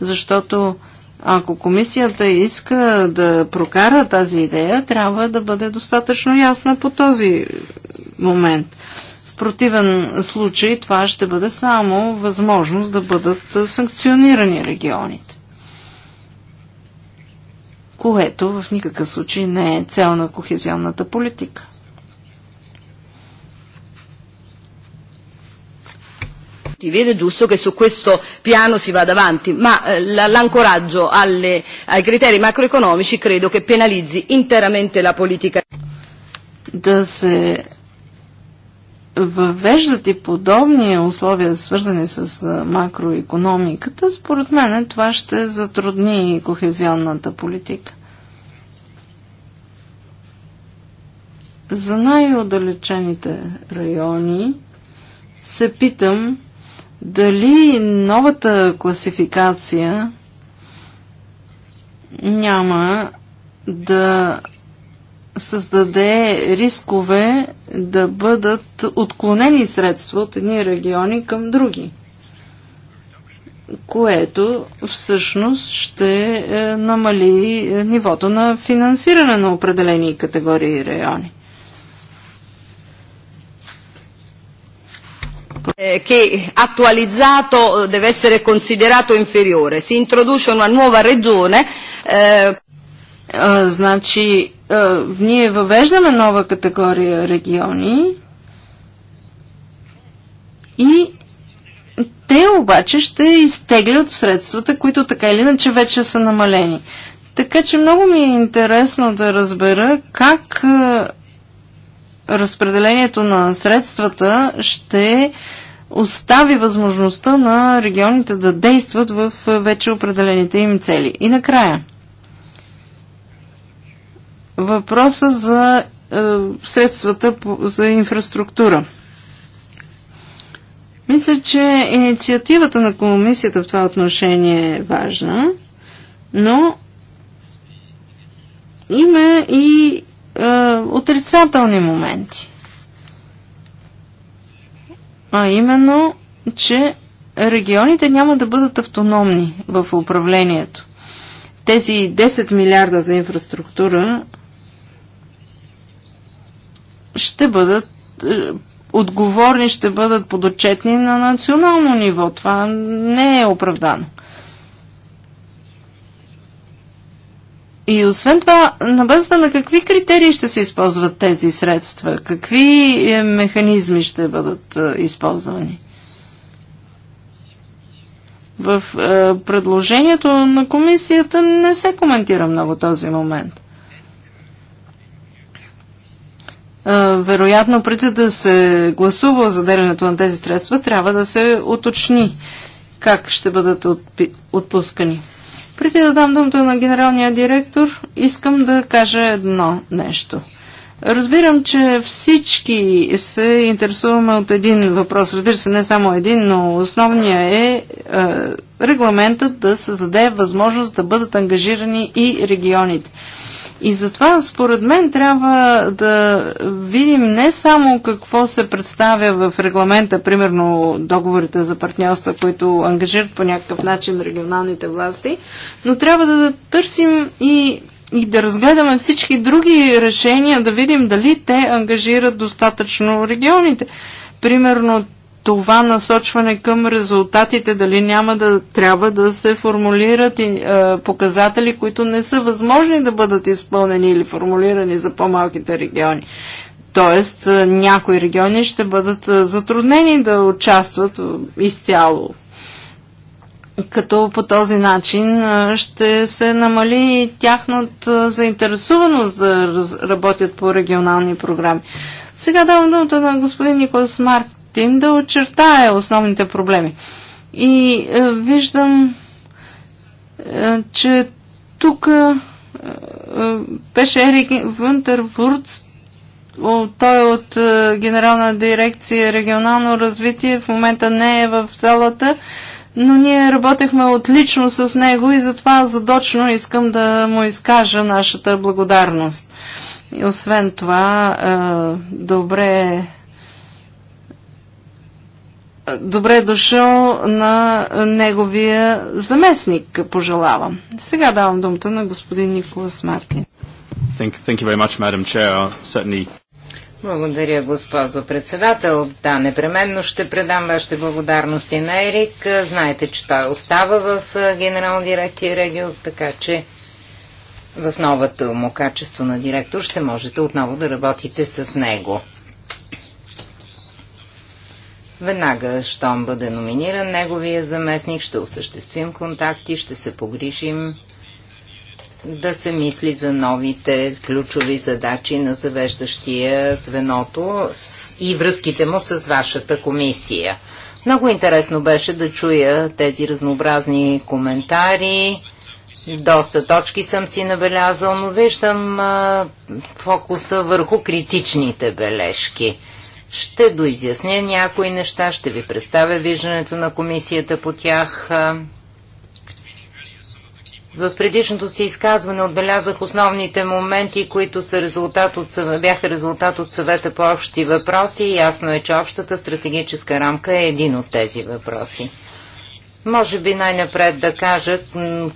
Защото ако комисията иска да прокара тази идея, трябва да бъде достатъчно ясна по този момент. В противен случай това ще бъде само възможност да бъдат санкционирани регионите което в никакъв случай не е цел на кохезионната политика. Vede giusto che su questo piano si vada avanti, ma l'ancoraggio ai criteri macroeconomici credo che penalizzi interamente la politica. Да се въвеждат и подобни условия, свързани с макроекономиката, според мен това ще затрудни кохезионната политика. За най-отдалечените райони се питам дали новата класификация няма да създаде рискове да бъдат отклонени средства от едни региони към други, което всъщност ще е, намали е, нивото на финансиране на определени категории райони. che attualizzato deve essere considerato inferiore. Si introduce una nuova regione. Eh... Uh, значи е, ние въвеждаме нова категория региони и те обаче ще изтеглят средствата, които така или иначе вече са намалени. Така че много ми е интересно да разбера как е, разпределението на средствата ще остави възможността на регионите да действат в е, вече определените им цели. И накрая – въпроса за е, средствата за инфраструктура. Мисля, че инициативата на комисията в това отношение е важна, но има и е, отрицателни моменти. А именно, че регионите няма да бъдат автономни в управлението. Тези 10 милиарда за инфраструктура ще бъдат е, отговорни, ще бъдат подотчетни на национално ниво. Това не е оправдано. И освен това, на базата на какви критерии ще се използват тези средства? Какви е, механизми ще бъдат е, използвани? В предложението на комисията не се коментира много този момент. вероятно преди да се гласува заделянето на тези средства, трябва да се уточни как ще бъдат отпускани. Преди да дам думата на генералния директор, искам да кажа едно нещо. Разбирам, че всички се интересуваме от един въпрос. Разбира се, не само един, но основният е, е регламентът да създаде възможност да бъдат ангажирани и регионите. И затова, според мен, трябва да видим не само какво се представя в регламента, примерно договорите за партньорства, които ангажират по някакъв начин регионалните власти, но трябва да търсим и, и да разгледаме всички други решения, да видим дали те ангажират достатъчно регионите. Примерно това насочване към резултатите, дали няма да трябва да се формулират и, е, показатели, които не са възможни да бъдат изпълнени или формулирани за по-малките региони. Тоест, е, някои региони ще бъдат е, затруднени да участват е, изцяло. Като по този начин ще се намали тяхната заинтересуваност да работят по регионални програми. Сега давам думата на господин Николас Марк опитим да очертая основните проблеми. И е, виждам, е, че тук е, е беше Ерик Вунтервурц, той е от е, Генерална дирекция регионално развитие, в момента не е в залата, но ние работехме отлично с него и затова задочно искам да му изкажа нашата благодарност. И освен това, е, добре е добре дошъл на неговия заместник, пожелавам. Сега давам думата на господин Николас Мартин. Thank, thank you very much, Madam Chair. Certainly благодаря, госпожо председател. Да, непременно ще предам вашите благодарности на Ерик. Знаете, че той остава в Генерална дирекция Регио, така че в новото му качество на директор ще можете отново да работите с него. Веднага, щом бъде номиниран неговия заместник, ще осъществим контакти, ще се погрижим да се мисли за новите ключови задачи на завеждащия звеното и връзките му с вашата комисия. Много интересно беше да чуя тези разнообразни коментари. Доста точки съм си набелязал, но виждам а, фокуса върху критичните бележки. Ще доизясня някои неща, ще ви представя виждането на комисията по тях. В предишното си изказване отбелязах основните моменти, които са резултат от, бяха резултат от съвета по общи въпроси. Ясно е, че общата стратегическа рамка е един от тези въпроси. Може би най-напред да кажа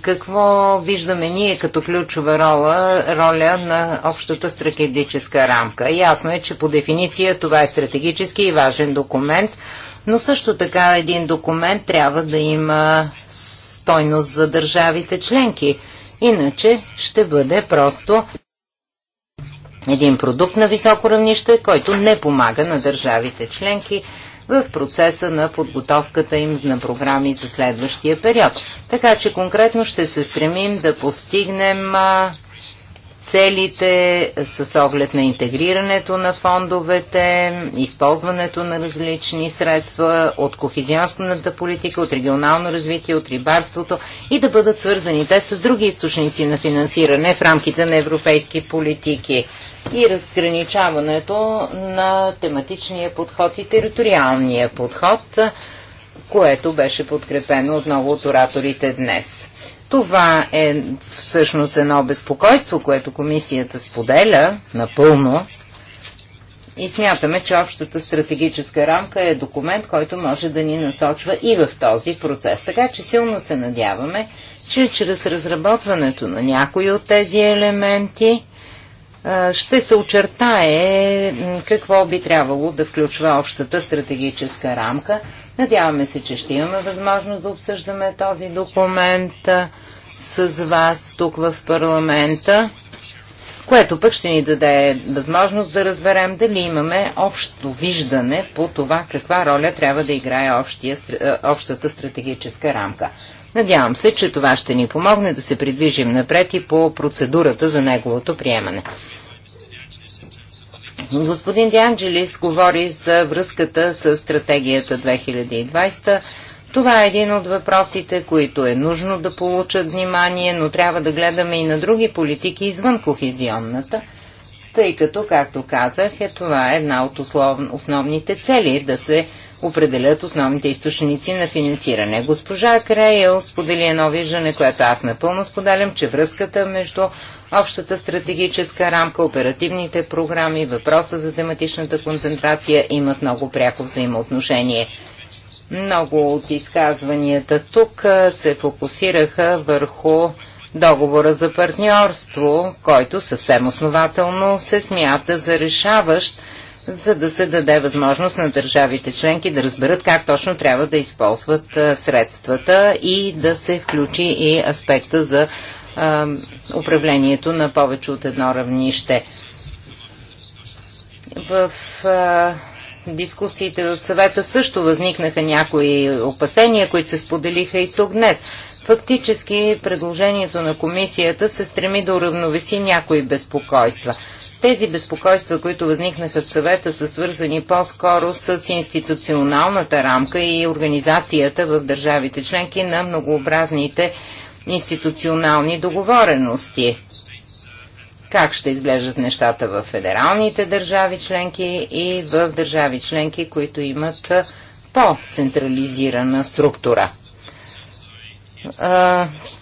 какво виждаме ние като ключова роля, роля на общата стратегическа рамка. Ясно е, че по дефиниция това е стратегически и важен документ, но също така един документ трябва да има стойност за държавите членки. Иначе ще бъде просто един продукт на високо равнище, който не помага на държавите членки – в процеса на подготовката им на програми за следващия период. Така че конкретно ще се стремим да постигнем целите с оглед на интегрирането на фондовете, използването на различни средства от кохезионната политика, от регионално развитие, от рибарството и да бъдат свързани те с други източници на финансиране в рамките на европейски политики и разграничаването на тематичния подход и териториалния подход, което беше подкрепено отново от ораторите днес. Това е всъщност едно безпокойство, което комисията споделя напълно и смятаме, че общата стратегическа рамка е документ, който може да ни насочва и в този процес. Така че силно се надяваме, че чрез разработването на някои от тези елементи ще се очертае какво би трябвало да включва общата стратегическа рамка Надяваме се, че ще имаме възможност да обсъждаме този документ с вас тук в парламента, което пък ще ни даде възможност да разберем дали имаме общо виждане по това каква роля трябва да играе общия, общата стратегическа рамка. Надявам се, че това ще ни помогне да се придвижим напред и по процедурата за неговото приемане. Господин Дианджелис говори за връзката с стратегията 2020. Това е един от въпросите, които е нужно да получат внимание, но трябва да гледаме и на други политики извън кохезионната, тъй като, както казах, е това е една от основ... основните цели да се определят основните източници на финансиране. Госпожа Крайл сподели едно виждане, което аз напълно споделям, че връзката между общата стратегическа рамка, оперативните програми, въпроса за тематичната концентрация имат много пряко взаимоотношение. Много от изказванията тук се фокусираха върху договора за партньорство, който съвсем основателно се смята за решаващ за да се даде възможност на държавите членки да разберат как точно трябва да използват средствата и да се включи и аспекта за управлението на повече от едно равнище. В дискусиите в съвета също възникнаха някои опасения, които се споделиха и тук днес. Фактически предложението на комисията се стреми да уравновеси някои безпокойства. Тези безпокойства, които възникнаха в съвета, са свързани по-скоро с институционалната рамка и организацията в държавите членки на многообразните институционални договорености как ще изглеждат нещата в федералните държави членки и в държави членки, които имат по-централизирана структура.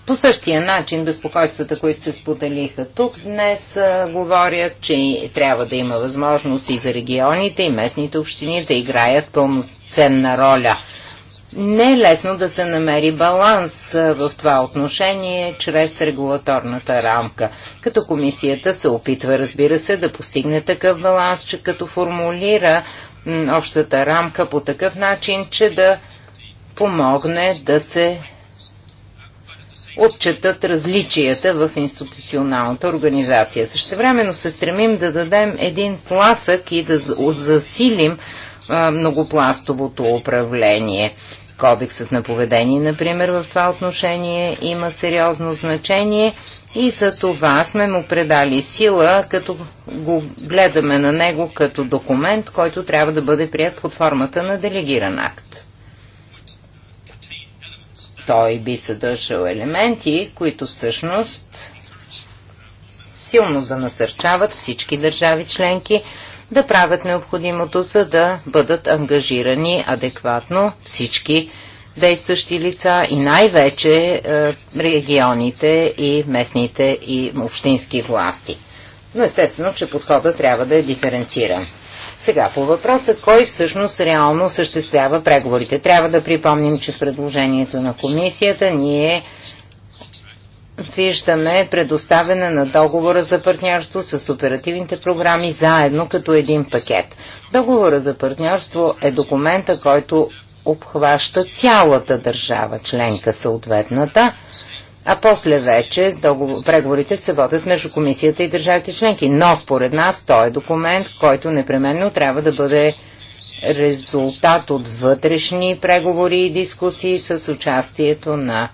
По същия начин безпокойствата, които се споделиха тук днес, говорят, че трябва да има възможност и за регионите и местните общини да играят пълноценна роля – не е лесно да се намери баланс в това отношение чрез регулаторната рамка, като комисията се опитва, разбира се, да постигне такъв баланс, че като формулира общата рамка по такъв начин, че да помогне да се отчетат различията в институционалната организация. Същевременно се стремим да дадем един тласък и да засилим многопластовото управление. Кодексът на поведение, например, в това отношение има сериозно значение и за това сме му предали сила, като го гледаме на него като документ, който трябва да бъде прият под формата на делегиран акт. Той би съдържал елементи, които всъщност силно да насърчават всички държави членки да правят необходимото, за да бъдат ангажирани адекватно всички действащи лица и най-вече е, регионите и местните и общински власти. Но естествено, че подхода трябва да е диференциран. Сега по въпроса кой всъщност реално съществява преговорите. Трябва да припомним, че в предложението на комисията ние виждаме предоставяне на договора за партньорство с оперативните програми заедно като един пакет. Договора за партньорство е документа, който обхваща цялата държава, членка съответната, а после вече договор, преговорите се водят между комисията и държавите членки. Но според нас той е документ, който непременно трябва да бъде резултат от вътрешни преговори и дискусии с участието на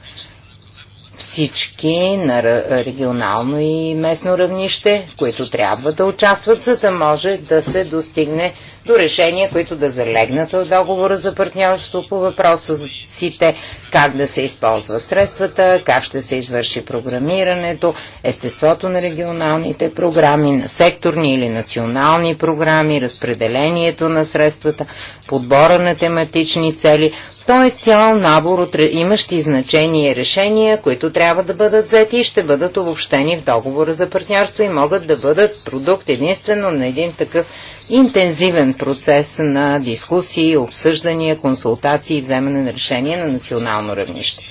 всички на регионално и местно равнище, които трябва да участват, за да може да се достигне до решения, които да залегнат в договора за партньорство по въпроса сите, как да се използва средствата, как ще се извърши програмирането, естеството на регионалните програми, на секторни или национални програми, разпределението на средствата, подбора на тематични цели, т.е. цял набор от имащи значение решения, които трябва да бъдат взети и ще бъдат обобщени в договора за партньорство и могат да бъдат продукт единствено на един такъв интензивен процес на дискусии, обсъждания, консултации и вземане на решения на национално равнище.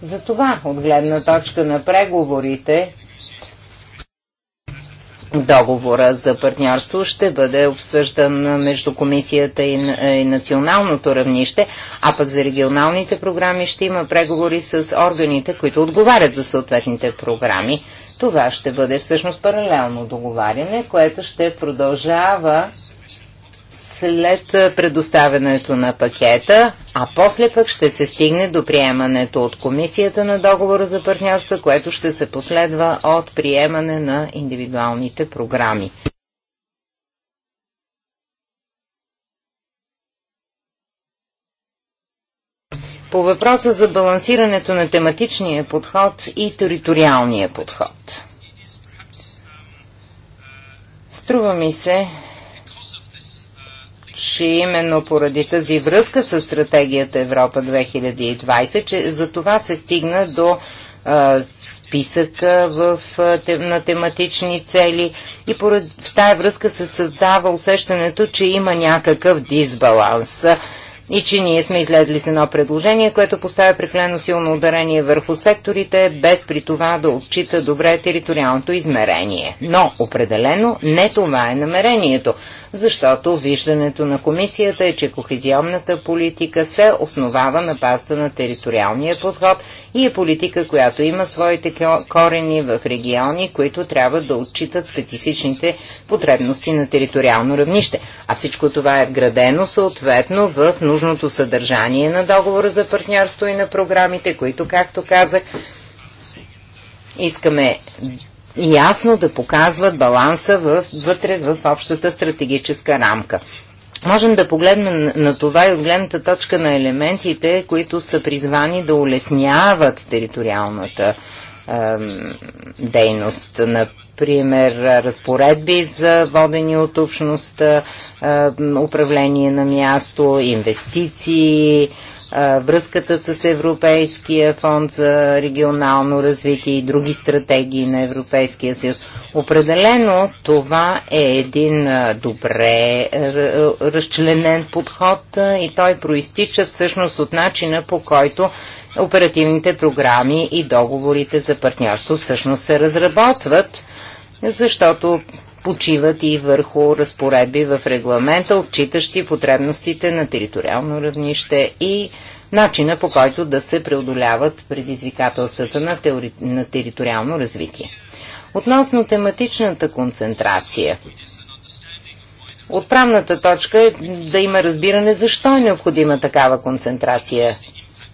Затова, от гледна точка на преговорите, договора за партньорство ще бъде обсъждан между комисията и, и националното равнище, а пък за регионалните програми ще има преговори с органите, които отговарят за съответните програми. Това ще бъде всъщност паралелно договаряне, което ще продължава след предоставянето на пакета, а после пък ще се стигне до приемането от комисията на договора за партньорство, което ще се последва от приемане на индивидуалните програми. По въпроса за балансирането на тематичния подход и териториалния подход. Струва ми се, че именно поради тази връзка с стратегията Европа 2020, че за това се стигна до списъка в, на тематични цели и поред, в тая връзка се създава усещането, че има някакъв дисбаланс и че ние сме излезли с едно предложение, което поставя прекалено силно ударение върху секторите, без при това да отчита добре териториалното измерение. Но определено не това е намерението защото виждането на комисията е, че кохезионната политика се основава на паста на териториалния подход и е политика, която има своите корени в региони, които трябва да отчитат специфичните потребности на териториално равнище. А всичко това е вградено съответно в нужното съдържание на договора за партньорство и на програмите, които, както казах, искаме ясно да показват баланса вътре в общата стратегическа рамка. Можем да погледнем на това и от гледната точка на елементите, които са призвани да улесняват териториалната е, дейност. Например, разпоредби за водени от общността, управление на място, инвестиции, връзката с Европейския фонд за регионално развитие и други стратегии на Европейския съюз. Определено това е един добре разчленен подход и той проистича всъщност от начина по който оперативните програми и договорите за партньорство всъщност се разработват, защото почиват и върху разпоредби в регламента, отчитащи потребностите на териториално равнище и начина по който да се преодоляват предизвикателствата на, теори... на териториално развитие. Относно тематичната концентрация, отправната точка е да има разбиране защо е необходима такава концентрация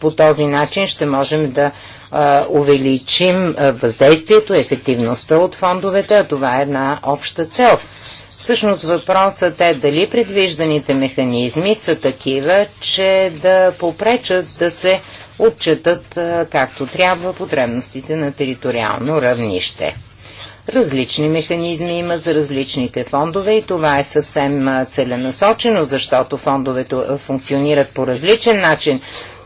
по този начин ще можем да а, увеличим въздействието, ефективността от фондовете, а това е една обща цел. Всъщност въпросът е дали предвижданите механизми са такива, че да попречат да се отчетат както трябва потребностите на териториално равнище. Различни механизми има за различните фондове и това е съвсем целенасочено, защото фондовете функционират по различен начин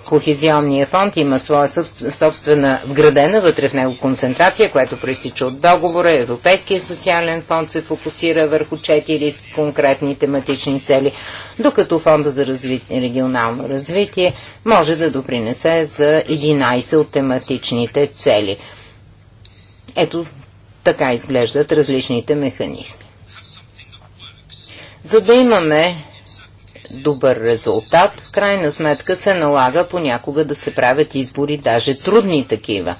Кохезионния фонд има своя собствена вградена вътре в него концентрация, която проистича от договора. Европейския социален фонд се фокусира върху четири конкретни тематични цели, докато фонда за развитие, регионално развитие може да допринесе за 11 от тематичните цели. Ето така изглеждат различните механизми. За да имаме добър резултат, в крайна сметка се налага понякога да се правят избори, даже трудни такива.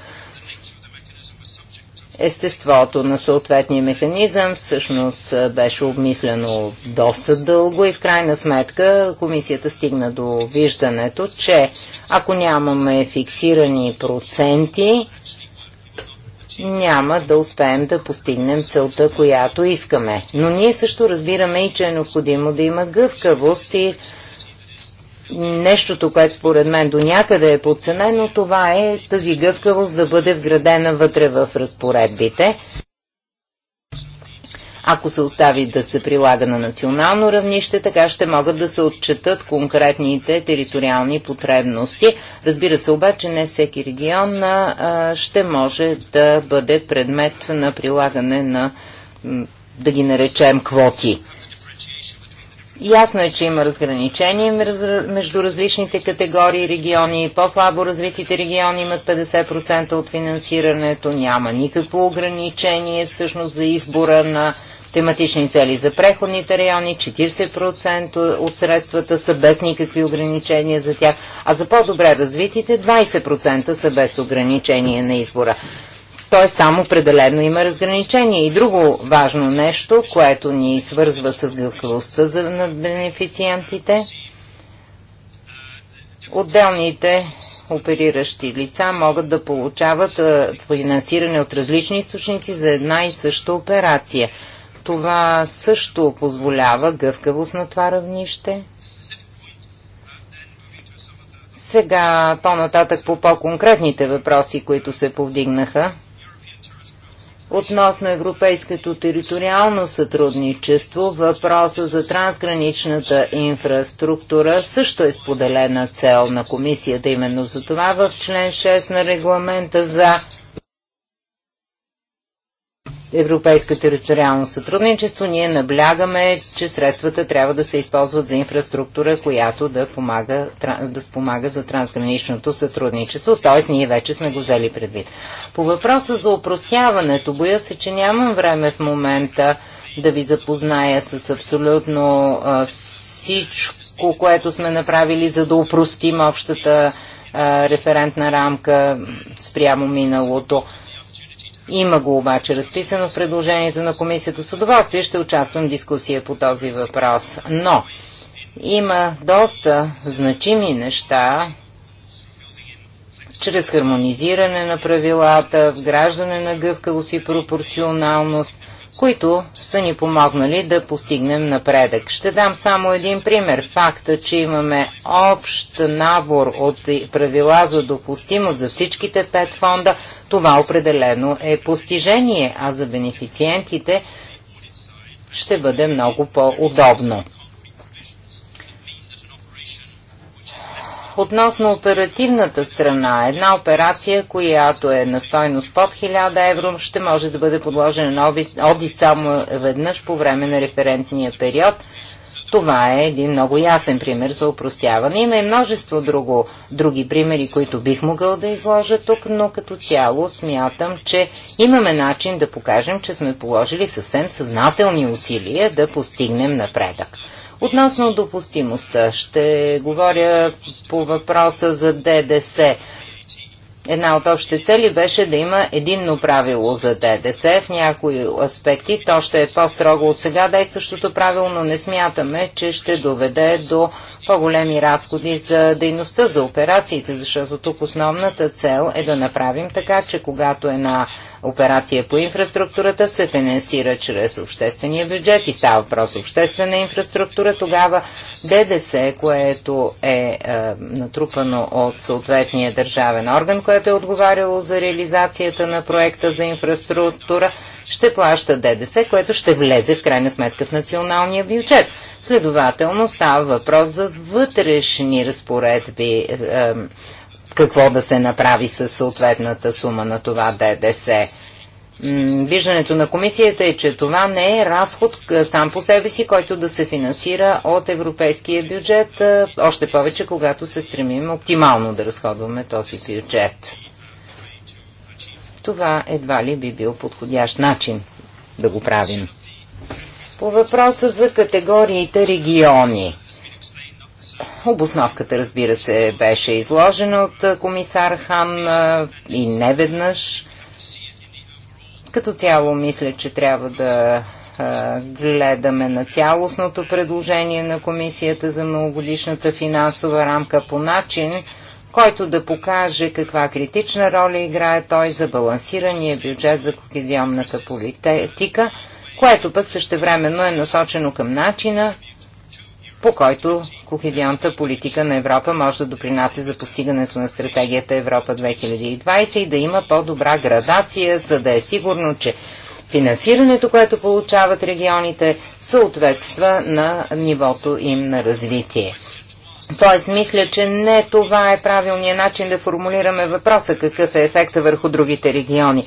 Естеството на съответния механизъм всъщност беше обмислено доста дълго и в крайна сметка комисията стигна до виждането, че ако нямаме фиксирани проценти, няма да успеем да постигнем целта, която искаме. Но ние също разбираме и, че е необходимо да има гъвкавост и нещото, което според мен до някъде е подценено, това е тази гъвкавост да бъде вградена вътре в разпоредбите. Ако се остави да се прилага на национално равнище, така ще могат да се отчетат конкретните териториални потребности. Разбира се обаче, не всеки регион а, ще може да бъде предмет на прилагане на, да ги наречем, квоти. Ясно е, че има разграничение между различните категории региони. По-слабо развитите региони имат 50% от финансирането. Няма никакво ограничение всъщност за избора на тематични цели за преходните райони. 40% от средствата са без никакви ограничения за тях, а за по-добре развитите 20% са без ограничение на избора т.е. там определено има разграничение. И друго важно нещо, което ни свързва с гъвкавостта на бенефициентите, отделните опериращи лица могат да получават финансиране от различни източници за една и съща операция. Това също позволява гъвкавост на това равнище. Сега по-нататък по по-конкретните въпроси, които се повдигнаха относно европейското териториално сътрудничество, въпроса за трансграничната инфраструктура също е споделена цел на комисията. Именно за това в член 6 на регламента за европейско териториално сътрудничество, ние наблягаме, че средствата трябва да се използват за инфраструктура, която да, помага, да спомага за трансграничното сътрудничество, т.е. ние вече сме го взели предвид. По въпроса за упростяването, боя се, че нямам време в момента да ви запозная с абсолютно а, всичко, което сме направили, за да упростим общата а, референтна рамка спрямо миналото. Има го обаче разписано в предложението на комисията. С удоволствие ще участвам в дискусия по този въпрос. Но има доста значими неща, чрез хармонизиране на правилата, вграждане на гъвкавост и пропорционалност, които са ни помогнали да постигнем напредък. Ще дам само един пример. Факта, че имаме общ набор от правила за допустимост за всичките пет фонда, това определено е постижение, а за бенефициентите ще бъде много по-удобно. Относно оперативната страна, една операция, която е на стойност под 1000 евро, ще може да бъде подложена на одит само веднъж по време на референтния период. Това е един много ясен пример за упростяване. Има и множество друго, други примери, които бих могъл да изложа тук, но като цяло смятам, че имаме начин да покажем, че сме положили съвсем съзнателни усилия да постигнем напредък. Относно допустимостта, ще говоря по въпроса за ДДС. Една от общите цели беше да има единно правило за ДДС. В някои аспекти то ще е по-строго от сега действащото правило, но не смятаме, че ще доведе до по-големи разходи за дейността, за операциите, защото тук основната цел е да направим така, че когато една операция по инфраструктурата се финансира чрез обществения бюджет и става въпрос обществена инфраструктура, тогава ДДС, което е, е натрупано от съответния държавен орган, което е отговаряло за реализацията на проекта за инфраструктура, ще плаща ДДС, което ще влезе в крайна сметка в националния бюджет. Следователно става въпрос за вътрешни разпоредби. Е, е какво да се направи с съответната сума на това ДДС. Виждането на комисията е, че това не е разход сам по себе си, който да се финансира от европейския бюджет, още повече когато се стремим оптимално да разходваме този бюджет. Това едва ли би бил подходящ начин да го правим. По въпроса за категориите региони. Обосновката, разбира се, беше изложена от комисар Хан и неведнъж. Като цяло мисля, че трябва да гледаме на цялостното предложение на Комисията за многогодишната финансова рамка по начин, който да покаже каква критична роля играе той за балансирания бюджет за кохезионната политика, което пък същевременно е насочено към начина, по който кохезионната политика на Европа може да допринася за постигането на стратегията Европа 2020 и да има по-добра градация, за да е сигурно, че финансирането, което получават регионите, съответства на нивото им на развитие. Тоест, мисля, че не това е правилният начин да формулираме въпроса какъв е ефекта върху другите региони,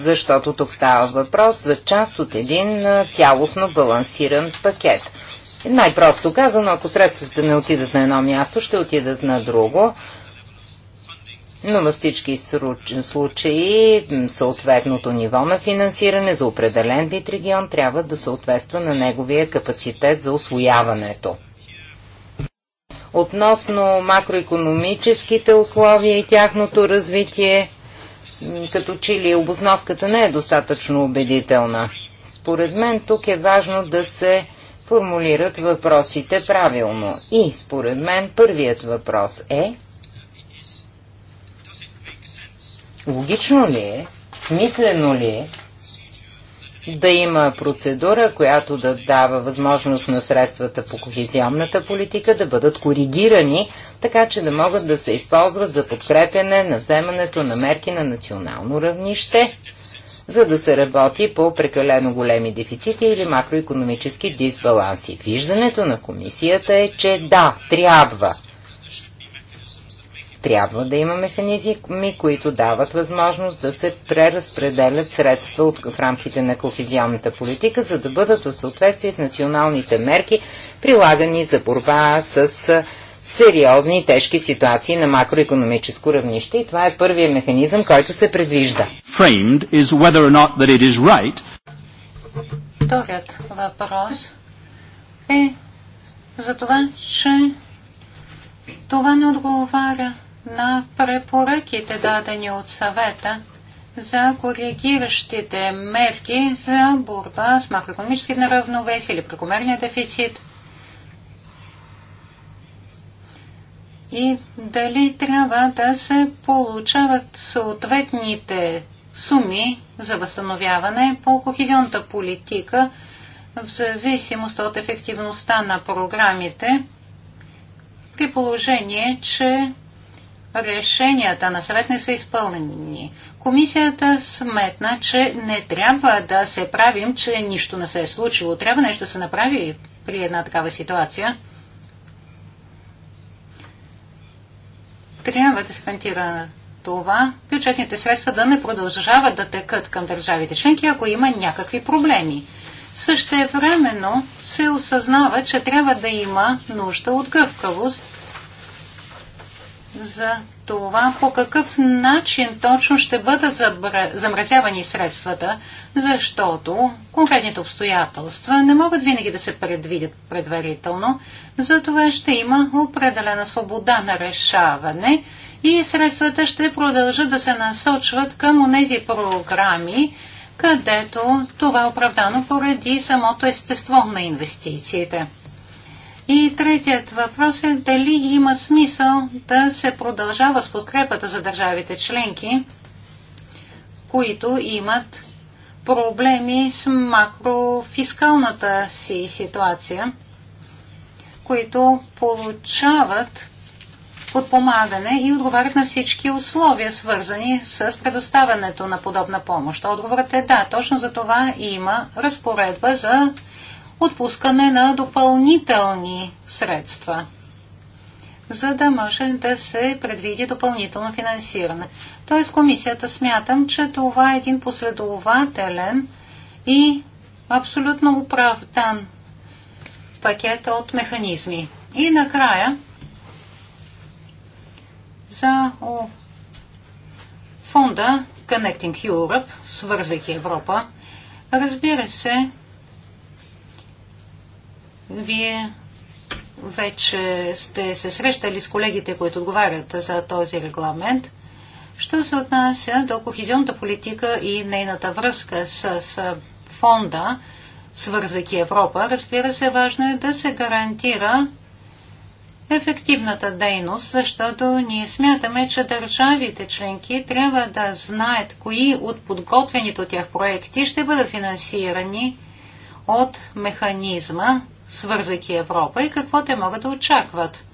защото тук става въпрос за част от един цялостно балансиран пакет – най-просто казано, ако средствата не отидат на едно място, ще отидат на друго. Но във всички случаи съответното ниво на финансиране за определен вид регион трябва да съответства на неговия капацитет за освояването. Относно макроекономическите условия и тяхното развитие, като че ли обосновката не е достатъчно убедителна. Според мен тук е важно да се формулират въпросите правилно. И, според мен, първият въпрос е логично ли е, смислено ли е да има процедура, която да дава възможност на средствата по кохезионната политика да бъдат коригирани, така че да могат да се използват за подкрепяне на вземането на мерки на национално равнище за да се работи по прекалено големи дефицити или макроекономически дисбаланси. Виждането на комисията е, че да, трябва. Трябва да има механизми, които дават възможност да се преразпределят средства от, в рамките на кохезионната политика, за да бъдат в съответствие с националните мерки, прилагани за борба с сериозни и тежки ситуации на макроекономическо равнище и това е първият механизъм, който се предвижда. Вторият въпрос е за това, че това не отговаря на препоръките дадени от съвета за коригиращите мерки за борба с макроекономически неравновесие или прекомерния дефицит – и дали трябва да се получават съответните суми за възстановяване по кохезионната политика в зависимост от ефективността на програмите, при положение, че решенията на съвет не са изпълнени. Комисията сметна, че не трябва да се правим, че нищо не се е случило. Трябва нещо да се направи при една такава ситуация – трябва да се това бюджетните средства да не продължават да текат към държавите членки, ако има някакви проблеми. Също времено се осъзнава, че трябва да има нужда от гъвкавост за това по какъв начин точно ще бъдат замразявани средствата, защото конкретните обстоятелства не могат винаги да се предвидят предварително, затова ще има определена свобода на решаване и средствата ще продължат да се насочват към тези програми, където това е оправдано поради самото естество на инвестициите. И третият въпрос е дали има смисъл да се продължава с подкрепата за държавите членки, които имат проблеми с макрофискалната си ситуация, които получават подпомагане и отговарят на всички условия, свързани с предоставянето на подобна помощ. Отговорът е да, точно за това има разпоредба за отпускане на допълнителни средства, за да може да се предвиди допълнително финансиране. Тоест комисията смятам, че това е един последователен и абсолютно оправдан пакет от механизми. И накрая за фонда Connecting Europe, свързвайки Европа, разбира се, вие вече сте се срещали с колегите, които отговарят за този регламент. Що се отнася до кохезионната политика и нейната връзка с, с фонда, свързвайки Европа, разбира се, важно е да се гарантира ефективната дейност, защото ние смятаме, че държавите членки трябва да знаят кои от подготвените от тях проекти ще бъдат финансирани от механизма свързвайки Европа и какво те могат да очакват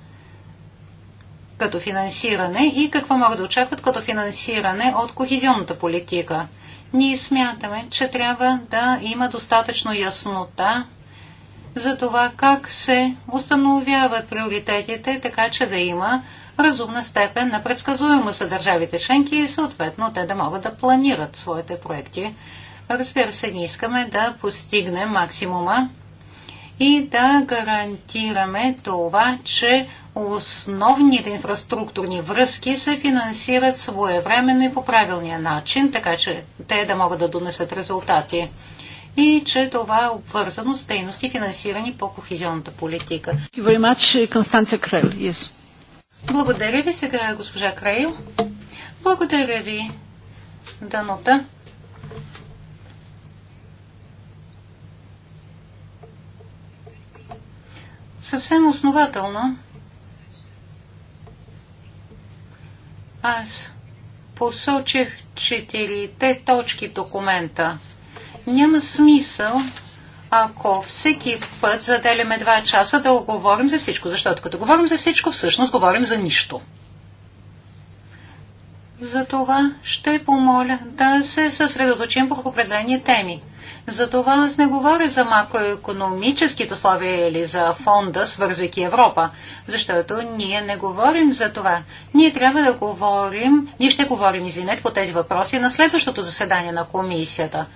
като финансиране и какво могат да очакват като финансиране от кохезионната политика. Ние смятаме, че трябва да има достатъчно яснота за това как се установяват приоритетите, така че да има разумна степен на предсказуемост за държавите членки и съответно те да могат да планират своите проекти. Разбира се, ние искаме да постигнем максимума и да гарантираме това, че основните инфраструктурни връзки се финансират своевременно и по правилния начин, така че те да могат да донесат резултати и че това е обвързано с дейности, финансирани по кохезионната политика. Благодаря ви сега, госпожа Крейл. Благодаря ви, Данота. съвсем основателно аз посочих четирите точки в документа. Няма смисъл, ако всеки път заделяме два часа да оговорим за всичко, защото като говорим за всичко, всъщност говорим за нищо. Затова ще помоля да се съсредоточим върху определени теми – затова аз не говоря за макроекономическите условия или за фонда, свързвайки Европа, защото ние не говорим за това. Ние трябва да говорим, ние ще говорим, извинете, по тези въпроси на следващото заседание на комисията.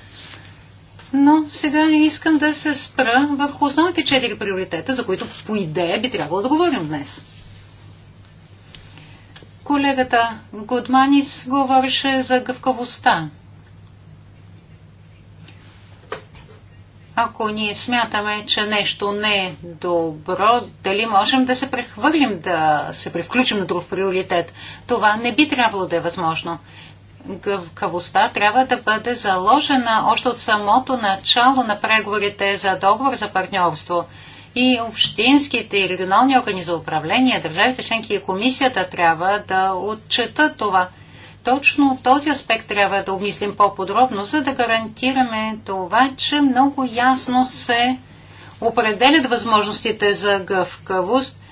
Но сега искам да се спра върху основните четири приоритета, за които по идея би трябвало да говорим днес. Колегата Гудманис говореше за гъвкавостта. ако ние смятаме, че нещо не е добро, дали можем да се прехвърлим, да се превключим на друг приоритет. Това не би трябвало да е възможно. Гъвкавостта трябва да бъде заложена още от самото начало на преговорите за договор за партньорство. И общинските и регионални органи за управление, държавите членки и комисията трябва да отчетат това – точно този аспект трябва да обмислим по-подробно, за да гарантираме това, че много ясно се определят възможностите за гъвкавост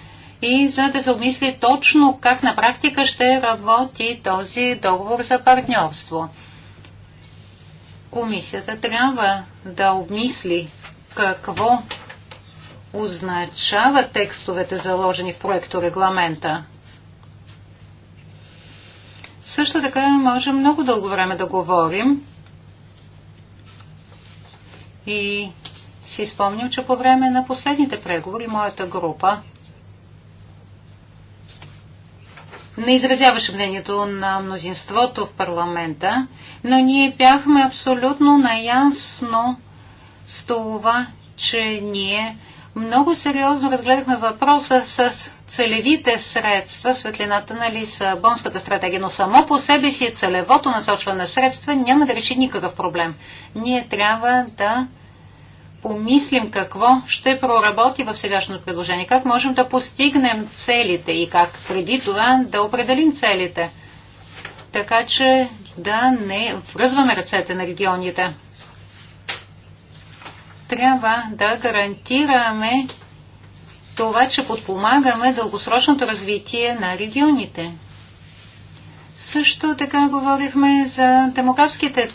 и за да се обмисли точно как на практика ще работи този договор за партньорство. Комисията трябва да обмисли какво означава текстовете заложени в проекто регламента. Също така можем много дълго време да говорим и си спомням, че по време на последните преговори моята група не изразяваше мнението на мнозинството в парламента, но ние бяхме абсолютно наясно с това, че ние много сериозно разгледахме въпроса с целевите средства, светлината на Лисабонската стратегия, но само по себе си целевото насочване на средства няма да реши никакъв проблем. Ние трябва да помислим какво ще проработи в сегашното предложение, как можем да постигнем целите и как преди това да определим целите, така че да не връзваме ръцете на регионите трябва да гарантираме това, че подпомагаме дългосрочното развитие на регионите. Също така говорихме за демографските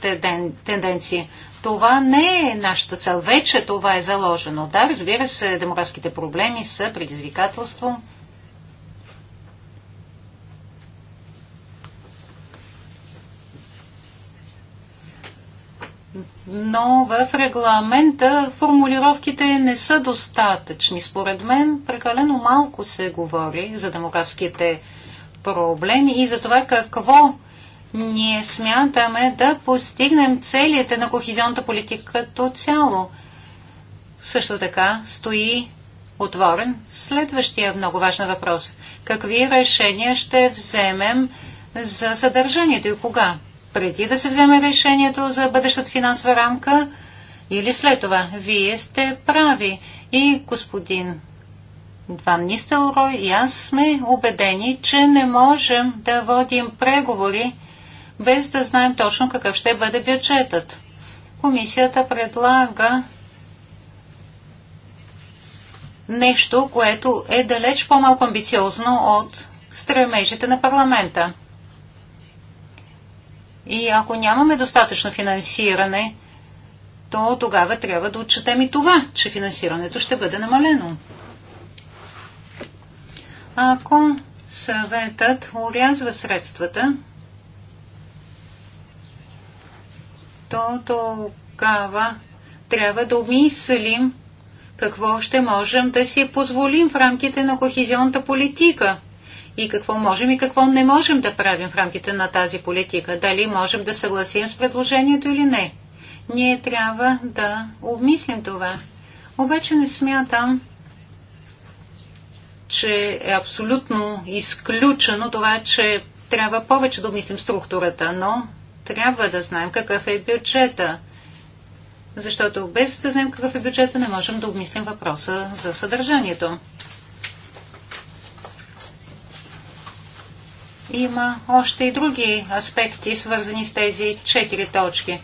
тенденции. Това не е нашата цел. Вече това е заложено. Да, разбира се, демографските проблеми са предизвикателство. но в регламента формулировките не са достатъчни. Според мен прекалено малко се говори за демографските проблеми и за това какво ние смятаме да постигнем целите на кохезионната политика като цяло. Също така стои отворен следващия много важен въпрос. Какви решения ще вземем за съдържанието и кога? преди да се вземе решението за бъдещата финансова рамка или след това. Вие сте прави и господин Ван Нистелрой и аз сме убедени, че не можем да водим преговори без да знаем точно какъв ще бъде бюджетът. Комисията предлага нещо, което е далеч по-малко амбициозно от стремежите на парламента. И ако нямаме достатъчно финансиране, то тогава трябва да отчетем и това, че финансирането ще бъде намалено. Ако съветът урязва средствата, то тогава трябва да обмислим какво ще можем да си позволим в рамките на кохезионната политика и какво можем и какво не можем да правим в рамките на тази политика. Дали можем да съгласим с предложението или не. Ние трябва да обмислим това. Обаче не смятам, че е абсолютно изключено това, че трябва повече да обмислим структурата, но трябва да знаем какъв е бюджета. Защото без да знаем какъв е бюджета, не можем да обмислим въпроса за съдържанието. има още и други аспекти, свързани с тези четири точки.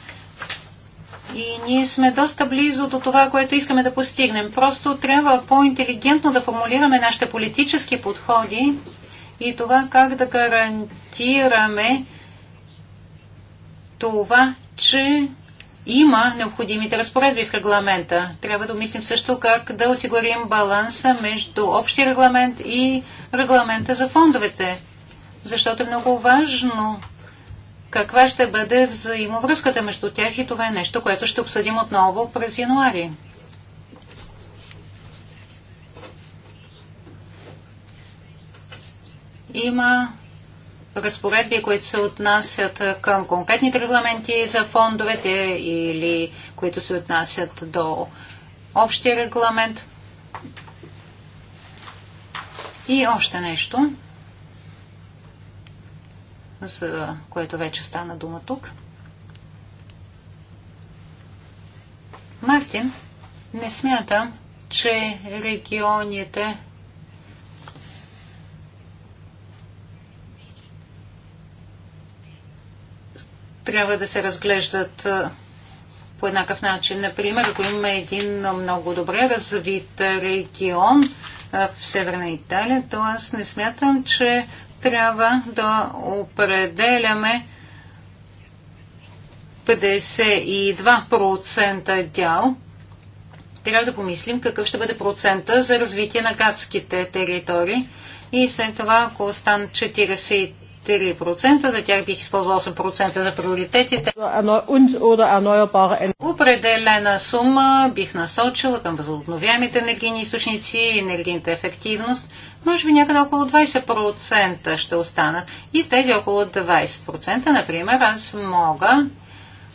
И ние сме доста близо до това, което искаме да постигнем. Просто трябва по-интелигентно да формулираме нашите политически подходи и това как да гарантираме това, че има необходимите разпоредби в регламента. Трябва да мислим също как да осигурим баланса между общия регламент и регламента за фондовете защото е много важно каква ще бъде взаимовръзката между тях и това е нещо, което ще обсъдим отново през януари. Има разпоредби, които се отнасят към конкретните регламенти за фондовете или които се отнасят до общия регламент. И още нещо – за което вече стана дума тук. Мартин не смята, че регионите трябва да се разглеждат по еднакъв начин. Например, ако имаме един много добре развит регион в Северна Италия, то аз не смятам, че трябва да определяме 52% дял. Трябва да помислим какъв ще бъде процента за развитие на градските територии и след това, ако останат 43 4%, за тях бих използвал 8% за приоритетите. Е, е Определена сума бих насочила към възобновяемите енергийни източници и енергийната ефективност. Може би някъде около 20% ще останат. И с тези около 20%, например, аз мога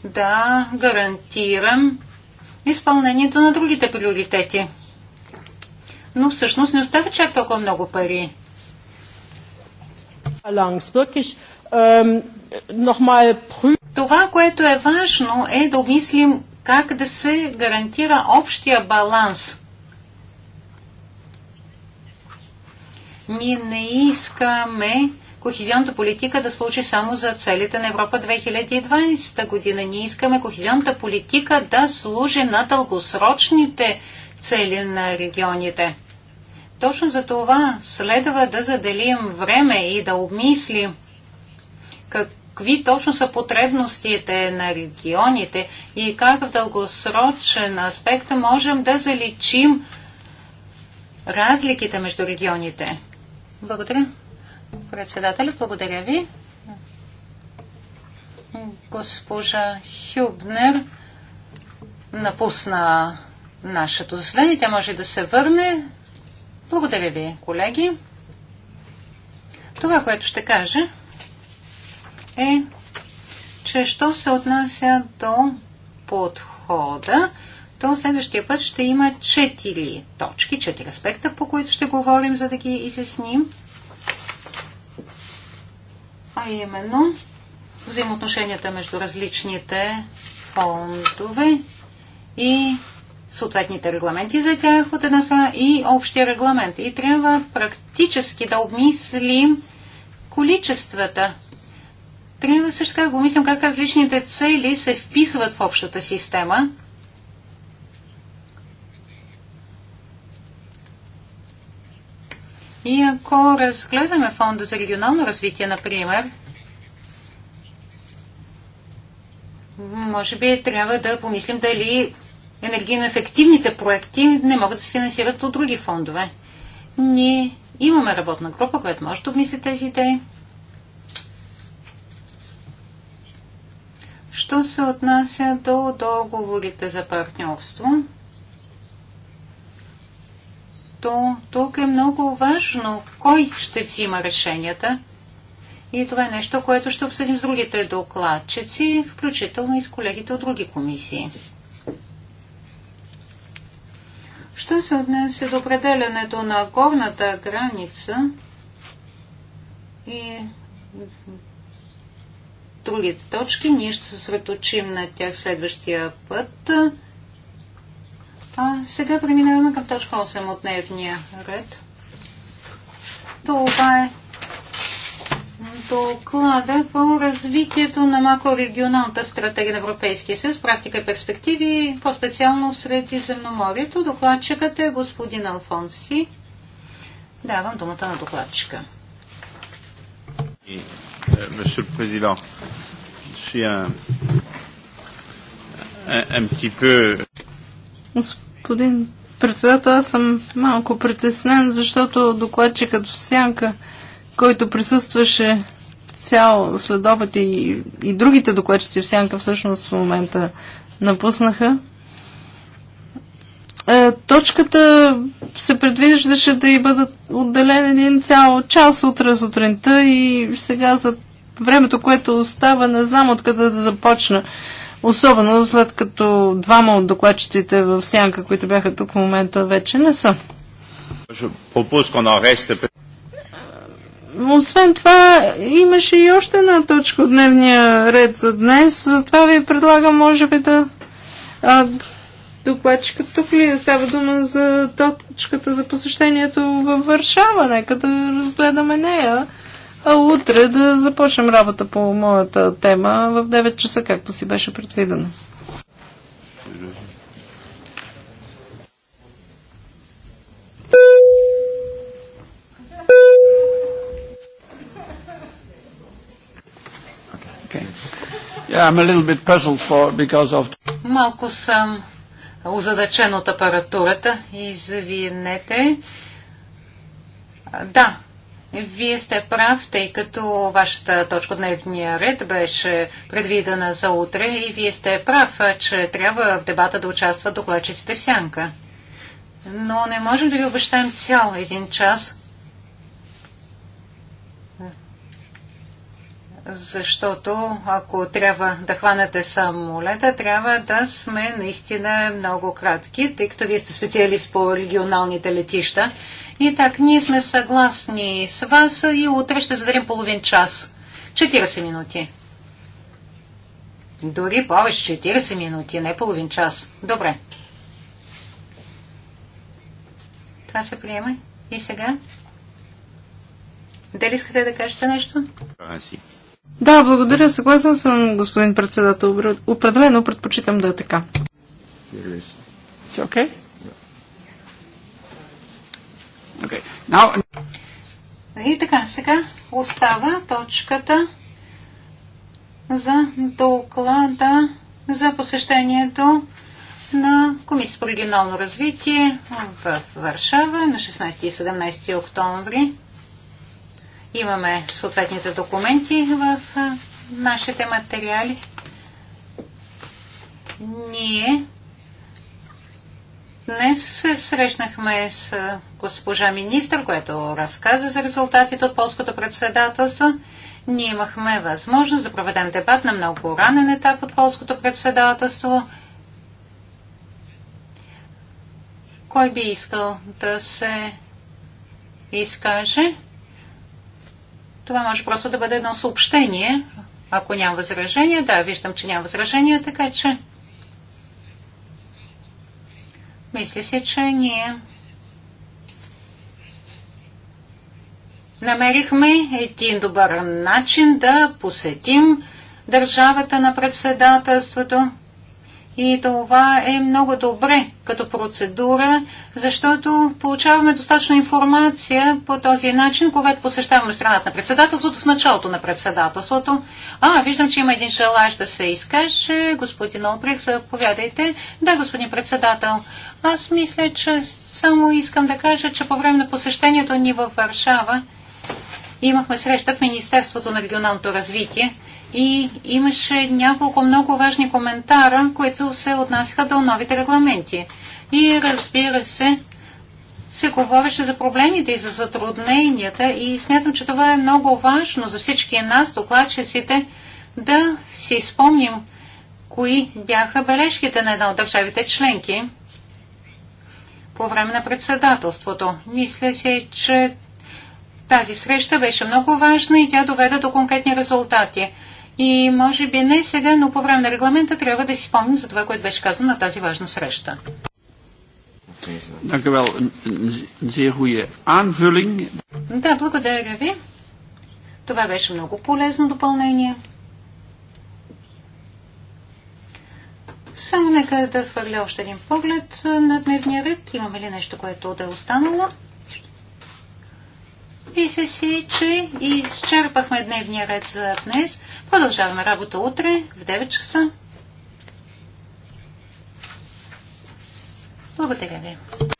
да гарантирам изпълнението на другите приоритети. Но всъщност не остава чак толкова много пари това, което е важно, е да обмислим как да се гарантира общия баланс. Ние не искаме кохезионната политика да случи само за целите на Европа 2020 година. Ние искаме кохезионната политика да служи на дългосрочните цели на регионите. Точно за това следва да заделим време и да обмислим какви точно са потребностите на регионите и как в дългосрочен аспект можем да заличим разликите между регионите. Благодаря. Председателят, благодаря ви. Госпожа Хюбнер напусна нашето заседание. Тя може да се върне благодаря ви, колеги. Това, което ще кажа е, че що се отнася до подхода, то следващия път ще има четири точки, четири аспекта, по които ще говорим, за да ги изясним. А именно взаимоотношенията между различните фондове и съответните регламенти за тях от една страна и общия регламент. И трябва практически да обмислим количествата. Трябва също така да обмислим как различните цели се вписват в общата система. И ако разгледаме фонда за регионално развитие, например, може би трябва да помислим дали енергийно ефективните проекти не могат да се финансират от други фондове. Ние имаме работна група, която може да обмисли тези идеи. Що се отнася до договорите за партньорство, то тук е много важно кой ще взима решенията. И това е нещо, което ще обсъдим с другите докладчици, включително и с колегите от други комисии. Що се отнесе до определянето на горната граница и другите точки, ние ще се съсредоточим на тях следващия път. А сега преминаваме към точка 8 от дневния ред. Това е доклада по развитието на макрорегионалната стратегия на Европейския съюз, практика и перспективи, по-специално сред земноморието. Докладчикът е господин Алфонси. Давам думата на докладчика. Monsieur le Président, je suis un, un, un petit peu. Господин председател, аз съм малко притеснен, защото докладчикът в сянка който присъстваше цял следобед и, и другите докладчици в сянка всъщност в момента напуснаха. Е, точката се предвиждаше да й бъдат отделен един цял час утре сутринта и сега за времето, което остава, не знам откъде да започна. Особено след като двама от докладчиците в сянка, които бяха тук в момента, вече не са. Освен това, имаше и още една точка от дневния ред за днес, затова ви предлагам, може би, да... А, докладчикът тук ли е? става дума за точката за посещението във Варшава? Нека да разгледаме нея. А утре да започнем работа по моята тема в 9 часа, както си беше предвидено. Малко съм озадачен от апаратурата. Извинете. Да, вие сте прав, тъй като вашата точка дневния ред беше предвидена за утре и вие сте прав, че трябва в дебата да участват докладчиците в сянка. Но не можем да ви обещаем цял един час, защото ако трябва да хванете самолета, трябва да сме наистина много кратки, тъй като вие сте специалист по регионалните летища. И так, ние сме съгласни с вас и утре ще зададем половин час. 40 минути. Дори повече 40 минути, не половин час. Добре. Това се приема. И сега? Дали искате да кажете нещо? си. Да, благодаря. Съгласен съм, господин председател. Определено предпочитам да е така. И така, сега остава точката за доклада за посещението на Комисията по регионално развитие в Варшава на 16 и 17 октомври Имаме съответните документи в нашите материали. Ние днес се срещнахме с госпожа министр, която разказа за резултатите от полското председателство. Ние имахме възможност да проведем дебат на много ранен етап от полското председателство. Кой би искал да се изкаже? Това може просто да бъде едно съобщение, ако няма възражение. Да, виждам, че няма възражение, така че мисля си, че ние намерихме един добър начин да посетим държавата на председателството. И това е много добре като процедура, защото получаваме достатъчно информация по този начин, когато посещаваме страната на председателството, в началото на председателството. А, виждам, че има един желаящ да се изкаже. Господин Олбрих, заповядайте. Да, господин председател, аз мисля, че само искам да кажа, че по време на посещението ни във Варшава имахме среща в Министерството на регионалното развитие и имаше няколко много важни коментара, които се отнасяха до новите регламенти. И разбира се, се говореше за проблемите и за затрудненията и смятам, че това е много важно за всички нас, докладчиците, да си спомним кои бяха бележките на една от държавите членки по време на председателството. Мисля се, че тази среща беше много важна и тя доведе до конкретни резултати. И може би не сега, но по време на регламента трябва да си спомним за това, което беше казано на тази важна среща. Да, благодаря ви. Това беше много полезно допълнение. Само нека да хвърля още един поглед на дневния ред. Имаме ли нещо, което да е останало? Мисля си, че изчерпахме дневния ред за днес. Продължаваме работа утре в 9 часа. Благодаря ви.